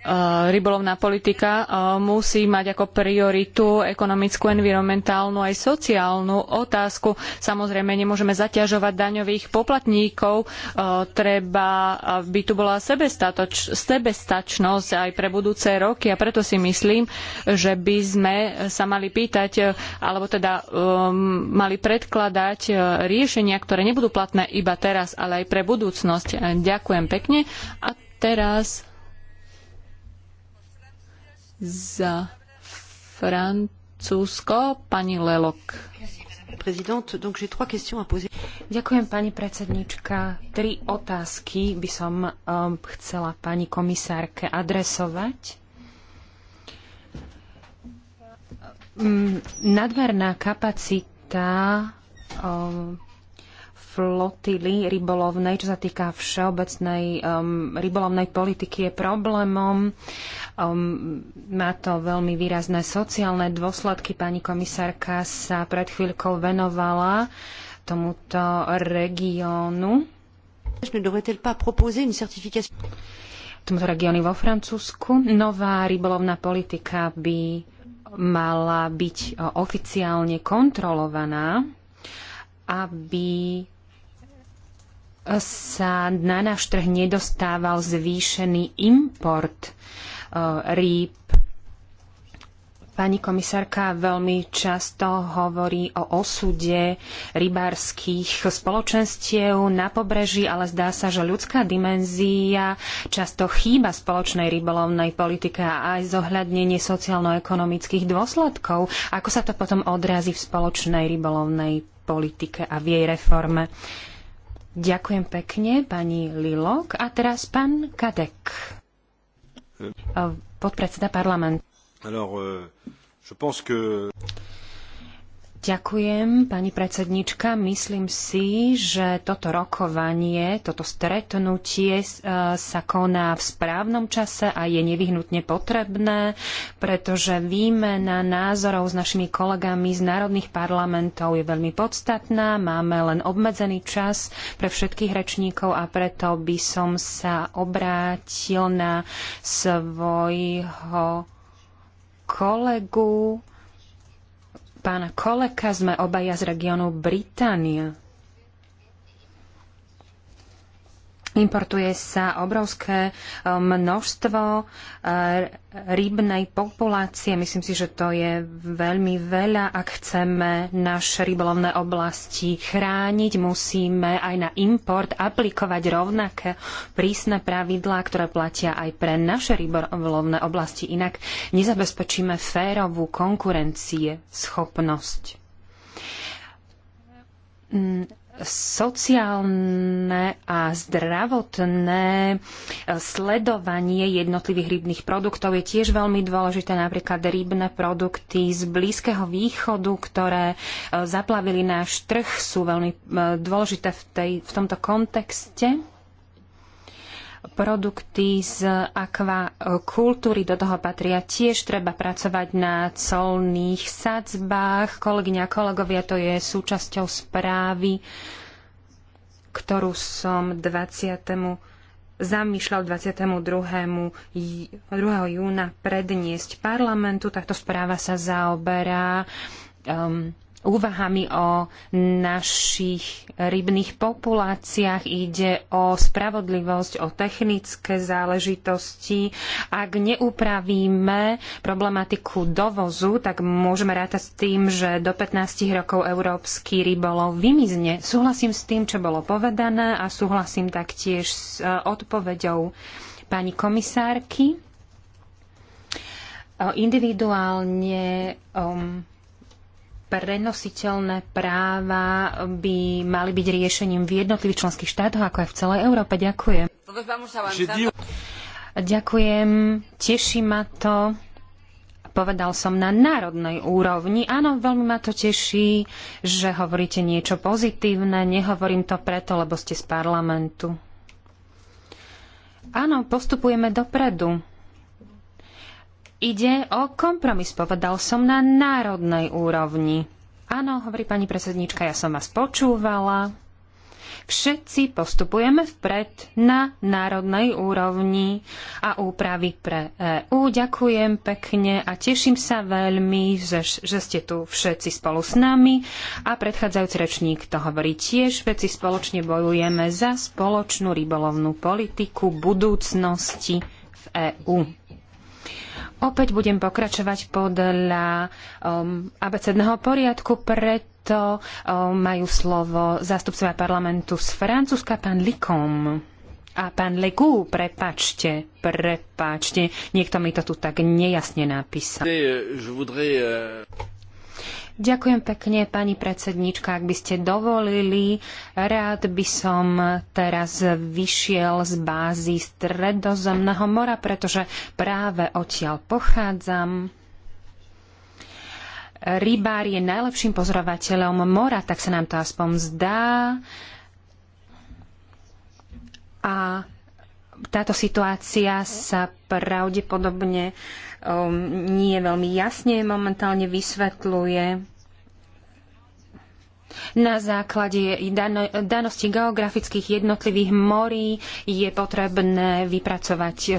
A: E, rybolovná politika e, musí mať ako prioritu ekonomickú, environmentálnu aj sociálnu otázku. Samozrejme, nemôžeme zaťažovať daňových poplatníkov. E, treba, by tu bola sebestačnosť aj pre budúce roky a preto si myslím, že by sme sa mali pýtať, alebo teda mali predkladať riešenia, ktoré nebudú platné iba teraz, ale aj pre budúcnosť. Ďakujem pekne. A teraz za Francúzsko, pani Lelok. Ďakujem, pani predsednička. Tri otázky by som
C: um, chcela pani komisárke adresovať. Um, nadmerná kapacita um, flotily rybolovnej, čo sa týka všeobecnej um, rybolovnej politiky, je problémom. Um, má to veľmi výrazné sociálne dôsledky. Pani komisárka sa pred chvíľkou venovala tomuto regiónu. Tomuto regiónu vo Francúzsku. Nová rybolovná politika by mala byť oficiálne kontrolovaná aby sa na náš trh nedostával zvýšený import e, rýb. Pani komisárka veľmi často hovorí o osude rybárskych spoločenstiev na pobreží, ale zdá sa, že ľudská dimenzia často chýba spoločnej rybolovnej politike a aj zohľadnenie sociálno-ekonomických dôsledkov. Ako sa to potom odrazí v spoločnej rybolovnej politike a v jej reforme? Uh, Ďakujem pekne, pani Lilok. A teraz pán Kadek, eh. Eh, podpredseda parlamentu.
D: Alors, eh, je pense que...
C: Ďakujem, pani predsednička. Myslím si, že toto rokovanie, toto stretnutie e, sa koná v správnom čase a je nevyhnutne potrebné, pretože výmena názorov s našimi kolegami z národných parlamentov je veľmi podstatná. Máme len obmedzený čas pre všetkých rečníkov a preto by som sa obrátil na svojho kolegu pána Koleka sme obaja z regiónu Británia. Importuje sa obrovské eh, množstvo eh, rybnej populácie. Myslím si, že to je veľmi veľa. Ak chceme naše rybolovné oblasti chrániť, musíme aj na import aplikovať rovnaké prísne pravidlá, ktoré platia aj pre naše rybolovné oblasti. Inak nezabezpečíme férovú konkurencie schopnosť mm, sociálne a zdravotné e, sledovanie jednotlivých rybných produktov je tiež veľmi dôležité, napríklad rybné produkty z Blízkeho východu, ktoré e, zaplavili náš trh, sú veľmi e, dôležité v, tej, v tomto kontexte produkty z akvakultúry. Do toho patria tiež treba pracovať na colných sadzbách. Kolegyňa a kolegovia, to je súčasťou správy, ktorú som 20. zamýšľal 22. 2. júna predniesť parlamentu. Táto správa sa zaoberá um, úvahami o našich rybných populáciách, ide o spravodlivosť, o technické záležitosti. Ak neupravíme problematiku dovozu, tak môžeme rátať s tým, že do 15 rokov európsky rybolov vymizne. Súhlasím s tým, čo bolo povedané a súhlasím taktiež s e, odpoveďou pani komisárky. E, individuálne um, prenositeľné práva by mali byť riešením v jednotlivých členských štátoch, ako aj v celej Európe. Ďakujem. Ďakujem, teší ma to. Povedal som na národnej úrovni. Áno, veľmi ma to teší, že hovoríte niečo pozitívne. Nehovorím to preto, lebo ste z parlamentu. Áno, postupujeme dopredu. Ide o kompromis, povedal som, na národnej úrovni. Áno, hovorí pani predsednička, ja som vás počúvala. Všetci postupujeme vpred na národnej úrovni a úpravy pre EÚ. Ďakujem pekne a teším sa veľmi, že, že ste tu všetci spolu s nami. A predchádzajúci rečník to hovorí tiež. Všetci spoločne bojujeme za spoločnú rybolovnú politiku budúcnosti v EÚ. Opäť budem pokračovať podľa um, abecedného poriadku, preto um, majú slovo zástupcovia parlamentu z Francúzska, pán Likom. A pán Legu, prepačte, prepačte, niekto mi to tu tak nejasne napísal. Ďakujem pekne, pani predsednička. Ak by ste dovolili, rád by som teraz vyšiel z bázy Stredozemného mora, pretože práve odtiaľ pochádzam. Rybár je najlepším pozorovateľom mora, tak sa nám to aspoň zdá. A táto situácia sa pravdepodobne uh, Um, nie veľmi jasne momentálne vysvetľuje na základe danosti geografických jednotlivých morí je potrebné vypracovať e,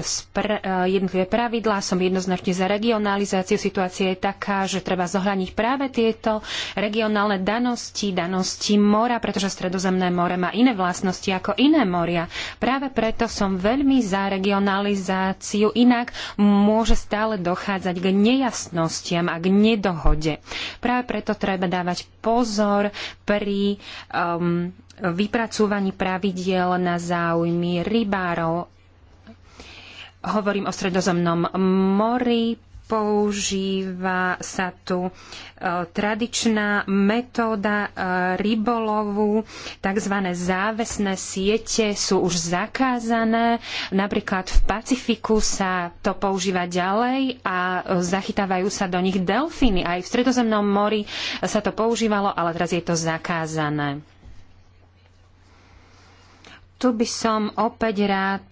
C: jednotlivé pravidlá. Som jednoznačne za regionalizáciu. Situácia je taká, že treba zohľadniť práve tieto regionálne danosti, danosti mora, pretože Stredozemné more má iné vlastnosti ako iné moria. Práve preto som veľmi za regionalizáciu, inak môže stále dochádzať k nejasnostiam a k nedohode. Práve preto treba dávať pozor pri um, vypracúvaní pravidiel na záujmy rybárov. Hovorím o stredozemnom mori, používa sa tu e, tradičná metóda e, rybolovu, tzv. závesné siete sú už zakázané. Napríklad v Pacifiku sa to používa ďalej a e, zachytávajú sa do nich delfíny. Aj v Stredozemnom mori sa to používalo, ale teraz je to zakázané. Tu by som opäť rád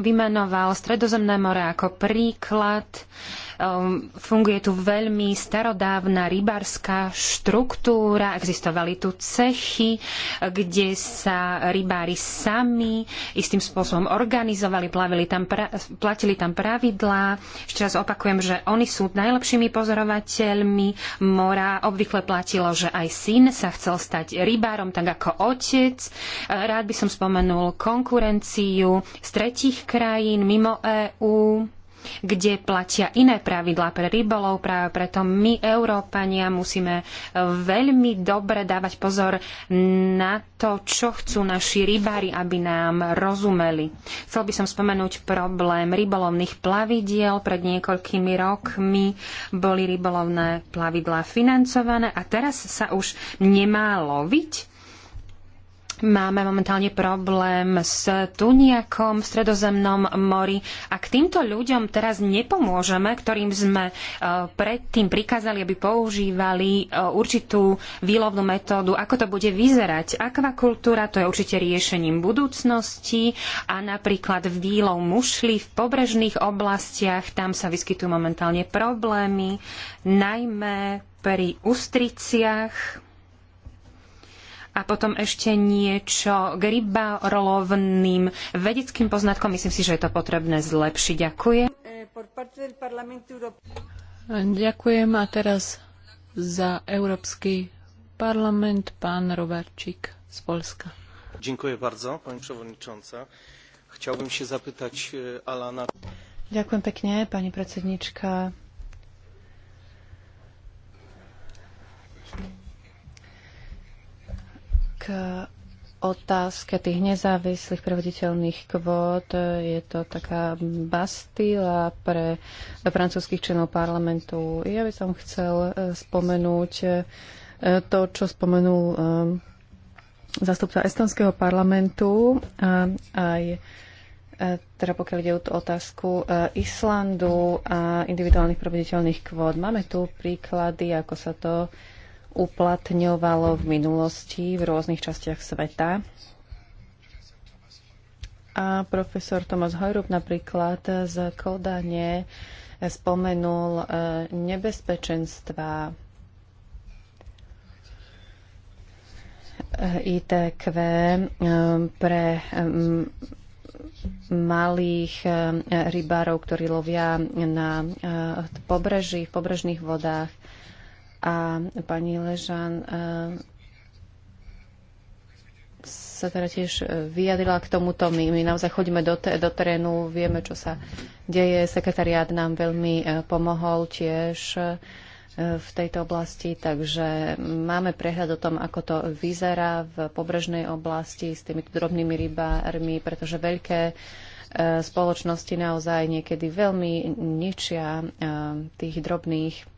C: vymenoval Stredozemné more ako príklad. Uh, Um, funguje tu veľmi starodávna rybárska štruktúra, existovali tu cechy, kde sa rybári sami istým spôsobom organizovali, plavili tam pra- platili tam pravidlá. Ešte raz opakujem, že oni sú najlepšími pozorovateľmi mora. Obvykle platilo, že aj syn sa chcel stať rybárom, tak ako otec. Rád by som spomenul konkurenciu z tretích krajín mimo EÚ kde platia iné pravidlá pre rybolov. Práve preto my, Európania, musíme e, veľmi dobre dávať pozor na to, čo chcú naši rybári, aby nám rozumeli. Chcel by som spomenúť problém rybolovných plavidiel. Pred niekoľkými rokmi boli rybolovné plavidlá financované a teraz sa už nemá loviť Máme momentálne problém s tuniakom v stredozemnom mori a k týmto ľuďom teraz nepomôžeme, ktorým sme e, predtým prikázali, aby používali e, určitú výlovnú metódu. Ako to bude vyzerať? Akvakultúra to je určite riešením budúcnosti a napríklad výlov mušli v pobrežných oblastiach, tam sa vyskytujú momentálne problémy, najmä pri ústriciach a potom ešte niečo k rybarolovným vedeckým poznatkom. Myslím si, že je to potrebné zlepšiť. Ďakujem.
A: Ďakujem a teraz za Európsky parlament pán Robertčík z Polska.
D: Dziękuję bardzo, pani przewodnicząca. Chciałbym się zapytać e, Alana.
B: Ďakujem pekne, pani predsednička. K otázke tých nezávislých prevoditeľných kvót je to taká bastila pre francúzských členov parlamentu. Ja by som chcel e, spomenúť e, to, čo spomenul e, zastupca estonského parlamentu a aj teda pokiaľ ide o tú otázku Islandu a individuálnych prevoditeľných kvót. Máme tu príklady, ako sa to uplatňovalo v minulosti v rôznych častiach sveta. A profesor Tomas Hojrup napríklad z Kodane spomenul e, nebezpečenstva e, ITQ e, pre malých rybárov, ktorí lovia na pobreží, v pobrežných vodách. A pani Ležan e, sa teda tiež e, vyjadrila k tomuto. My, my naozaj chodíme do, te, do terénu, vieme, čo sa deje. Sekretariát nám veľmi e, pomohol tiež v tejto oblasti, takže máme prehľad o tom, ako to vyzerá v pobrežnej oblasti s tými drobnými rybármi, pretože veľké spoločnosti naozaj niekedy veľmi ničia tých drobných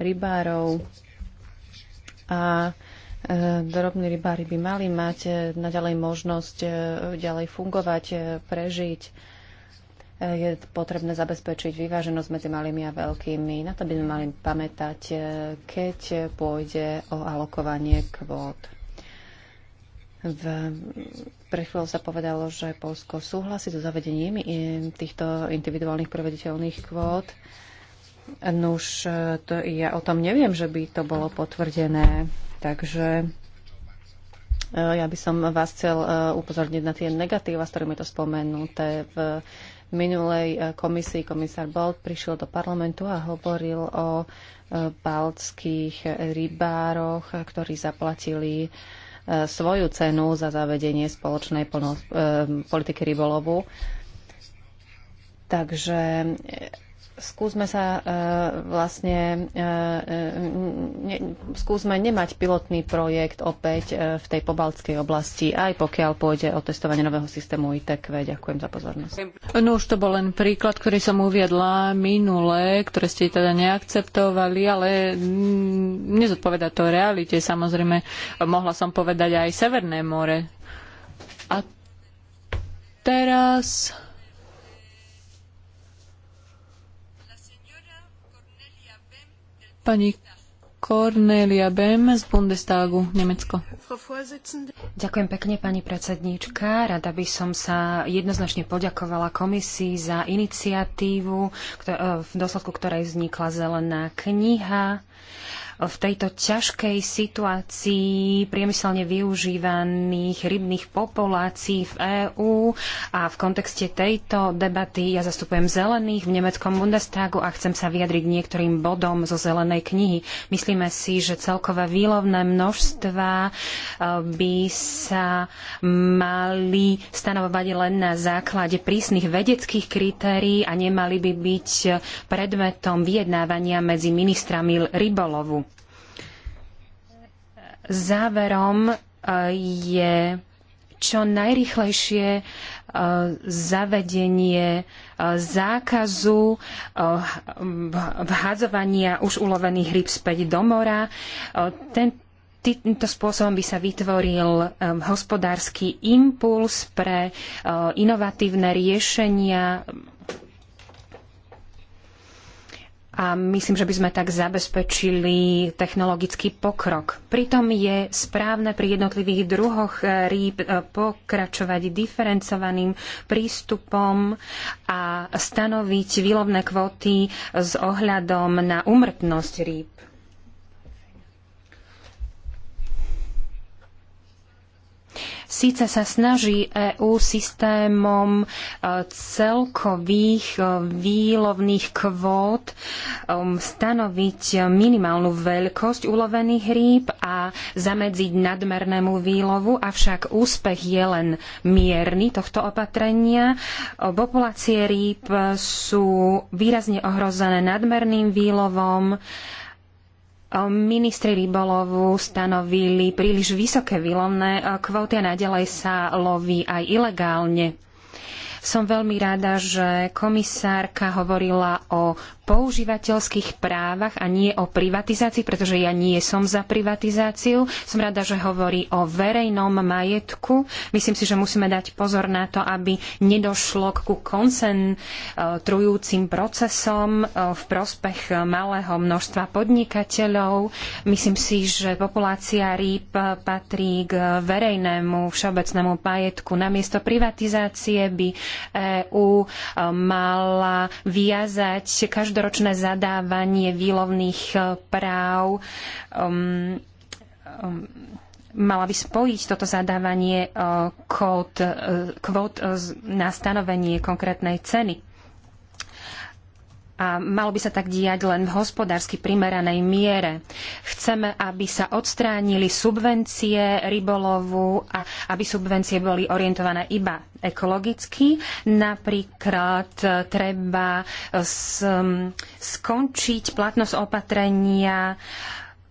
B: rybárov a e, drobní rybári by mali mať e, naďalej možnosť e, ďalej fungovať, prežiť. Je potrebné zabezpečiť vyváženosť medzi malými a veľkými. Na to by sme mali pamätať, keď pôjde o alokovanie kvót. V, pre chvíľu sa povedalo, že Polsko súhlasí so zavedením týchto individuálnych provediteľných kvót. Nuž, e, to ja o tom neviem, že by to bolo potvrdené, takže e, ja by som vás chcel e, upozorniť na tie negatíva, s ktorými to spomenuté. V minulej komisii komisár Bolt prišiel do parlamentu a hovoril o baltských rybároch, ktorí zaplatili svoju cenu za zavedenie spoločnej politiky rybolovu. Takže skúsme sa uh, vlastne, uh, ne, skúsme nemať pilotný projekt opäť uh, v tej pobaltskej oblasti, aj pokiaľ pôjde o testovanie nového systému ITQ. Ďakujem za pozornosť.
A: No už to bol len príklad, ktorý som uviedla minule, ktoré ste teda neakceptovali, ale mm, nezodpoveda to realite. Samozrejme, mohla som povedať aj Severné more. A teraz Pani Cornelia Bem z Bundestagu, Nemecko.
C: Ďakujem pekne, pani predsedníčka. Rada by som sa jednoznačne poďakovala komisii za iniciatívu, eh, v dôsledku ktorej vznikla zelená kniha v tejto ťažkej situácii priemyselne využívaných rybných populácií v EÚ a v kontexte tejto debaty ja zastupujem zelených v nemeckom Bundestagu a chcem sa vyjadriť niektorým bodom zo zelenej knihy. Myslíme si, že celkové výlovné množstva eh, by sa mali stanovovať len na základe prísnych vedeckých kritérií a nemali by byť predmetom vyjednávania medzi ministrami rybolovu. Záverom e, je čo najrychlejšie e, zavedenie e, zákazu vhadzovania už ulovených rýb späť do mora. Ten, týmto spôsobom by sa vytvoril hospodársky impuls pre inovatívne riešenia a myslím, že by sme tak zabezpečili technologický pokrok. Pritom je správne pri jednotlivých druhoch e, rýb e, pokračovať diferencovaným prístupom a stanoviť výlovné kvóty s ohľadom na umrtnosť rýb. Síce sa snaží EÚ systémom e, celkových e, výlovných kvót e, um, stanoviť minimálnu veľkosť ulovených rýb a zamedziť nadmernému výlovu, avšak úspech je len mierny tohto opatrenia. Populácie rýb sú výrazne ohrozené nadmerným výlovom, ministri rybolovu stanovili príliš vysoké výlovné kvóty a naďalej sa loví aj ilegálne. Som veľmi rada, že komisárka hovorila o používateľských právach a nie o privatizácii, pretože ja nie som za privatizáciu. Som rada, že hovorí o verejnom majetku. Myslím si, že musíme dať pozor na to, aby nedošlo ku koncentrujúcim procesom e, v prospech malého množstva podnikateľov. Myslím si, že populácia rýb patrí k verejnému všeobecnému majetku. Namiesto privatizácie by EÚ e, mala viazať každoročné zadávanie výlovných e, práv um, um, mala by spojiť toto zadávanie e, kvót, kvót na stanovenie konkrétnej ceny a malo by sa tak diať len v hospodársky primeranej miere. Chceme, aby sa odstránili subvencie rybolovu a aby subvencie boli orientované iba ekologicky. Napríklad treba um, skončiť platnosť opatrenia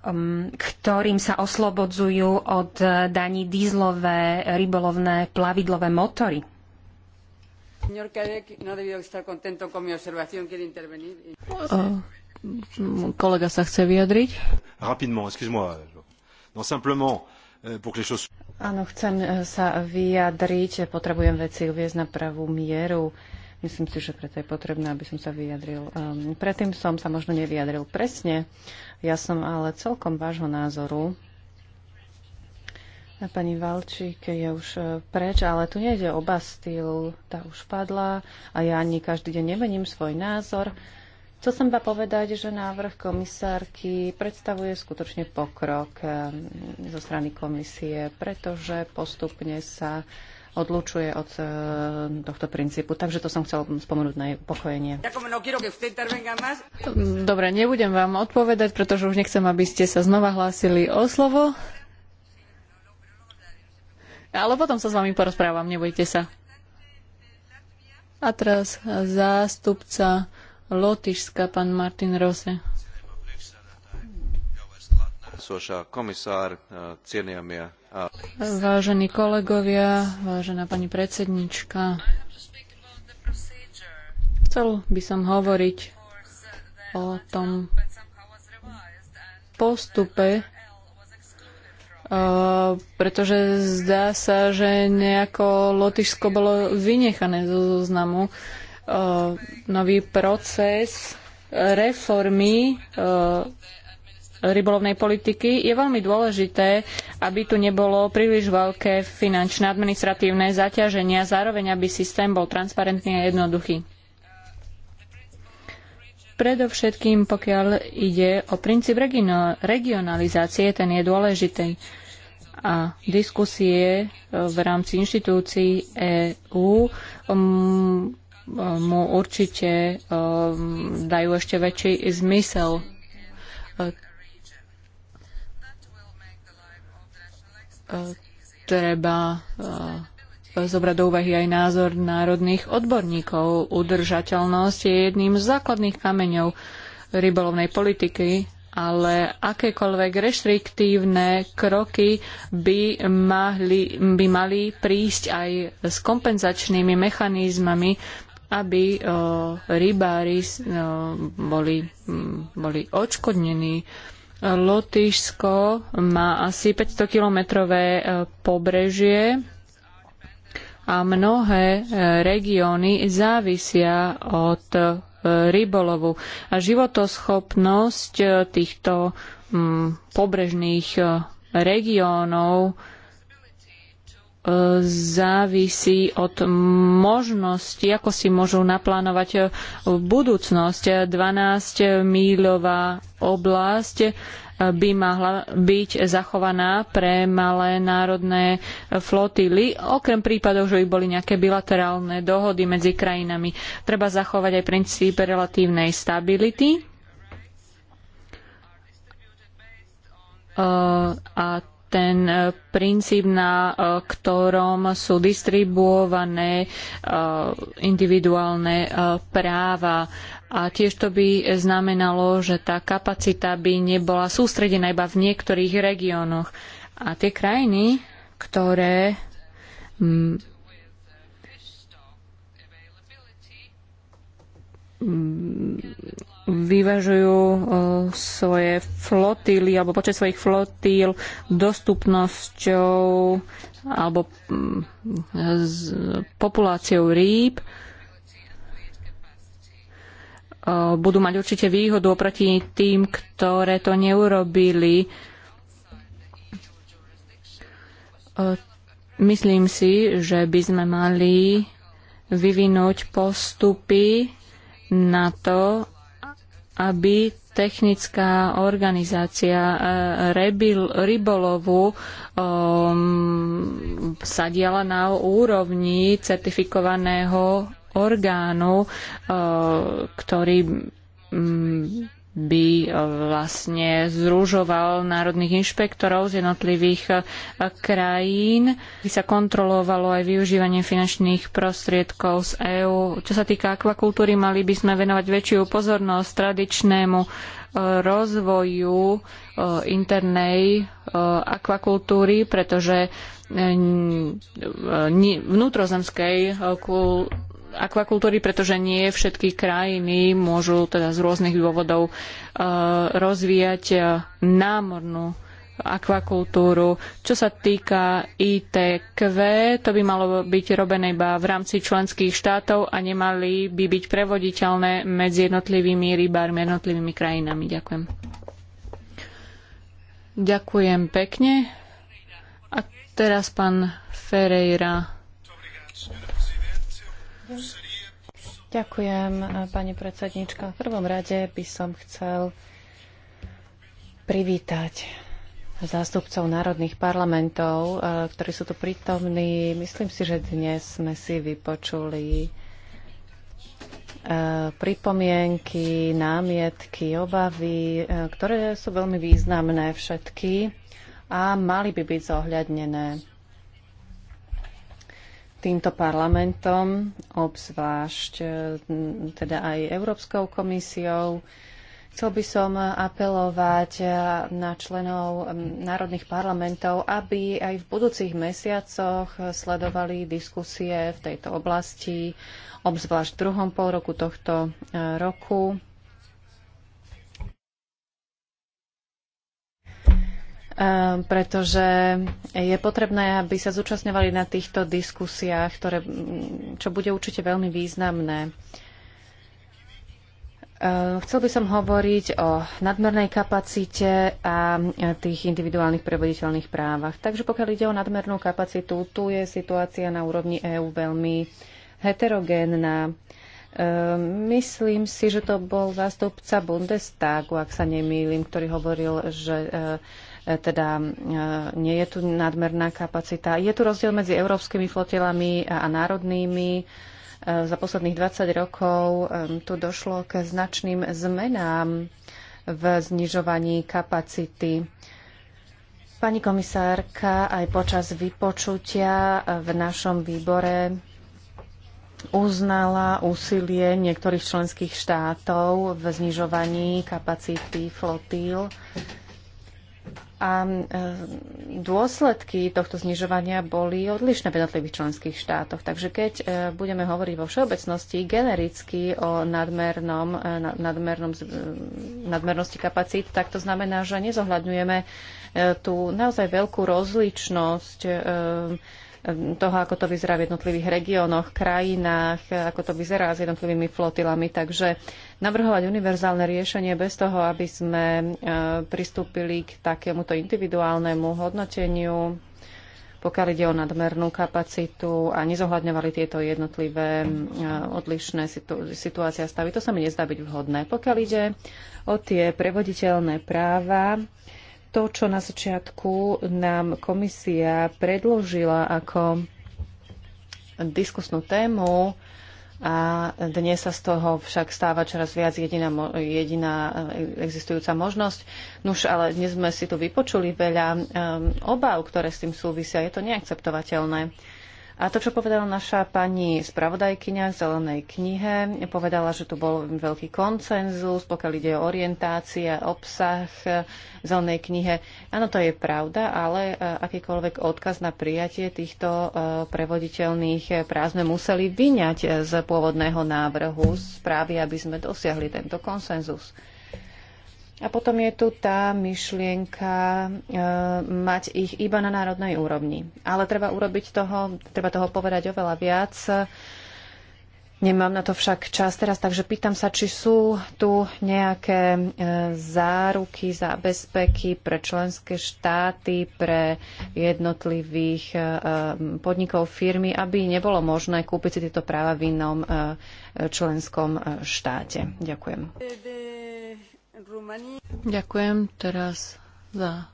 C: um, ktorým sa oslobodzujú od daní dízlové rybolovné plavidlové motory.
A: Señor no debió estar contento con mi observación, quiere intervenir. Uh, kolega sa chce vyjadriť.
D: Rapidement, excuse-moi. Non, simplement, euh, pour que les choses...
B: Áno, chcem e, sa vyjadriť, potrebujem veci uviezť na pravú mieru. Myslím si, že preto je potrebné, aby som sa vyjadril. Um, predtým som sa možno nevyjadril presne. Ja som ale celkom vášho názoru, Pani Valčík je už e, preč, ale tu nejde o Bastil, tá už padla a ja ani každý deň nemením svoj názor. Chcel som iba povedať, že návrh komisárky predstavuje skutočne pokrok e, zo strany komisie, pretože postupne sa odlučuje od e, tohto princípu. Takže
A: to som chcel spomenúť na jej upokojenie. No Dobre, nebudem vám odpovedať, pretože už nechcem, aby ste sa znova hlásili o slovo. Ale potom sa s vami porozprávam, nebojte sa. A teraz zástupca Lotyšska, pán Martin Rose. Vážení kolegovia, vážená pani predsednička, chcel by som hovoriť o tom postupe, pretože zdá sa, že nejako Lotyšsko bolo vynechané zo zoznamu. Nový proces reformy rybolovnej politiky je veľmi dôležité, aby tu nebolo príliš veľké finančné administratívne zaťaženie a zároveň, aby systém bol transparentný a jednoduchý. Predovšetkým, pokiaľ ide o princíp regionalizácie, ten je dôležitý a diskusie e, v rámci inštitúcií EÚ mu určite e, dajú ešte väčší zmysel. E, treba zobrať do úvahy aj názor národných odborníkov. Udržateľnosť je jedným z základných kameňov rybolovnej politiky ale akékoľvek reštriktívne kroky by, mali, by mali prísť aj s kompenzačnými mechanizmami, aby rybári boli, boli odškodnení. Lotyšsko má asi 500-kilometrové e, pobrežie a mnohé e, regióny závisia od rybolovu. A životoschopnosť e, týchto mm, pobrežných e, regiónov e, závisí od možnosti, ako si môžu naplánovať budúcnosť. 12-míľová oblasť by mala byť zachovaná pre malé národné flotily, okrem prípadov, že by boli nejaké bilaterálne dohody medzi krajinami. Treba zachovať aj princíp relatívnej stability eh, a ten princíp, na eh, ktorom sú distribuované eh, individuálne práva a tiež to by znamenalo, že tá kapacita by nebola sústredená iba v niektorých regiónoch. A tie krajiny, ktoré vyvažujú svoje flotily alebo počet svojich flotíl dostupnosťou alebo populáciou rýb, budú mať určite výhodu oproti tým, ktoré to neurobili. Myslím si, že by sme mali vyvinúť postupy na to, aby technická organizácia e, rybil, rybolovu um, na úrovni certifikovaného orgánu, eh, ktorý mm, by eh, vlastne zružoval národných inšpektorov z jednotlivých eh, krajín, by sa kontrolovalo aj využívanie finančných prostriedkov z EÚ. Čo sa týka akvakultúry, mali by sme venovať väčšiu pozornosť tradičnému rozvoju internej akvakultúry, pretože vnútrozemskej akvakultúry, pretože nie všetky krajiny môžu teda z rôznych dôvodov e, rozvíjať e, námornú akvakultúru. Čo sa týka ITQ, to by malo byť robené iba v rámci členských štátov a nemali by byť prevoditeľné medzi jednotlivými rybármi, jednotlivými krajinami. Ďakujem. Ďakujem pekne. A teraz pán Ferreira.
B: Ďakujem, pani predsednička. V prvom rade by som chcel privítať zástupcov národných parlamentov, eh, ktorí sú tu prítomní. Myslím si, že dnes sme si vypočuli eh, pripomienky, námietky, obavy, eh, ktoré sú veľmi významné všetky a mali by byť zohľadnené týmto parlamentom, obzvlášť e, teda aj Európskou komisiou. Chcel by som apelovať e, na členov národných parlamentov, aby aj v budúcich mesiacoch sledovali diskusie v tejto oblasti, obzvlášť v druhom pol roku tohto e, roku Ehm, pretože je potrebné, aby sa zúčastňovali na týchto diskusiách, ktoré, mm, čo bude určite veľmi významné. Ehm, chcel by som hovoriť o nadmernej kapacite a tých individuálnych prevoditeľných právach. Takže pokiaľ ide o nadmernú kapacitu, tu je situácia na úrovni EÚ veľmi heterogénna. Ehm, myslím si, že to bol zástupca Bundestagu, ak sa nemýlim, ktorý hovoril, že E, teda e, nie je tu nadmerná kapacita. Je tu rozdiel medzi európskymi flotilami a národnými. E, za posledných 20 rokov tu došlo k značným zmenám v znižovaní kapacity. Pani komisárka, aj počas vypočutia v našom výbore uznala úsilie niektorých členských štátov v znižovaní kapacity flotíl a e, dôsledky tohto znižovania boli odlišné v jednotlivých členských štátoch. Takže keď e, budeme hovoriť vo všeobecnosti genericky o nadmernom, e, nadmernom, nadmernosti kapacít, tak to znamená, že nezohľadňujeme tú naozaj veľkú rozličnosť toho, ako to vyzerá v jednotlivých regiónoch, krajinách, ako to vyzerá s jednotlivými flotilami. Takže navrhovať univerzálne riešenie bez toho, aby sme e, pristúpili k takémuto individuálnemu hodnoteniu, pokiaľ ide o nadmernú kapacitu a nezohľadňovali tieto jednotlivé e, odlišné situácie a stavy. To sa mi nezdá byť vhodné. Pokiaľ ide o tie prevoditeľné práva, to, čo na začiatku nám komisia predložila ako diskusnú tému, a dnes sa z toho však stáva čoraz viac jediná, jediná e, existujúca možnosť. Nuž, ale dnes sme si tu vypočuli veľa um, obav, ktoré s tým súvisia. Je to neakceptovateľné. A to, čo povedala naša pani spravodajkyňa v zelenej knihe, povedala, že tu bol veľký koncenzus, pokiaľ ide o orientácia, obsah v eh, zelenej knihe. Áno, to je pravda, ale eh, akýkoľvek odkaz na prijatie týchto eh, prevoditeľných práv sme museli vyňať z pôvodného návrhu správy, aby sme dosiahli tento konsenzus. A potom je tu tá myšlienka e, mať ich iba na národnej úrovni. Ale treba urobiť toho, treba toho povedať oveľa viac. Nemám na to však čas teraz, takže pýtam sa, či sú tu nejaké e, záruky, zábezpeky pre členské štáty, pre jednotlivých e, podnikov firmy, aby nebolo možné kúpiť si tieto práva v inom e, členskom e, štáte. Ďakujem.
A: Ďakujem teraz za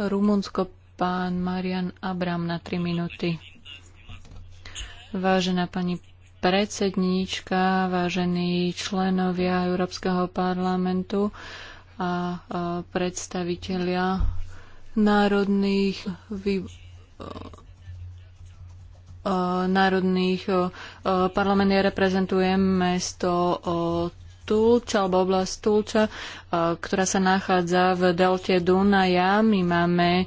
A: Rumunsko pán Marian Abram na 3 minúty. Vážená pani predsedníčka, vážení členovia Európskeho parlamentu a, predstavitelia národných národných parlament. reprezentujem mesto Tulča alebo oblasť Tulča, eh, ktorá sa nachádza v delte Dunaja. My máme eh,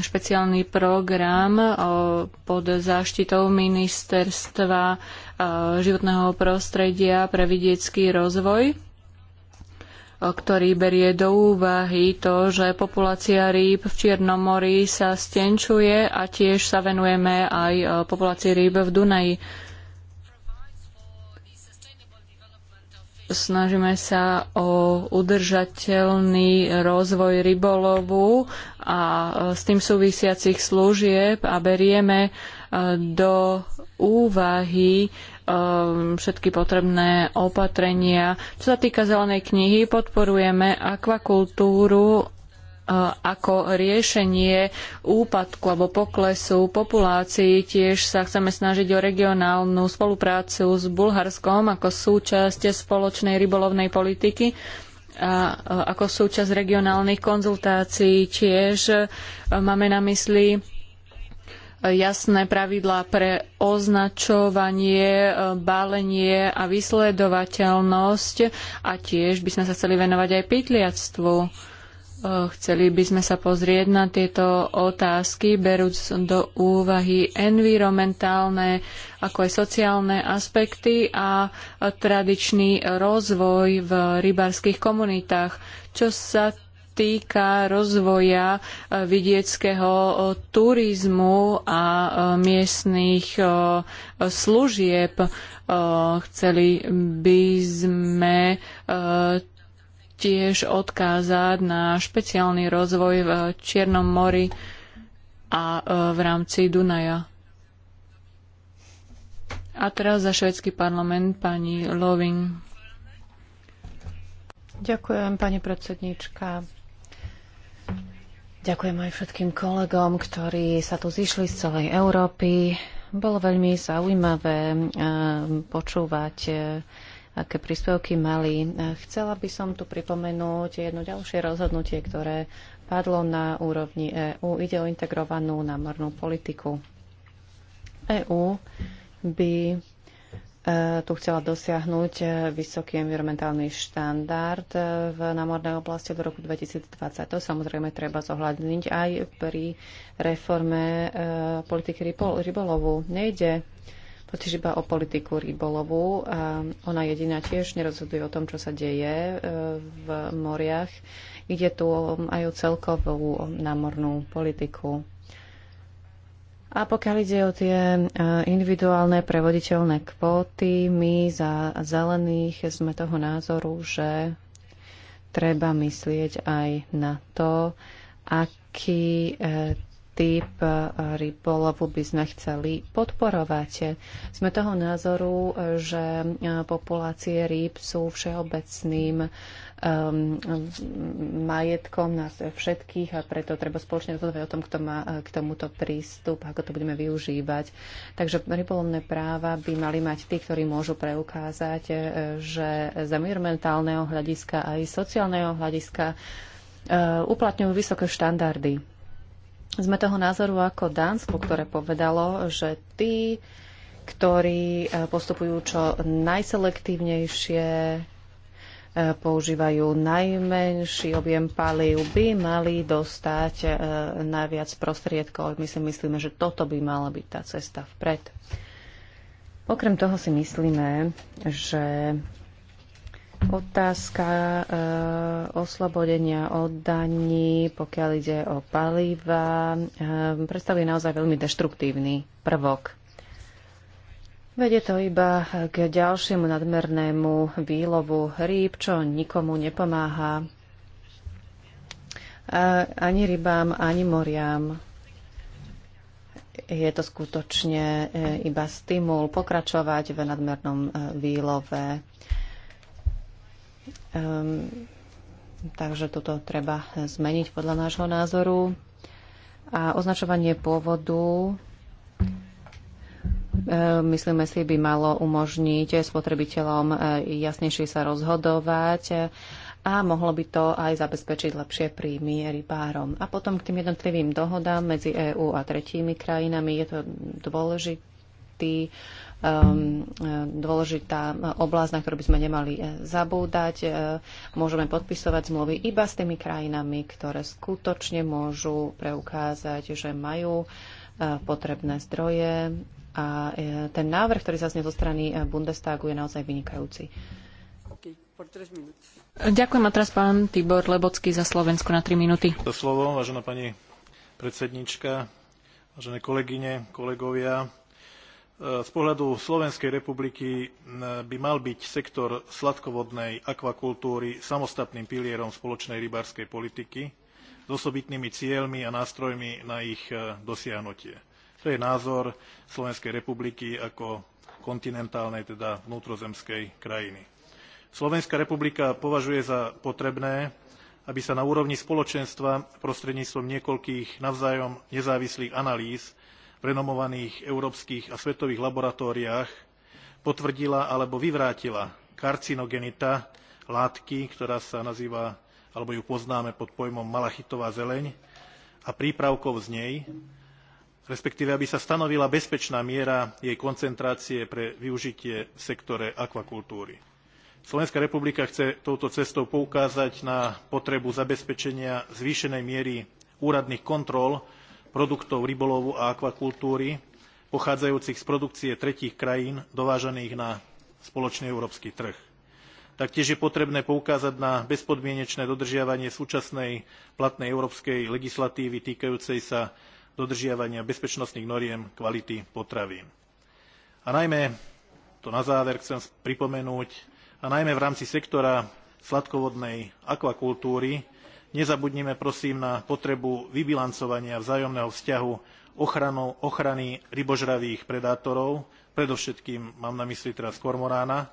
A: špeciálny program eh, pod záštitou ministerstva životného prostredia pre vidiecký rozvoj ktorý berie do úvahy to, že populácia rýb v Čiernom mori sa stenčuje a tiež sa venujeme aj populácii rýb v Dunaji. snažíme sa o udržateľný rozvoj rybolovu a e, s tým súvisiacich služieb a berieme e, do úvahy e, všetky potrebné opatrenia. Čo sa týka zelenej knihy, podporujeme akvakultúru ako riešenie úpadku alebo poklesu populácií. Tiež sa chceme snažiť o regionálnu spoluprácu s Bulharskom ako súčasť spoločnej rybolovnej politiky a ako súčasť regionálnych konzultácií. Tiež máme na mysli jasné pravidlá pre označovanie, balenie a vysledovateľnosť a tiež by sme sa chceli venovať aj pytliactvu E, chceli by sme sa pozrieť na tieto otázky, berúc do úvahy environmentálne, ako aj sociálne aspekty a tradičný rozvoj v rybarských komunitách. Čo sa týka rozvoja e, vidieckého e, turizmu a miestnych služieb. Chceli by sme tiež odkázať na špeciálny rozvoj v Čiernom mori a e, v rámci Dunaja. A teraz za švedský parlament pani Loving. Ďakujem, pani predsednička. Ďakujem aj všetkým
B: kolegom, ktorí sa tu zišli z celej Európy. Bolo veľmi zaujímavé e, počúvať e, aké príspevky mali. Chcela by som tu pripomenúť jedno ďalšie rozhodnutie, ktoré padlo na úrovni EÚ. Ide o integrovanú námornú politiku. EÚ by e, tu chcela dosiahnuť e, vysoký environmentálny štandard e, v námornej oblasti do roku 2020. To samozrejme treba zohľadniť aj pri reforme politiky rybolovu. Nejde totiž iba o politiku rybolovu. A ona jediná tiež nerozhoduje o tom, čo sa deje e, v moriach. Ide tu aj o celkovú námornú politiku. A pokiaľ ide o tie e, individuálne prevoditeľné kvóty, my za zelených sme toho názoru, že treba myslieť aj na to, aký e, typ e, rybolovu by sme chceli podporovať. Sme toho názoru, e, že e, populácie rýb sú všeobecným majetkom nás všetkých a preto treba spoločne rozhodovať o tom, kto má k tomuto prístup, ako to budeme využívať. Takže rybolovné práva by mali mať tí, ktorí môžu preukázať, že z environmentálneho hľadiska aj sociálneho hľadiska uplatňujú vysoké štandardy sme toho názoru ako Dánsko, ktoré povedalo, že tí, ktorí e, postupujú čo najselektívnejšie, e, používajú najmenší objem palív, by mali dostať e, najviac prostriedkov. My si myslíme, že toto by mala byť tá cesta vpred. Okrem toho si myslíme, že Otázka e, oslobodenia od daní, pokiaľ ide o paliva, e, predstavuje naozaj veľmi deštruktívny prvok. Vede to iba k ďalšiemu nadmernému výlovu rýb, čo nikomu nepomáha. E, ani rybám, ani moriam je to skutočne e, iba stimul pokračovať v nadmernom e, výlove. Um, takže toto treba zmeniť podľa nášho názoru. A označovanie pôvodu ehm, myslíme si, by malo umožniť spotrebiteľom e, jasnejšie sa rozhodovať e, a mohlo by to aj zabezpečiť lepšie príjmy rybárom. A potom k tým jednotlivým dohodám medzi EÚ a tretími krajinami je to dôležitý Ehm, e, dôležitá oblasť, na ktorú by sme nemali e, zabúdať. E, môžeme podpisovať zmluvy iba s tými krajinami, ktoré skutočne môžu preukázať, že majú potrebné zdroje a ten návrh, ktorý
A: zaznie zo strany Bundestagu, je naozaj vynikajúci. Ďakujem a teraz pán Tibor Lebocký za Slovensko na 3 minúty. To
D: slovo, vážená pani predsednička, vážené kolegyne, kolegovia z pohľadu Slovenskej republiky by mal byť sektor sladkovodnej akvakultúry samostatným pilierom spoločnej rybárskej politiky s osobitnými cieľmi a nástrojmi na ich e, dosiahnutie. To je názor Slovenskej republiky ako kontinentálnej, teda vnútrozemskej krajiny. Slovenská republika považuje za potrebné, aby sa na úrovni spoločenstva prostredníctvom niekoľkých navzájom nezávislých analýz renomovaných európskych a svetových laboratóriách potvrdila alebo vyvrátila karcinogenita látky, ktorá sa nazýva, alebo ju poznáme pod pojmom malachitová zeleň a prípravkov z nej, respektíve aby sa stanovila bezpečná miera jej koncentrácie pre využitie v sektore akvakultúry. Slovenská republika chce touto cestou poukázať na potrebu zabezpečenia zvýšenej miery úradných kontrol produktov rybolovu a akvakultúry pochádzajúcich z produkcie tretích krajín dovážaných na spoločný európsky trh. Taktiež je potrebné poukázať na bezpodmienečné dodržiavanie súčasnej platnej európskej legislatívy týkajúcej sa dodržiavania bezpečnostných noriem kvality potravín. A najmä, to na záver chcem pripomenúť, a najmä v rámci sektora sladkovodnej akvakultúry Nezabudnime prosím na potrebu vybilancovania vzájomného vzťahu ochranou, ochrany rybožravých predátorov, predovšetkým mám na mysli teraz kormorána,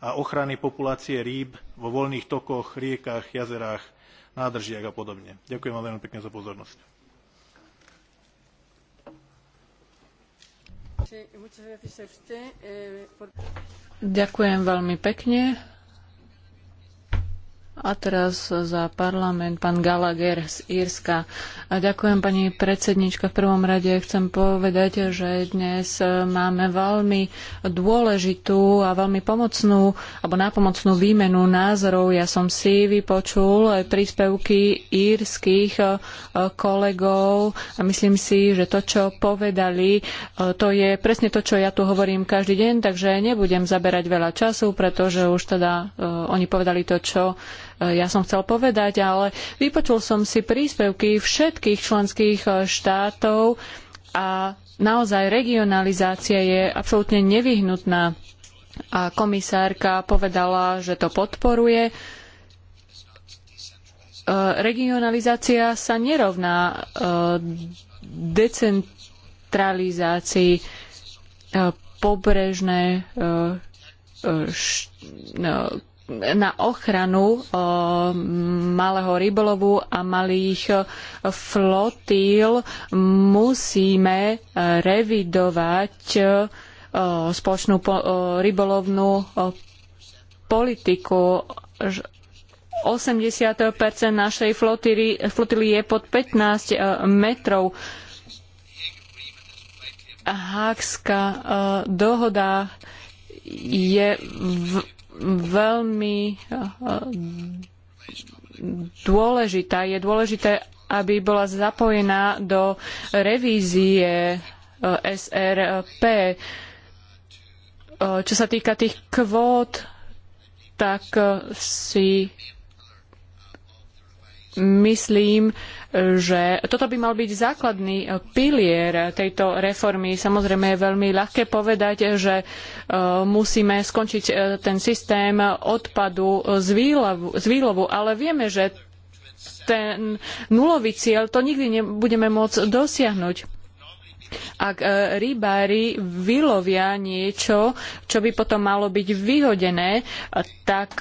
D: a ochrany populácie rýb vo voľných tokoch, riekach, jazerách, nádržiach a podobne. Ďakujem vám veľmi pekne za pozornosť.
A: Ďakujem veľmi pekne a teraz za parlament pán Gallagher z Írska. A ďakujem pani predsednička. V prvom rade chcem povedať, že dnes máme veľmi dôležitú a veľmi pomocnú alebo nápomocnú výmenu názorov. Ja som si vypočul aj príspevky írskych e, kolegov a myslím si, že to, čo povedali, e, to je presne to, čo ja tu hovorím každý deň, takže nebudem zaberať veľa času, pretože už teda e, oni povedali to, čo E, ja som chcel povedať, ale vypočul som si príspevky všetkých členských e, štátov a naozaj regionalizácia je absolútne nevyhnutná. A komisárka povedala, že to podporuje. E, regionalizácia sa nerovná decentralizácii pobrežné na ochranu malého rybolovu a malých flotíl musíme revidovať spoločnú rybolovnú politiku. 80 našej flotily, flotily je pod 15 e, metrov. Hákská e, dohoda je v veľmi eh, dôležitá. Je dôležité, aby bola zapojená do revízie eh, SRP. Eh, čo sa týka tých kvót, tak si myslím, že toto by mal byť základný pilier tejto reformy. Samozrejme je veľmi ľahké povedať, že e, musíme skončiť e, ten systém odpadu z výlovu, z výlovu ale vieme, že ten nulový cieľ to nikdy nebudeme môcť dosiahnuť. Ak e, rybári vylovia niečo, čo by potom malo byť vyhodené, tak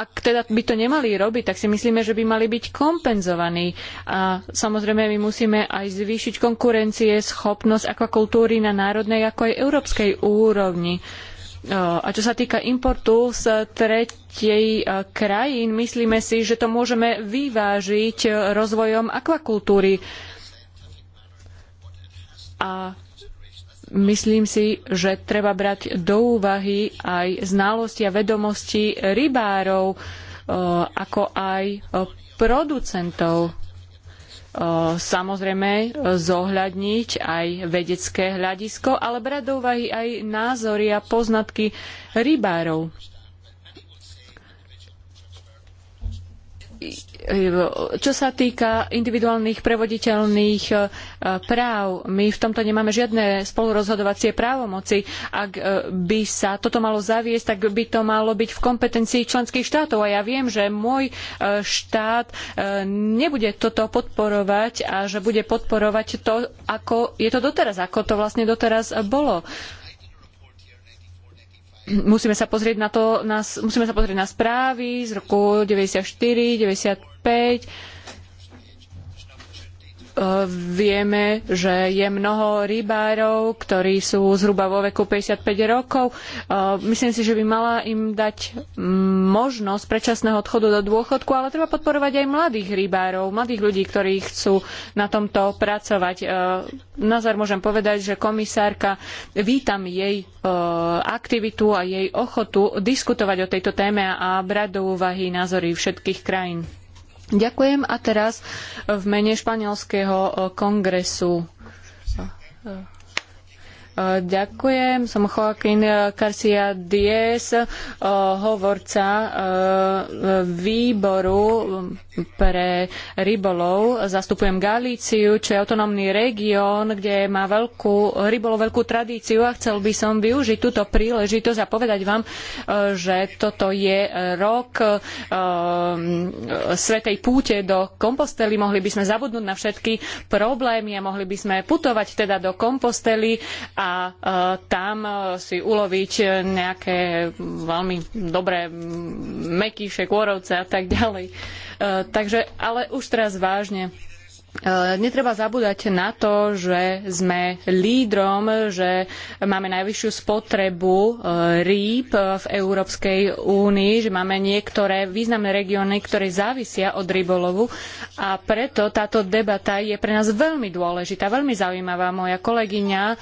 A: ak teda by to nemali robiť, tak si myslíme, že by mali byť kompenzovaní. A samozrejme, my musíme aj zvýšiť konkurencie, schopnosť akvakultúry na národnej ako aj európskej úrovni. A čo sa týka importu z tretej e, krajín, myslíme si, že to môžeme vyvážiť rozvojom akvakultúry. A myslím si, že treba brať do úvahy aj znalosti a vedomosti rybárov, e, ako aj e, producentov. E, samozrejme zohľadniť aj vedecké hľadisko, ale brať do úvahy aj názory a poznatky rybárov čo sa týka individuálnych prevoditeľných e, práv, my v tomto nemáme žiadne spolurozhodovacie právomoci. Ak e, by sa toto malo zaviesť, tak by to malo byť v kompetencii členských štátov. A ja viem, že môj e, štát nebude toto podporovať a že bude podporovať to, ako je to doteraz, ako to vlastne doteraz bolo. Uh, musíme sa pozrieť na to, na, musíme sa pozrieť na správy z roku 94, 95, E, vieme, že je mnoho rybárov, ktorí sú zhruba vo veku 55 rokov. E, myslím si, že by mala im dať možnosť predčasného odchodu do dôchodku, ale treba podporovať aj mladých rybárov, mladých ľudí, ktorí chcú na tomto pracovať. E, Nazar môžem povedať, že komisárka, vítam jej aktivitu a jej ochotu diskutovať o tejto téme a brať do úvahy názory všetkých krajín. Ďakujem a teraz v mene španielského eh, kongresu Ďakujem, som Joaquín Garcia Diez, eh, hovorca eh, výboru pre rybolov. Zastupujem Galíciu, čo je autonómny región, kde má veľkú, rybolov veľkú tradíciu a chcel by som využiť túto príležitosť a povedať vám, eh, že toto je rok svetej púte do Kompostely. Mohli by sme zabudnúť na všetky problémy a mohli by sme putovať teda do Kompostely a e, tam e, si uloviť nejaké veľmi dobré mekýše, kôrovce a tak ďalej. E, takže, ale už teraz vážne E, netreba zabúdať na to, že sme lídrom, že máme najvyššiu spotrebu e, rýb v Európskej únii, že máme niektoré významné regióny, ktoré závisia od rybolovu a preto táto debata je pre nás veľmi dôležitá, veľmi zaujímavá. Moja kolegyňa e,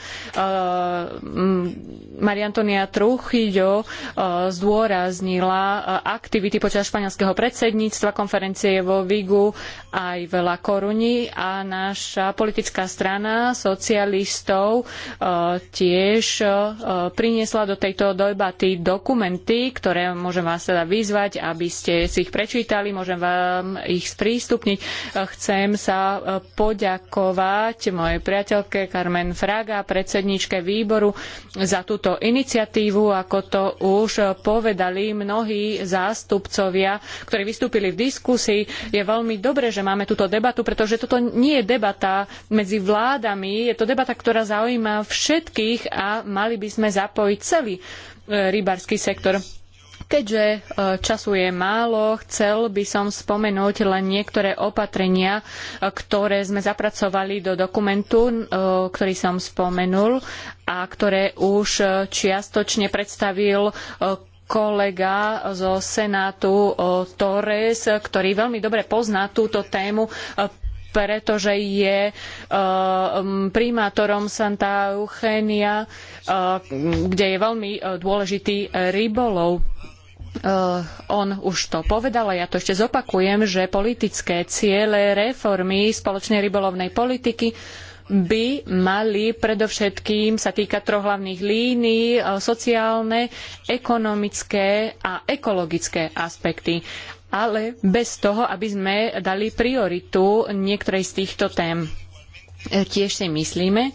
A: Maria Antonia Truchyďo zdôraznila aktivity počas španielského predsedníctva konferencie vo Vigu aj v La a naša politická strana socialistov e, tiež e, priniesla do tejto debaty dokumenty, ktoré môžem vás teda vyzvať, aby ste si ich prečítali, môžem vám ich sprístupniť. E, chcem sa poďakovať mojej priateľke Carmen Fraga, predsedníčke výboru za túto iniciatívu, ako to už povedali mnohí zástupcovia, ktorí vystúpili v diskusii. Je veľmi dobré, že máme túto debatu, pretože toto nie je debata medzi vládami, je to debata, ktorá zaujíma všetkých a mali by sme zapojiť celý e, rybársky sektor. Keďže e, času je málo, chcel by som spomenúť len niektoré opatrenia, e, ktoré sme zapracovali do dokumentu, ktorý som spomenul a ktoré už čiastočne predstavil kolega zo Senátu Torres, ktorý veľmi dobre pozná túto tému pretože je eh, primátorom Santa Eugenia, eh, kde je veľmi eh, dôležitý rybolov. Uh, on už to povedal a ja to ešte zopakujem, že politické ciele reformy spoločnej rybolovnej politiky by mali predovšetkým sa týkať troch hlavných línií, sociálne, ekonomické a ekologické aspekty ale bez toho, aby sme dali prioritu niektorej z týchto tém. E, tiež si myslíme,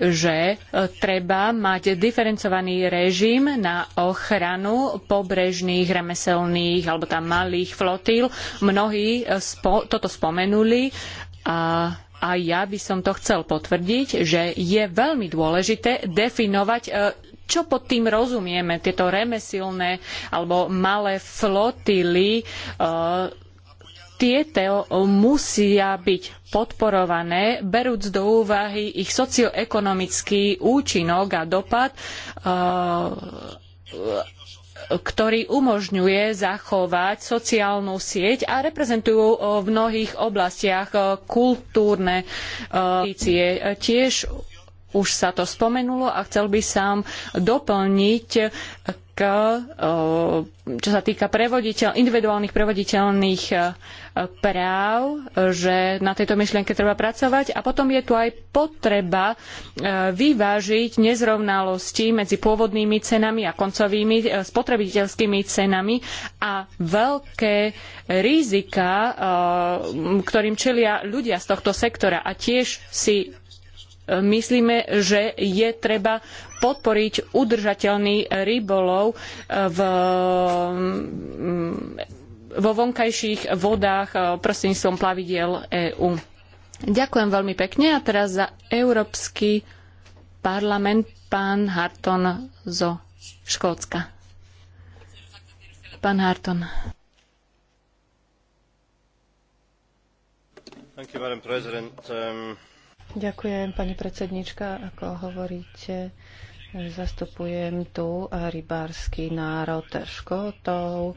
A: že e, treba mať diferencovaný režim na ochranu pobrežných, remeselných alebo tam malých flotíl. Mnohí e, spo, toto spomenuli a a ja by som to chcel potvrdiť, že je veľmi dôležité definovať čo pod tým rozumieme, tieto remesilné alebo malé flotily, e, tieto musia byť podporované, berúc do úvahy ich socioekonomický účinok a dopad, e, ktorý umožňuje zachovať sociálnu sieť a reprezentujú v mnohých oblastiach kultúrne e, tradície. Tiež už sa to spomenulo a chcel by som doplniť k, e, čo sa týka prevoditeľ, individuálnych prevoditeľných e, práv, že na tejto myšlienke treba pracovať. A potom je tu aj potreba e, vyvážiť nezrovnalosti medzi pôvodnými cenami a koncovými spotrebiteľskými cenami a veľké rizika, ktorým čelia ľudia z tohto sektora. A tiež si myslíme, že je treba podporiť udržateľný rybolov eh, v, mm, vo vonkajších vodách eh, prostredníctvom plavidiel EÚ. Ďakujem veľmi pekne a teraz za Európsky parlament pán Harton zo Škótska. Pán Harton.
D: Thank you, Madam President. Um...
B: Ďakujem, pani predsednička. Ako hovoríte, zastupujem tu rybársky národ Škótov,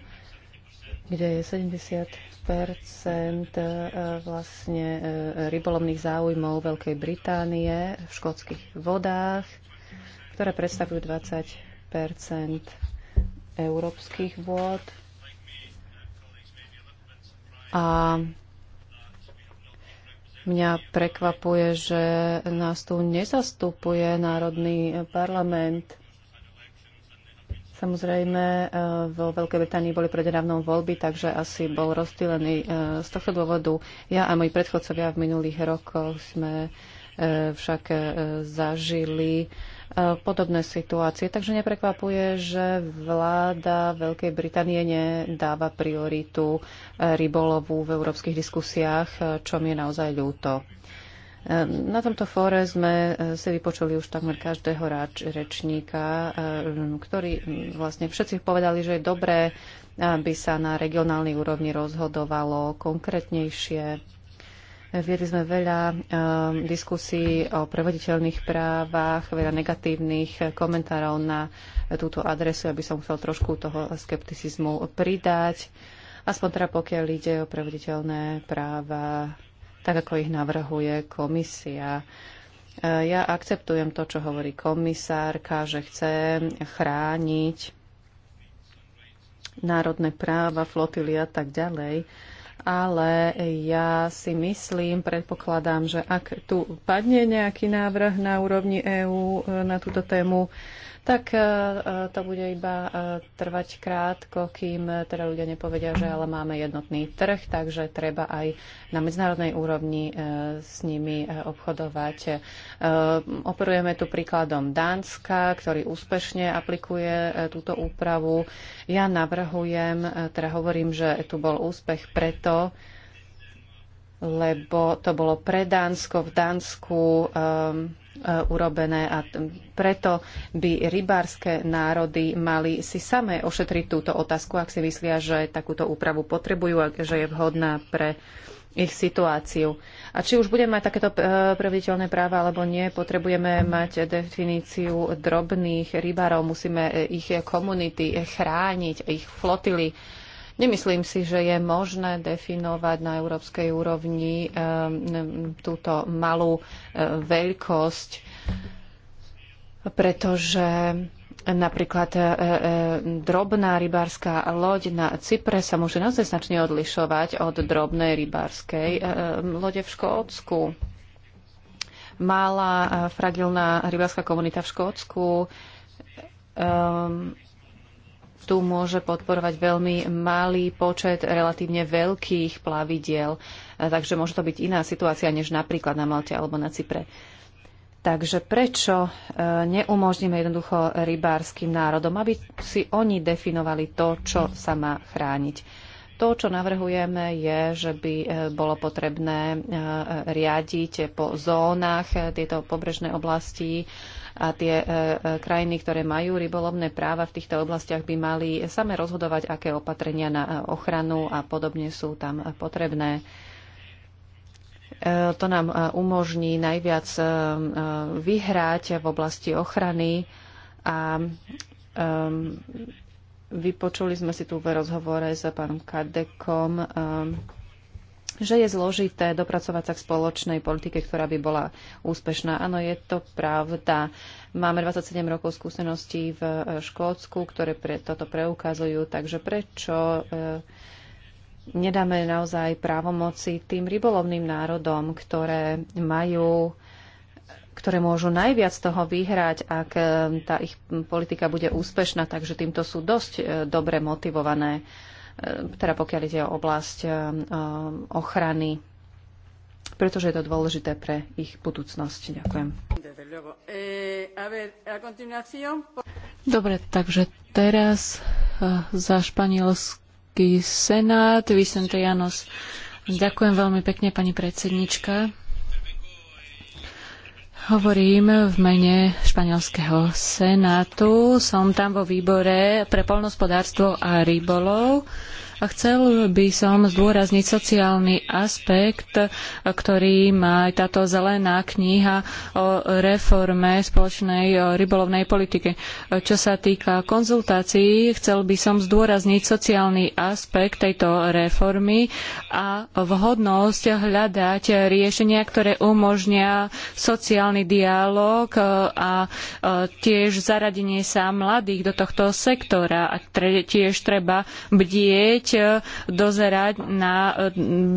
B: kde je 70 e, vlastne e, rybolovných záujmov Veľkej Británie v škótskych vodách, ktoré predstavujú 20 európskych vôd. A Mňa prekvapuje, že nás tu nezastupuje Národný parlament. Samozrejme, e, vo Veľkej Británii boli prednedávnom voľby, takže asi bol rozdelený e, z tohto dôvodu. Ja a moji predchodcovia v minulých rokoch sme e, však zažili Eh, podobné situácie. Takže neprekvapuje, že vláda Veľkej Británie nedáva prioritu eh, rybolovu v európskych diskusiách, eh, čo mi je naozaj ľúto. Na tomto fóre sme si vypočuli už takmer každého rač, rečníka, ktorí hm, vlastne všetci povedali, že je dobré, aby sa na regionálnej úrovni rozhodovalo konkrétnejšie Viedli sme veľa ehm, diskusí o prevoditeľných právach, veľa negatívnych eh, komentárov na túto adresu, aby som chcel trošku toho skepticizmu pridať. Aspoň teda pokiaľ ide o prevoditeľné práva, tak ako ich navrhuje komisia. Eh, ja akceptujem to, čo hovorí komisárka, že chce chrániť národné práva, flotily a tak ďalej ale ja si myslím, predpokladám, že ak tu padne nejaký návrh na úrovni EÚ e, na túto tému, tak e, e, to bude iba e, trvať krátko, kým teda ľudia nepovedia, že ale máme jednotný trh, takže treba aj na medzinárodnej úrovni s nimi obchodovať. Operujeme tu príkladom Dánska, ktorý úspešne aplikuje túto úpravu. Ja navrhujem, teda hovorím, že tu bol úspech preto, lebo to bolo pre Dánsko v Dánsku um, E, urobené a preto by rybárske národy mali si samé ošetriť túto otázku, ak si myslia, že takúto úpravu potrebujú a že je vhodná pre ich situáciu. A či už budeme mať takéto e, praviteľné práva alebo nie, potrebujeme mať definíciu drobných rybárov, musíme e, ich komunity chrániť, ich flotily Nemyslím si, že je možné definovať na európskej úrovni eh, túto malú eh, veľkosť, pretože Napríklad eh, drobná rybárska loď na Cypre sa môže naozaj značne odlišovať od drobnej rybárskej lode v Škótsku. Malá fragilná rybárska komunita v Škótsku tu môže podporovať veľmi malý počet relatívne veľkých plavidiel. E, takže môže to byť iná situácia než napríklad na Malte alebo na Cypre. Takže prečo e, neumožníme jednoducho rybárským národom, aby si oni definovali to, čo sa má chrániť? To, čo navrhujeme, je, že by e, bolo potrebné riadiť po zónach tieto pobrežné oblasti a tie e, e, krajiny, ktoré majú rybolovné práva v týchto oblastiach, by mali same rozhodovať, aké opatrenia na e, ochranu a podobne sú tam potrebné. To nám umožní najviac vyhrať v oblasti ochrany a Vypočuli sme si tu v rozhovore s pánom Kadekom že je zložité dopracovať sa k spoločnej politike, ktorá by bola úspešná. Áno, je to pravda. Máme 27 rokov skúseností v e, Škótsku, ktoré pre toto preukazujú, takže prečo e, nedáme naozaj právomoci tým rybolovným národom, ktoré majú ktoré môžu najviac z toho vyhrať, ak e, tá ich politika bude úspešná, takže týmto sú dosť dobre motivované E, teda pokiaľ ide o oblasť e, e, ochrany, pretože je to dôležité
A: pre ich budúcnosť. Ďakujem. Dobre, takže teraz za španielský senát Vicente Janos. Ďakujem veľmi pekne, pani predsednička. Hovorím v mene Španielského senátu. Som tam vo výbore pre poľnohospodárstvo a rybolov Chcel by som zdôrazniť sociálny aspekt, ktorý má aj táto zelená kniha o reforme spoločnej rybolovnej politiky. Čo sa týka konzultácií, chcel by som zdôrazniť sociálny aspekt tejto reformy a vhodnosť hľadať riešenia, ktoré umožnia sociálny dialog a tiež zaradenie sa mladých do tohto sektora. A tiež treba bdieť dozerať na,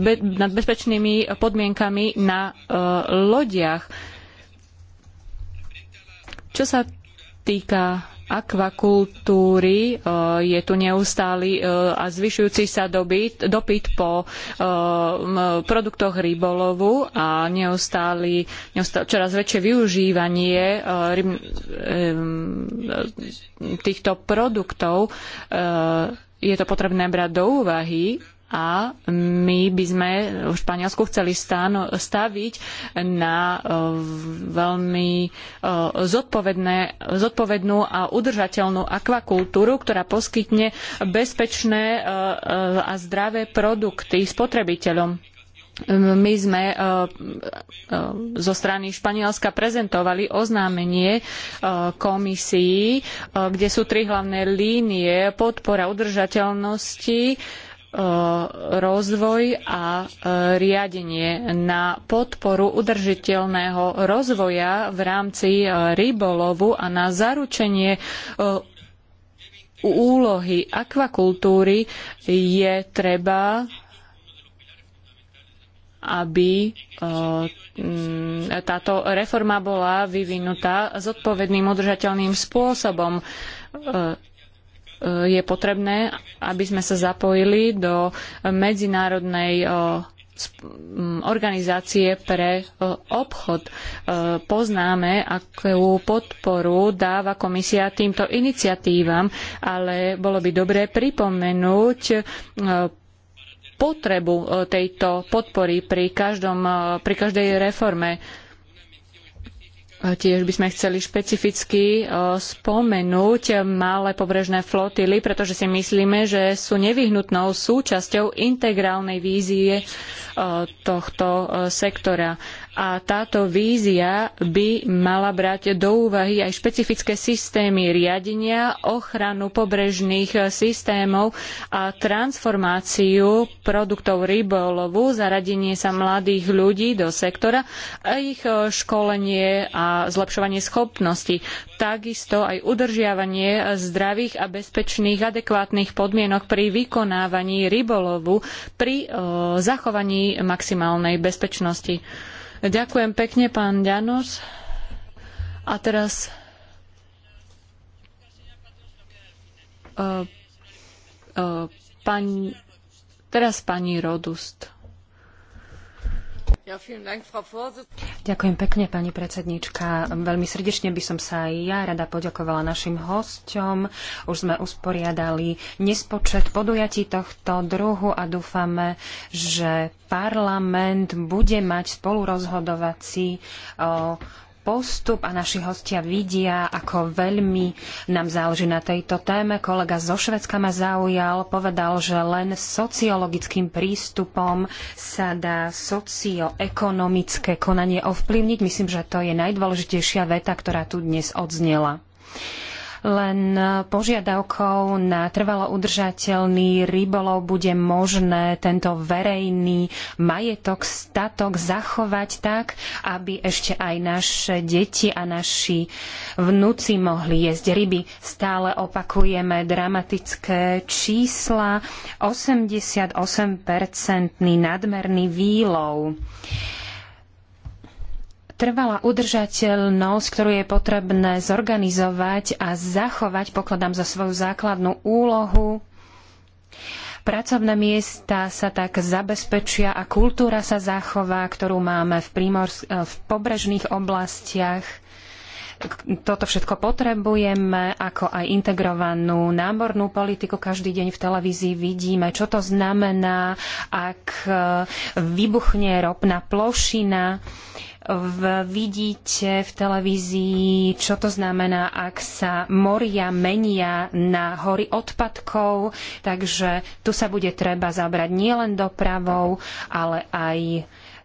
A: be, nad bezpečnými podmienkami na e, lodiach. Čo sa týka akvakultúry e, je tu neustály e, a zvyšujúci sa dobyt, dopyt po produktoch rybolovu a neustály, neustály čoraz väčšie využívanie ryb, týchto produktov je to potrebné brať do úvahy a my by sme v Španielsku chceli staviť na e, veľmi e, zodpovednú a udržateľnú akvakultúru, ktorá poskytne bezpečné e, a zdravé produkty spotrebiteľom Ehm, my sme ehm, ehm, zo strany Španielska prezentovali oznámenie komisii, kde sú tri hlavné línie podpora udržateľnosti, rozvoj a riadenie na podporu udržiteľného rozvoja v rámci rybolovu a na zaručenie úlohy akvakultúry je treba aby eh, mm, táto reforma bola vyvinutá zodpovedným, udržateľným spôsobom. Eh, eh, je potrebné, aby sme sa zapojili do medzinárodnej mm, organizácie pre obchod. Poznáme, akú podporu dáva komisia týmto iniciatívam, ale bolo by dobré pripomenúť potrebu e, tejto podpory pri, každom, e, pri každej reforme. E, tiež by sme chceli špecificky spomenúť malé pobrežné flotily, pretože si myslíme, že sú nevyhnutnou súčasťou integrálnej vízie tohto sektora a táto vízia by mala brať do úvahy aj špecifické systémy riadenia, ochranu pobrežných systémov a transformáciu produktov rybolovu, zaradenie sa mladých ľudí do sektora a ich e, školenie a zlepšovanie schopností. Takisto aj udržiavanie zdravých a bezpečných adekvátnych podmienok pri vykonávaní rybolovu pri e, zachovaní maximálnej bezpečnosti. Ďakujem pekne, pán Ďanoš. A teraz uh, e, uh, e, pan, teraz pani Rodust.
C: Ďakujem pekne, pani predsednička. Veľmi srdečne by som sa aj ja rada poďakovala našim hosťom. Už sme usporiadali nespočet podujatí tohto druhu a dúfame, že parlament bude mať spolurozhodovací o, postup a naši hostia vidia, ako veľmi nám záleží na tejto téme. Kolega zo Švedska ma zaujal, povedal, že len sociologickým prístupom sa dá socioekonomické konanie ovplyvniť. Myslím, že to je najdôležitejšia veta, ktorá tu dnes odznela len požiadavkou na trvalo udržateľný rybolov bude možné tento verejný majetok, statok zachovať tak, aby ešte aj naše deti a naši vnúci mohli jesť ryby. Stále opakujeme dramatické čísla. 88-percentný nadmerný výlov trvalá udržateľnosť, ktorú je potrebné zorganizovať a zachovať, pokladám za svoju základnú úlohu. Pracovné miesta sa tak zabezpečia a kultúra sa zachová, ktorú máme v, primors- v pobrežných oblastiach. Toto všetko potrebujeme, ako aj integrovanú námornú politiku. Každý deň v televízii vidíme, čo to znamená, ak e, vybuchne ropná plošina vidíte v televízii, čo to znamená, ak sa moria menia na hory odpadkov, takže tu sa bude treba zabrať nielen dopravou, ale aj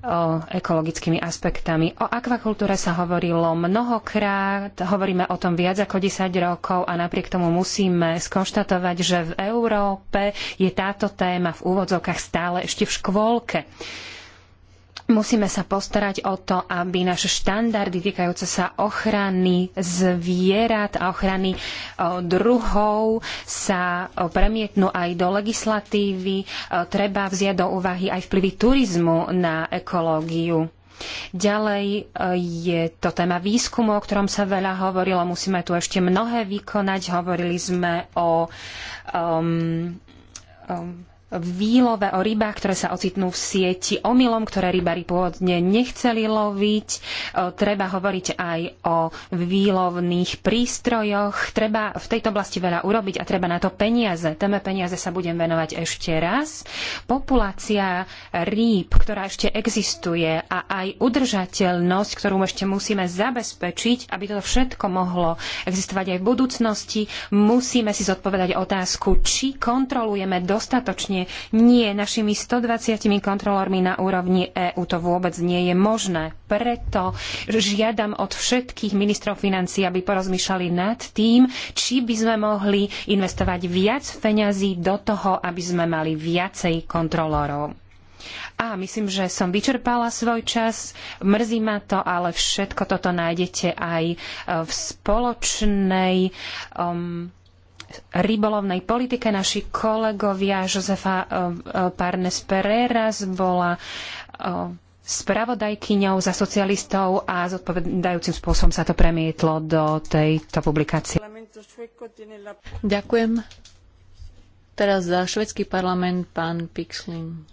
C: o ekologickými aspektami. O akvakultúre sa hovorilo mnohokrát, hovoríme o tom viac ako 10 rokov a napriek tomu musíme skonštatovať, že v Európe je táto téma v úvodzovkách stále ešte v škôlke. Musíme sa postarať o to, aby naše štandardy týkajúce sa ochrany zvierat a ochrany druhov sa premietnú aj do legislatívy. Treba vziať do úvahy aj vplyvy turizmu na ekológiu. Ďalej je to téma výskumu, o ktorom sa veľa hovorilo. Musíme tu ešte mnohé vykonať. Hovorili sme o um, um, výlove o rybách, ktoré sa ocitnú v sieti omylom, ktoré rybári pôvodne nechceli loviť. E, treba hovoriť aj o výlovných prístrojoch. Treba v tejto oblasti veľa urobiť a treba na to peniaze. Téme peniaze sa budem venovať ešte raz. Populácia rýb, ktorá ešte existuje a aj udržateľnosť, ktorú ešte musíme zabezpečiť, aby toto všetko mohlo existovať aj v budúcnosti, musíme si zodpovedať otázku, či kontrolujeme dostatočne nie, našimi 120 kontrolormi na úrovni EÚ to vôbec nie je možné. Preto žiadam od všetkých ministrov financí, aby porozmýšľali nad tým, či by sme mohli investovať viac peňazí do toho, aby sme mali viacej kontrolorov. A myslím, že som vyčerpala svoj čas. Mrzí ma to, ale všetko toto nájdete aj eh, v spoločnej um, rybolovnej politike. Naši kolegovia Josefa eh, eh, Parnes Pereras bola eh, spravodajkyňou za socialistov a zodpovedajúcim spôsobom sa to premietlo do tejto publikácie.
A: Ďakujem. Teraz za švedský parlament pán Pixlin.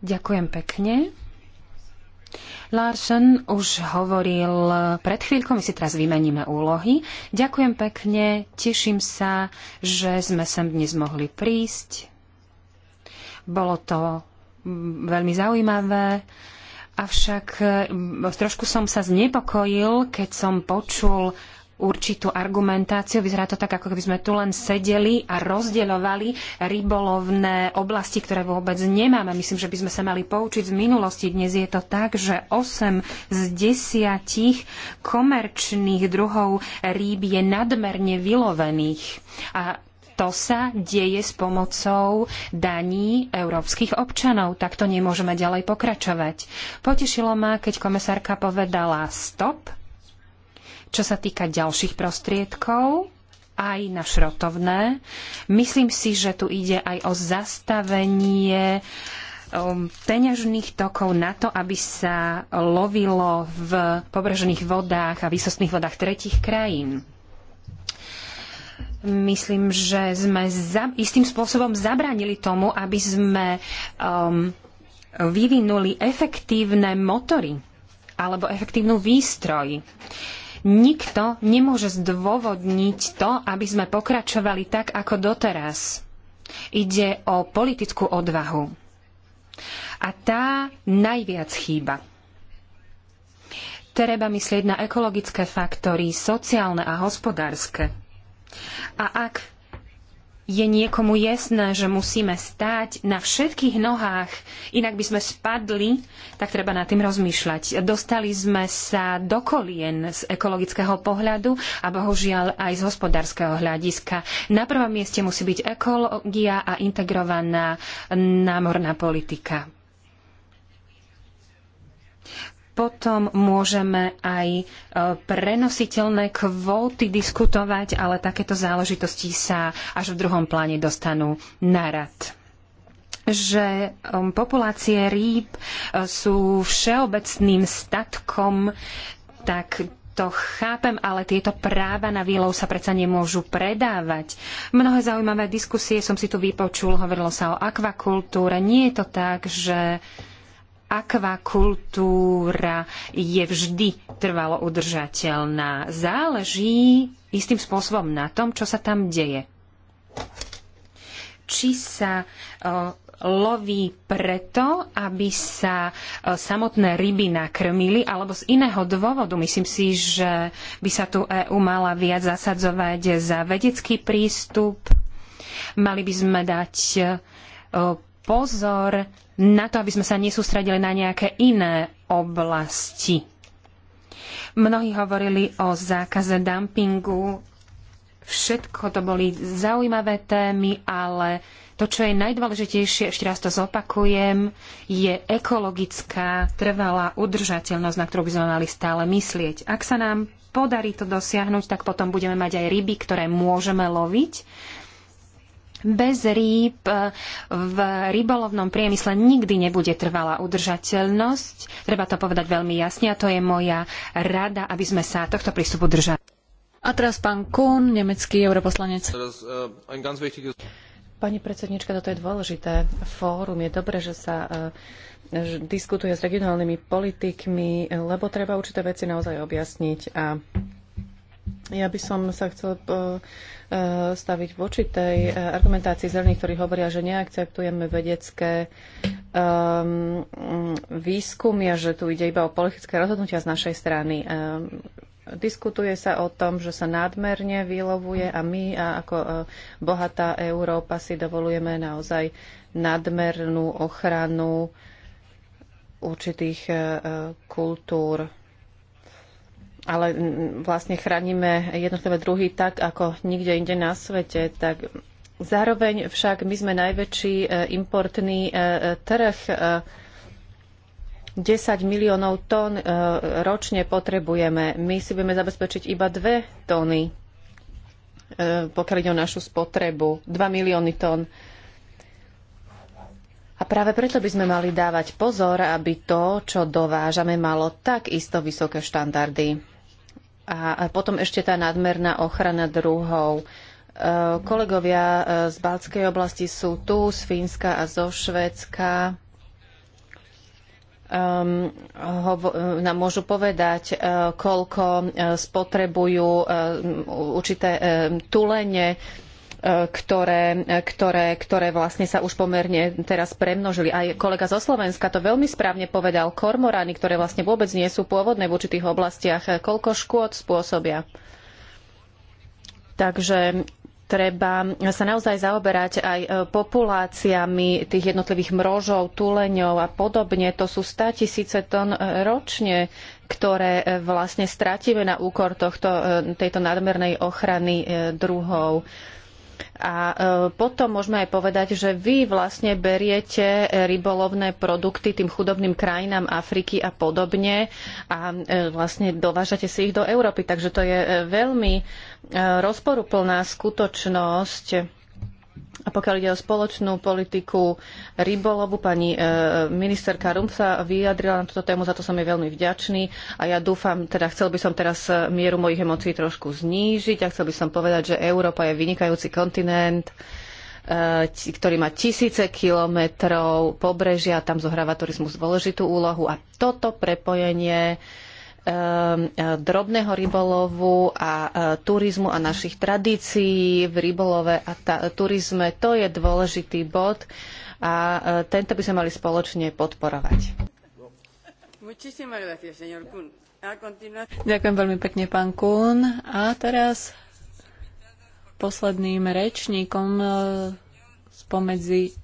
C: Ďakujem pekne. Larsen už hovoril pred chvíľkou, my si teraz vymeníme úlohy. Ďakujem pekne, teším sa, že sme sem dnes mohli prísť. Bolo to veľmi zaujímavé. Avšak trošku som sa znepokojil, keď som počul určitú argumentáciu. Vyzerá to tak, ako keby sme tu len sedeli a rozdeľovali rybolovné oblasti, ktoré vôbec nemáme. Myslím, že by sme sa mali poučiť z minulosti. Dnes je to tak, že 8 z 10 komerčných druhov rýb je nadmerne vylovených. A to sa deje s pomocou daní európskych občanov. Takto nemôžeme ďalej pokračovať. Potešilo ma, keď komisárka povedala stop čo sa týka ďalších prostriedkov, aj na šrotovné, myslím si, že tu ide aj o zastavenie um, peňažných tokov na to, aby sa lovilo v pobrežných vodách a výsostných vodách tretich krajín. Myslím, že sme za, istým spôsobom zabránili tomu, aby sme um, vyvinuli efektívne motory alebo efektívnu výstroj. Uh, nikto nemôže zdôvodniť to, aby sme pokračovali tak ako doteraz. Ide o politickú odvahu. A tá najviac chýba. Treba myslieť na ekologické faktory, sociálne a hospodárske. A ak je niekomu jasné, že musíme stáť na všetkých nohách, inak by sme spadli, tak treba nad tým rozmýšľať. Dostali sme sa do kolien z ekologického pohľadu a bohužiaľ aj z hospodárskeho hľadiska. Na prvom mieste musí byť ekológia a integrovaná námorná politika. Potom môžeme aj e, prenositeľné kvóty diskutovať, ale takéto záležitosti sa až v druhom pláne dostanú na rad že um, populácie rýb e, sú všeobecným statkom, tak to chápem, ale tieto práva na výlov sa predsa nemôžu predávať. Mnohé zaujímavé diskusie som si tu vypočul, hovorilo sa o akvakultúre. Nie je to tak, že akvakultúra je vždy trvalo udržateľná. Záleží istým spôsobom na tom, čo sa tam deje. Či sa e, loví preto, aby sa e, samotné ryby nakrmili, alebo z iného dôvodu. Myslím si, že by sa tu EU mala viac zasadzovať za vedecký prístup. Mali by sme dať e, pozor na to, aby sme sa nesústredili na nejaké iné oblasti. Mnohí hovorili o zákaze dumpingu. Všetko to boli zaujímavé témy, ale to, čo je najdôležitejšie, ešte raz to zopakujem, je ekologická, trvalá udržateľnosť, na ktorú by sme mali stále myslieť. Ak sa nám podarí to dosiahnuť, tak potom budeme mať aj ryby, ktoré môžeme loviť bez rýb e, v rybolovnom priemysle nikdy nebude trvalá udržateľnosť. Treba to povedať veľmi jasne a to je moja rada, aby sme sa tohto prístupu držali. A teraz pán Kuhn, nemecký europoslanec.
D: E,
B: Pani predsednička, toto je dôležité. Fórum je dobré, že sa e, diskutuje s regionálnymi politikmi, lebo treba určité veci naozaj objasniť a ja by som sa chcel eh, eh, staviť voči tej eh, argumentácii zelených, ktorí hovoria, že neakceptujeme vedecké ehm, výskumy a že tu ide iba o politické rozhodnutia z našej strany. Ehm, diskutuje sa o tom, že sa nadmerne vylovuje a my a ako bohatá Európa si dovolujeme naozaj nadmernú ochranu určitých kultúr ale vlastne chránime jednotlivé druhy tak, ako nikde inde na svete. Tak zároveň však my sme najväčší e, importný e, e, trh. 10 miliónov tón ročne potrebujeme. My si budeme zabezpečiť iba 2 tóny, pokiaľ ide o našu spotrebu. 2 milióny tón. A práve preto by sme mali dávať pozor, aby to, čo dovážame, malo tak isto vysoké štandardy. A potom ešte tá nadmerná ochrana druhov. E, kolegovia e, z Balckej oblasti sú tu, z Fínska a zo Švedska. Um, ehm, nám môžu povedať, uh, koľko uh, spotrebujú uh, určité tulene, ktoré, ktoré, ktoré vlastne sa už pomerne teraz premnožili. Aj kolega zo Slovenska to veľmi správne povedal. Kormorány, ktoré vlastne vôbec nie sú pôvodné v určitých oblastiach, koľko škôd spôsobia. Takže treba sa naozaj zaoberať aj e, populáciami tých jednotlivých mrožov, tuleňov a podobne. To sú 100 tisíce tón e, ročne, ktoré e, vlastne stratíme na úkor tohto, tejto nadmernej ochrany druhov. A e, potom môžeme aj povedať, že vy vlastne beriete rybolovné produkty tým chudobným krajinám Afriky a podobne a e, vlastne dovážate si ich do Európy. Takže to je e, veľmi rozporuplná skutočnosť a pokiaľ ide o spoločnú politiku rybolovu, pani e, ministerka Rum sa vyjadrila na túto tému, za to som jej veľmi vďačný a ja dúfam, teda chcel by som teraz e, mieru mojich emócií trošku znížiť a chcel by som povedať, že Európa je vynikajúci kontinent, e, ktorý má tisíce kilometrov pobrežia, tam zohráva turizmus dôležitú úlohu a toto prepojenie Ehm, eh, drobného rybolovu a eh, turizmu a našich tradícií v rybolove a turizme. To je dôležitý bod a eh, tento by sme mali
A: spoločne podporovať. Ďakujem veľmi pekne, pán Kuhn. A teraz posledným rečníkom spomedzi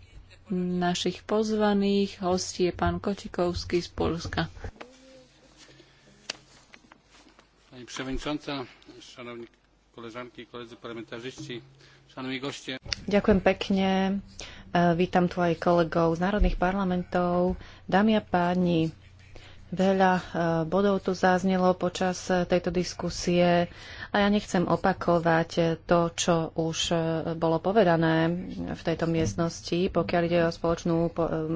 A: našich pozvaných hostí je pán Kotikovský z Polska.
D: Pani przewodnicząca, szanowni koleżanki i koledzy parlamentarzyści, szanowni
B: goście. Ďakujem pekne. E, vítam tu aj kolegov z národných parlamentov. Dámy a páni, Veľa e, bodov tu zaznelo počas e, tejto diskusie a ja nechcem opakovať to, čo už bolo povedané v tejto miestnosti, pokiaľ ide o spoločnú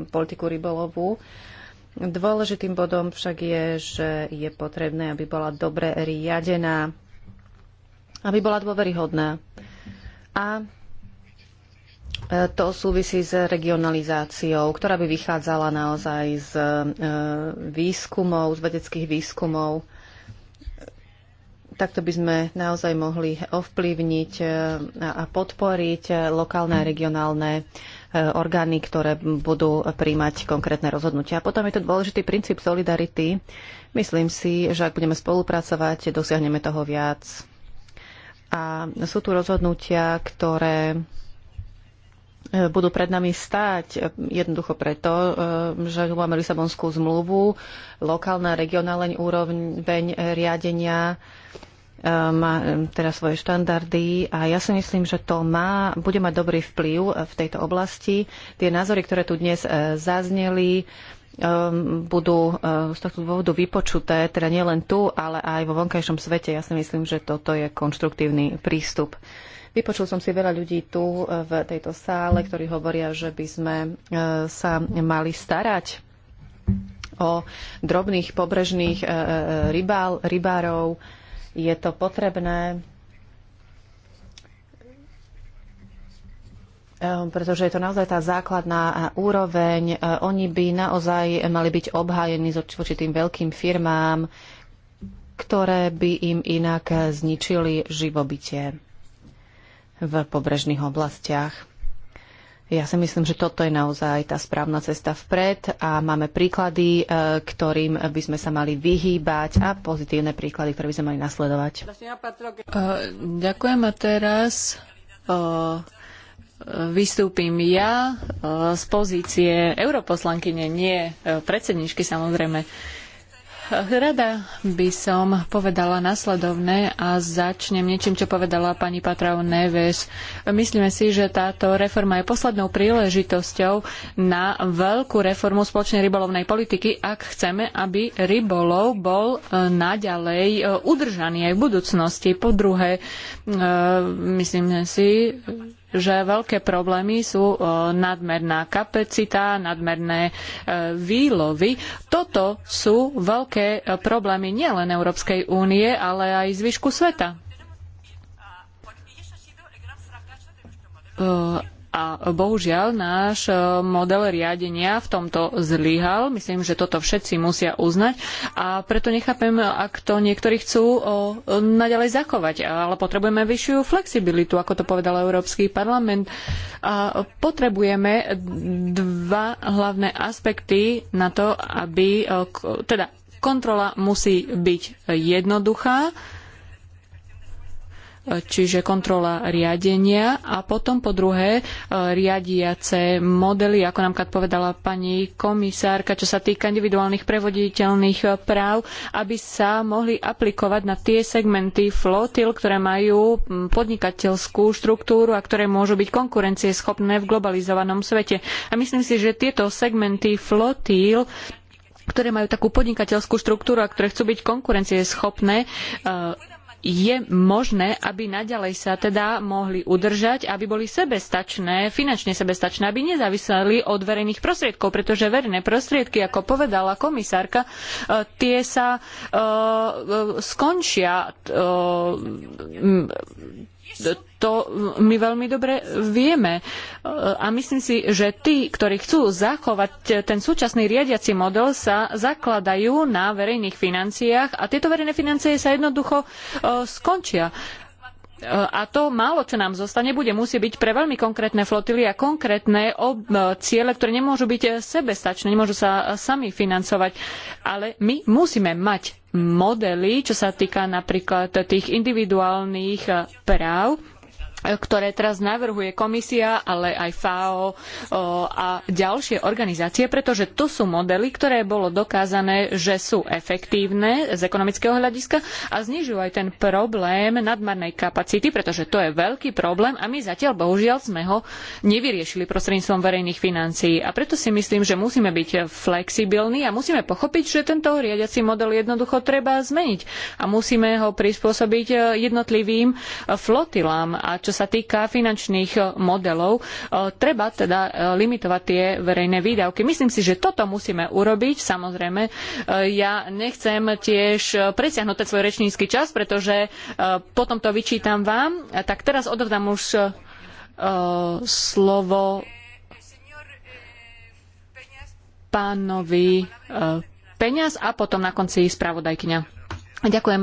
B: politiku rybolovu. Dôležitým bodom však je, že je potrebné, aby bola dobre riadená, aby bola dôveryhodná. A e, to súvisí s regionalizáciou, ktorá by vychádzala naozaj z e, výskumov, z vedeckých výskumov. Takto by sme naozaj mohli ovplyvniť e, a podporiť lokálne a regionálne E, orgány, ktoré budú príjmať konkrétne rozhodnutia. A potom je to dôležitý princíp solidarity. Myslím si, že ak budeme spolupracovať, dosiahneme toho viac. A sú tu rozhodnutia, ktoré e, budú pred nami stáť jednoducho preto, e, že máme Lisabonskú zmluvu, lokálna, regionálna úroveň riadenia má teda svoje štandardy a ja si myslím, že to má, bude mať dobrý vplyv e, v tejto oblasti. Tie názory, ktoré tu dnes e, zazneli, budú e, z tohto dôvodu vypočuté, teda nielen tu, ale aj vo vonkajšom svete. Ja si myslím, že toto je konštruktívny prístup. Vypočul som si veľa ľudí tu v tejto sále, ktorí hovoria, že by sme sa mali starať o drobných pobrežných rybál, rybárov, je to potrebné, eh, pretože je to naozaj tá základná úroveň. Eh, oni by naozaj mali byť obhájení voči tým veľkým firmám, ktoré by im inak zničili živobytie v pobrežných oblastiach. Ja si myslím, že toto je naozaj tá správna cesta vpred a máme príklady, e, ktorým by sme sa mali vyhýbať a pozitívne príklady,
A: ktoré by sme mali nasledovať.
B: E,
A: ďakujem a teraz e, vystúpim ja z pozície europoslankyne, nie predsedničky samozrejme. Rada by som povedala nasledovné a začnem niečím, čo povedala pani Patrao Neves. Myslíme si, že táto reforma je poslednou príležitosťou na veľkú reformu spoločnej rybolovnej politiky, ak chceme, aby rybolov bol e, naďalej e, udržaný aj v budúcnosti. Po druhé, e, myslím si, že veľké problémy sú e, nadmerná kapacita, nadmerné e, výlovy. Toto sú veľké e, problémy nielen Európskej únie, ale aj zvyšku sveta a bohužiaľ náš e, model riadenia v tomto zlyhal. Myslím, že toto všetci musia uznať a preto nechápem, ak to niektorí chcú e, naďalej zachovať, Ale potrebujeme vyššiu flexibilitu, ako to povedal Európsky parlament. A potrebujeme dva hlavné aspekty na to, aby e, teda kontrola musí byť jednoduchá čiže kontrola riadenia a potom po druhé e, riadiace modely, ako nám kad povedala pani komisárka, čo sa týka individuálnych prevoditeľných e, práv, aby sa mohli aplikovať na tie segmenty flotil, ktoré majú podnikateľskú štruktúru a ktoré môžu byť konkurencieschopné v globalizovanom svete. A myslím si, že tieto segmenty flotíl ktoré majú takú podnikateľskú štruktúru a ktoré chcú byť konkurencieschopné, e, je možné, aby naďalej sa teda mohli udržať, aby boli sebestačné, finančne sebestačné, aby nezáviseli od verejných prostriedkov, pretože verejné prostriedky, ako povedala komisárka, e, tie sa uh, skončia. Uh, to my veľmi dobre vieme. A myslím si, že tí, ktorí chcú zachovať ten súčasný riadiaci model, sa zakladajú na verejných financiách a tieto verejné financie sa jednoducho e, skončia e, a to málo, čo nám zostane, bude musieť byť pre veľmi konkrétne flotily a konkrétne e, ciele, ktoré nemôžu byť sebestačné, nemôžu sa sami financovať. Ale my musíme mať modely, čo sa týka napríklad tých individuálnych práv ktoré teraz navrhuje komisia, ale aj FAO a ďalšie organizácie, pretože to sú modely, ktoré bolo dokázané, že sú efektívne z ekonomického hľadiska a znižujú aj ten problém nadmernej kapacity, pretože to je veľký problém a my zatiaľ bohužiaľ sme ho nevyriešili prostredníctvom verejných financií. A preto si myslím, že musíme byť flexibilní a musíme pochopiť, že tento riadiaci model jednoducho treba zmeniť a musíme ho prispôsobiť jednotlivým flotilám. A čo sa týka finančných e, modelov, e, treba teda e, limitovať tie verejné výdavky. Myslím si, že toto musíme urobiť, samozrejme. Ja nechcem tiež presiahnuť ten svoj rečnícky čas, pretože potom to vyčítam vám. Tak teraz odovzdám už slovo pánovi Peňaz a potom na konci spravodajkňa. Ďakujem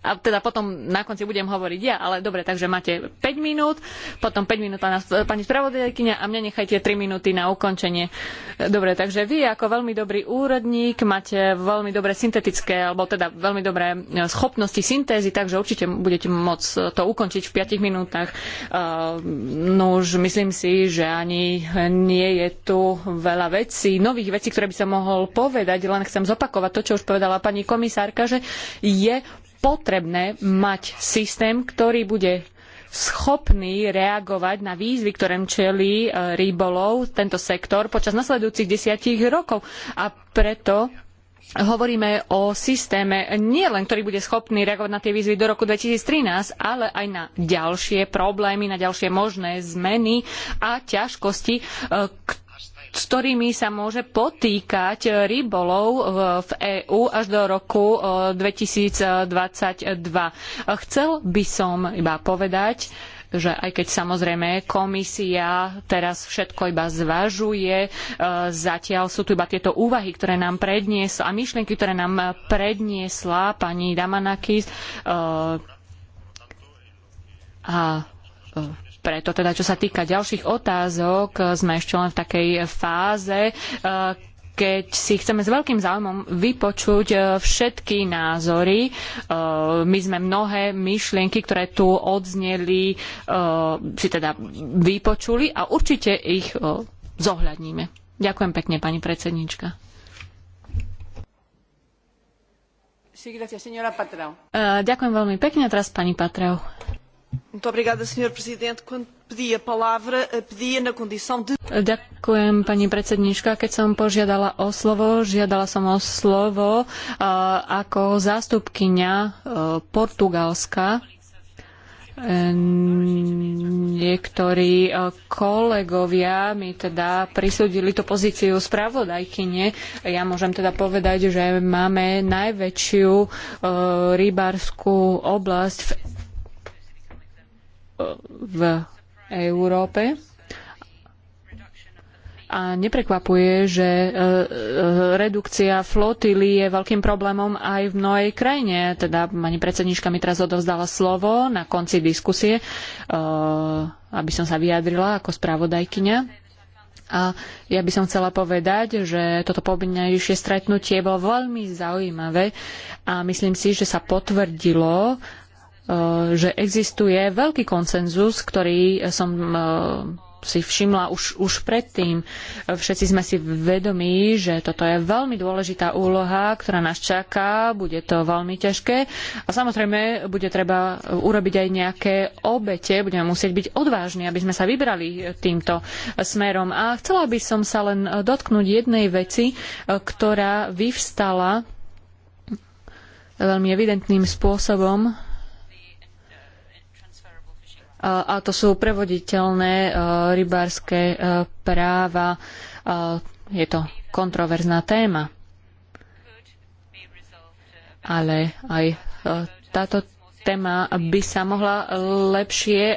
A: a teda potom na konci budem hovoriť ja, ale dobre, takže máte 5 minút, potom 5 minút pána, pani spravodajkyňa a mne nechajte 3 minúty na ukončenie. Dobre, takže vy ako veľmi dobrý úradník máte veľmi dobré syntetické, alebo teda veľmi dobré e, schopnosti syntézy, takže určite budete môcť to ukončiť v 5 minútach. E, no už myslím si, že ani nie je tu veľa vecí, nových vecí, ktoré by sa mohol povedať, len chcem zopakovať to, čo už povedala pani komisárka, že je potrebné mať systém, ktorý bude schopný reagovať na výzvy, ktorým čelí e, rybolov, tento sektor, počas nasledujúcich desiatich rokov. A preto hovoríme o systéme nielen, ktorý bude schopný reagovať na tie výzvy do roku 2013, ale aj na ďalšie problémy, na ďalšie možné zmeny a ťažkosti, ktoré e, s ktorými sa môže potýkať rybolov v EÚ až do roku 2022. E, Chcel by som iba povedať, že aj keď samozrejme komisia teraz všetko iba zvažuje, e, zatiaľ sú tu iba tieto úvahy, ktoré nám predniesla a myšlienky, ktoré nám predniesla pani Damanakis e, a preto teda, čo sa týka ďalších otázok, eh, sme ešte len v takej eh, fáze, eh, keď si chceme s veľkým záujmom vypočuť všetky názory. My sme mnohé myšlienky, ktoré tu odzneli, si teda vypočuli a určite ich zohľadníme. Ďakujem pekne, pani predsednička. Ďakujem veľmi pekne. Teraz pani Patreu. Eh, Ďakujem, pani predsedníčka. Keď som požiadala o slovo, žiadala som o slovo eh, ako zástupkyňa eh, Portugalska. Niektorí kolegovia mi teda prisúdili tú pozíciu spravodajkyne. Ja môžem teda povedať, že máme najväčšiu rybárskú oblasť v v Európe. A neprekvapuje, že e, e, redukcia flotily je veľkým problémom aj v mnohej krajine. Teda pani predsednička mi teraz odovzdala slovo na konci diskusie, e, aby som sa vyjadrila ako spravodajkyňa. A ja by som chcela povedať, že toto poobjednajšie stretnutie bolo veľmi zaujímavé a myslím si, že sa potvrdilo, Eh, že existuje veľký konsenzus, ktorý som eh, si všimla už, už predtým. Všetci sme si vedomí, že toto je veľmi dôležitá úloha, ktorá nás čaká, bude to veľmi ťažké a samozrejme bude treba urobiť aj nejaké obete, budeme musieť byť odvážni, aby sme sa vybrali týmto smerom. A chcela by som sa len dotknúť jednej veci, eh, ktorá vyvstala veľmi evidentným spôsobom a to sú prevoditeľné e, rybárske e, práva. E, je to kontroverzná téma. Ale aj táto téma by sa mohla e, lepšie e,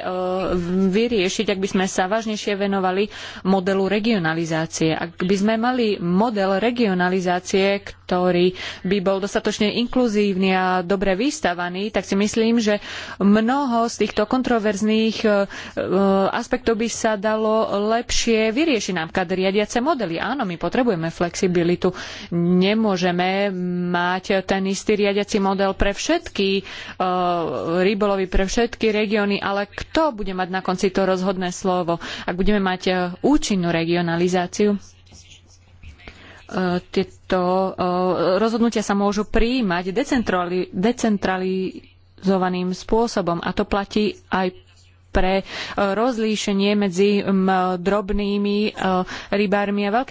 A: vyriešiť, ak by sme sa vážnejšie venovali modelu regionalizácie. Ak by sme mali model regionalizácie, ktorý by bol dostatočne inkluzívny a dobre vystavaný, tak si myslím, že mnoho z týchto kontroverzných e, aspektov by sa dalo lepšie vyriešiť. Napríklad riadiace modely. Áno, my potrebujeme flexibilitu. Nemôžeme mať ten istý riadiaci model pre všetky rybolovy pre všetky regióny, ale kto bude mať na konci to rozhodné slovo, ak budeme mať e, účinnú regionalizáciu? E, tieto e, rozhodnutia sa môžu prijímať decentralizovaným spôsobom a to platí aj pre rozlíšenie medzi drobnými rybármi a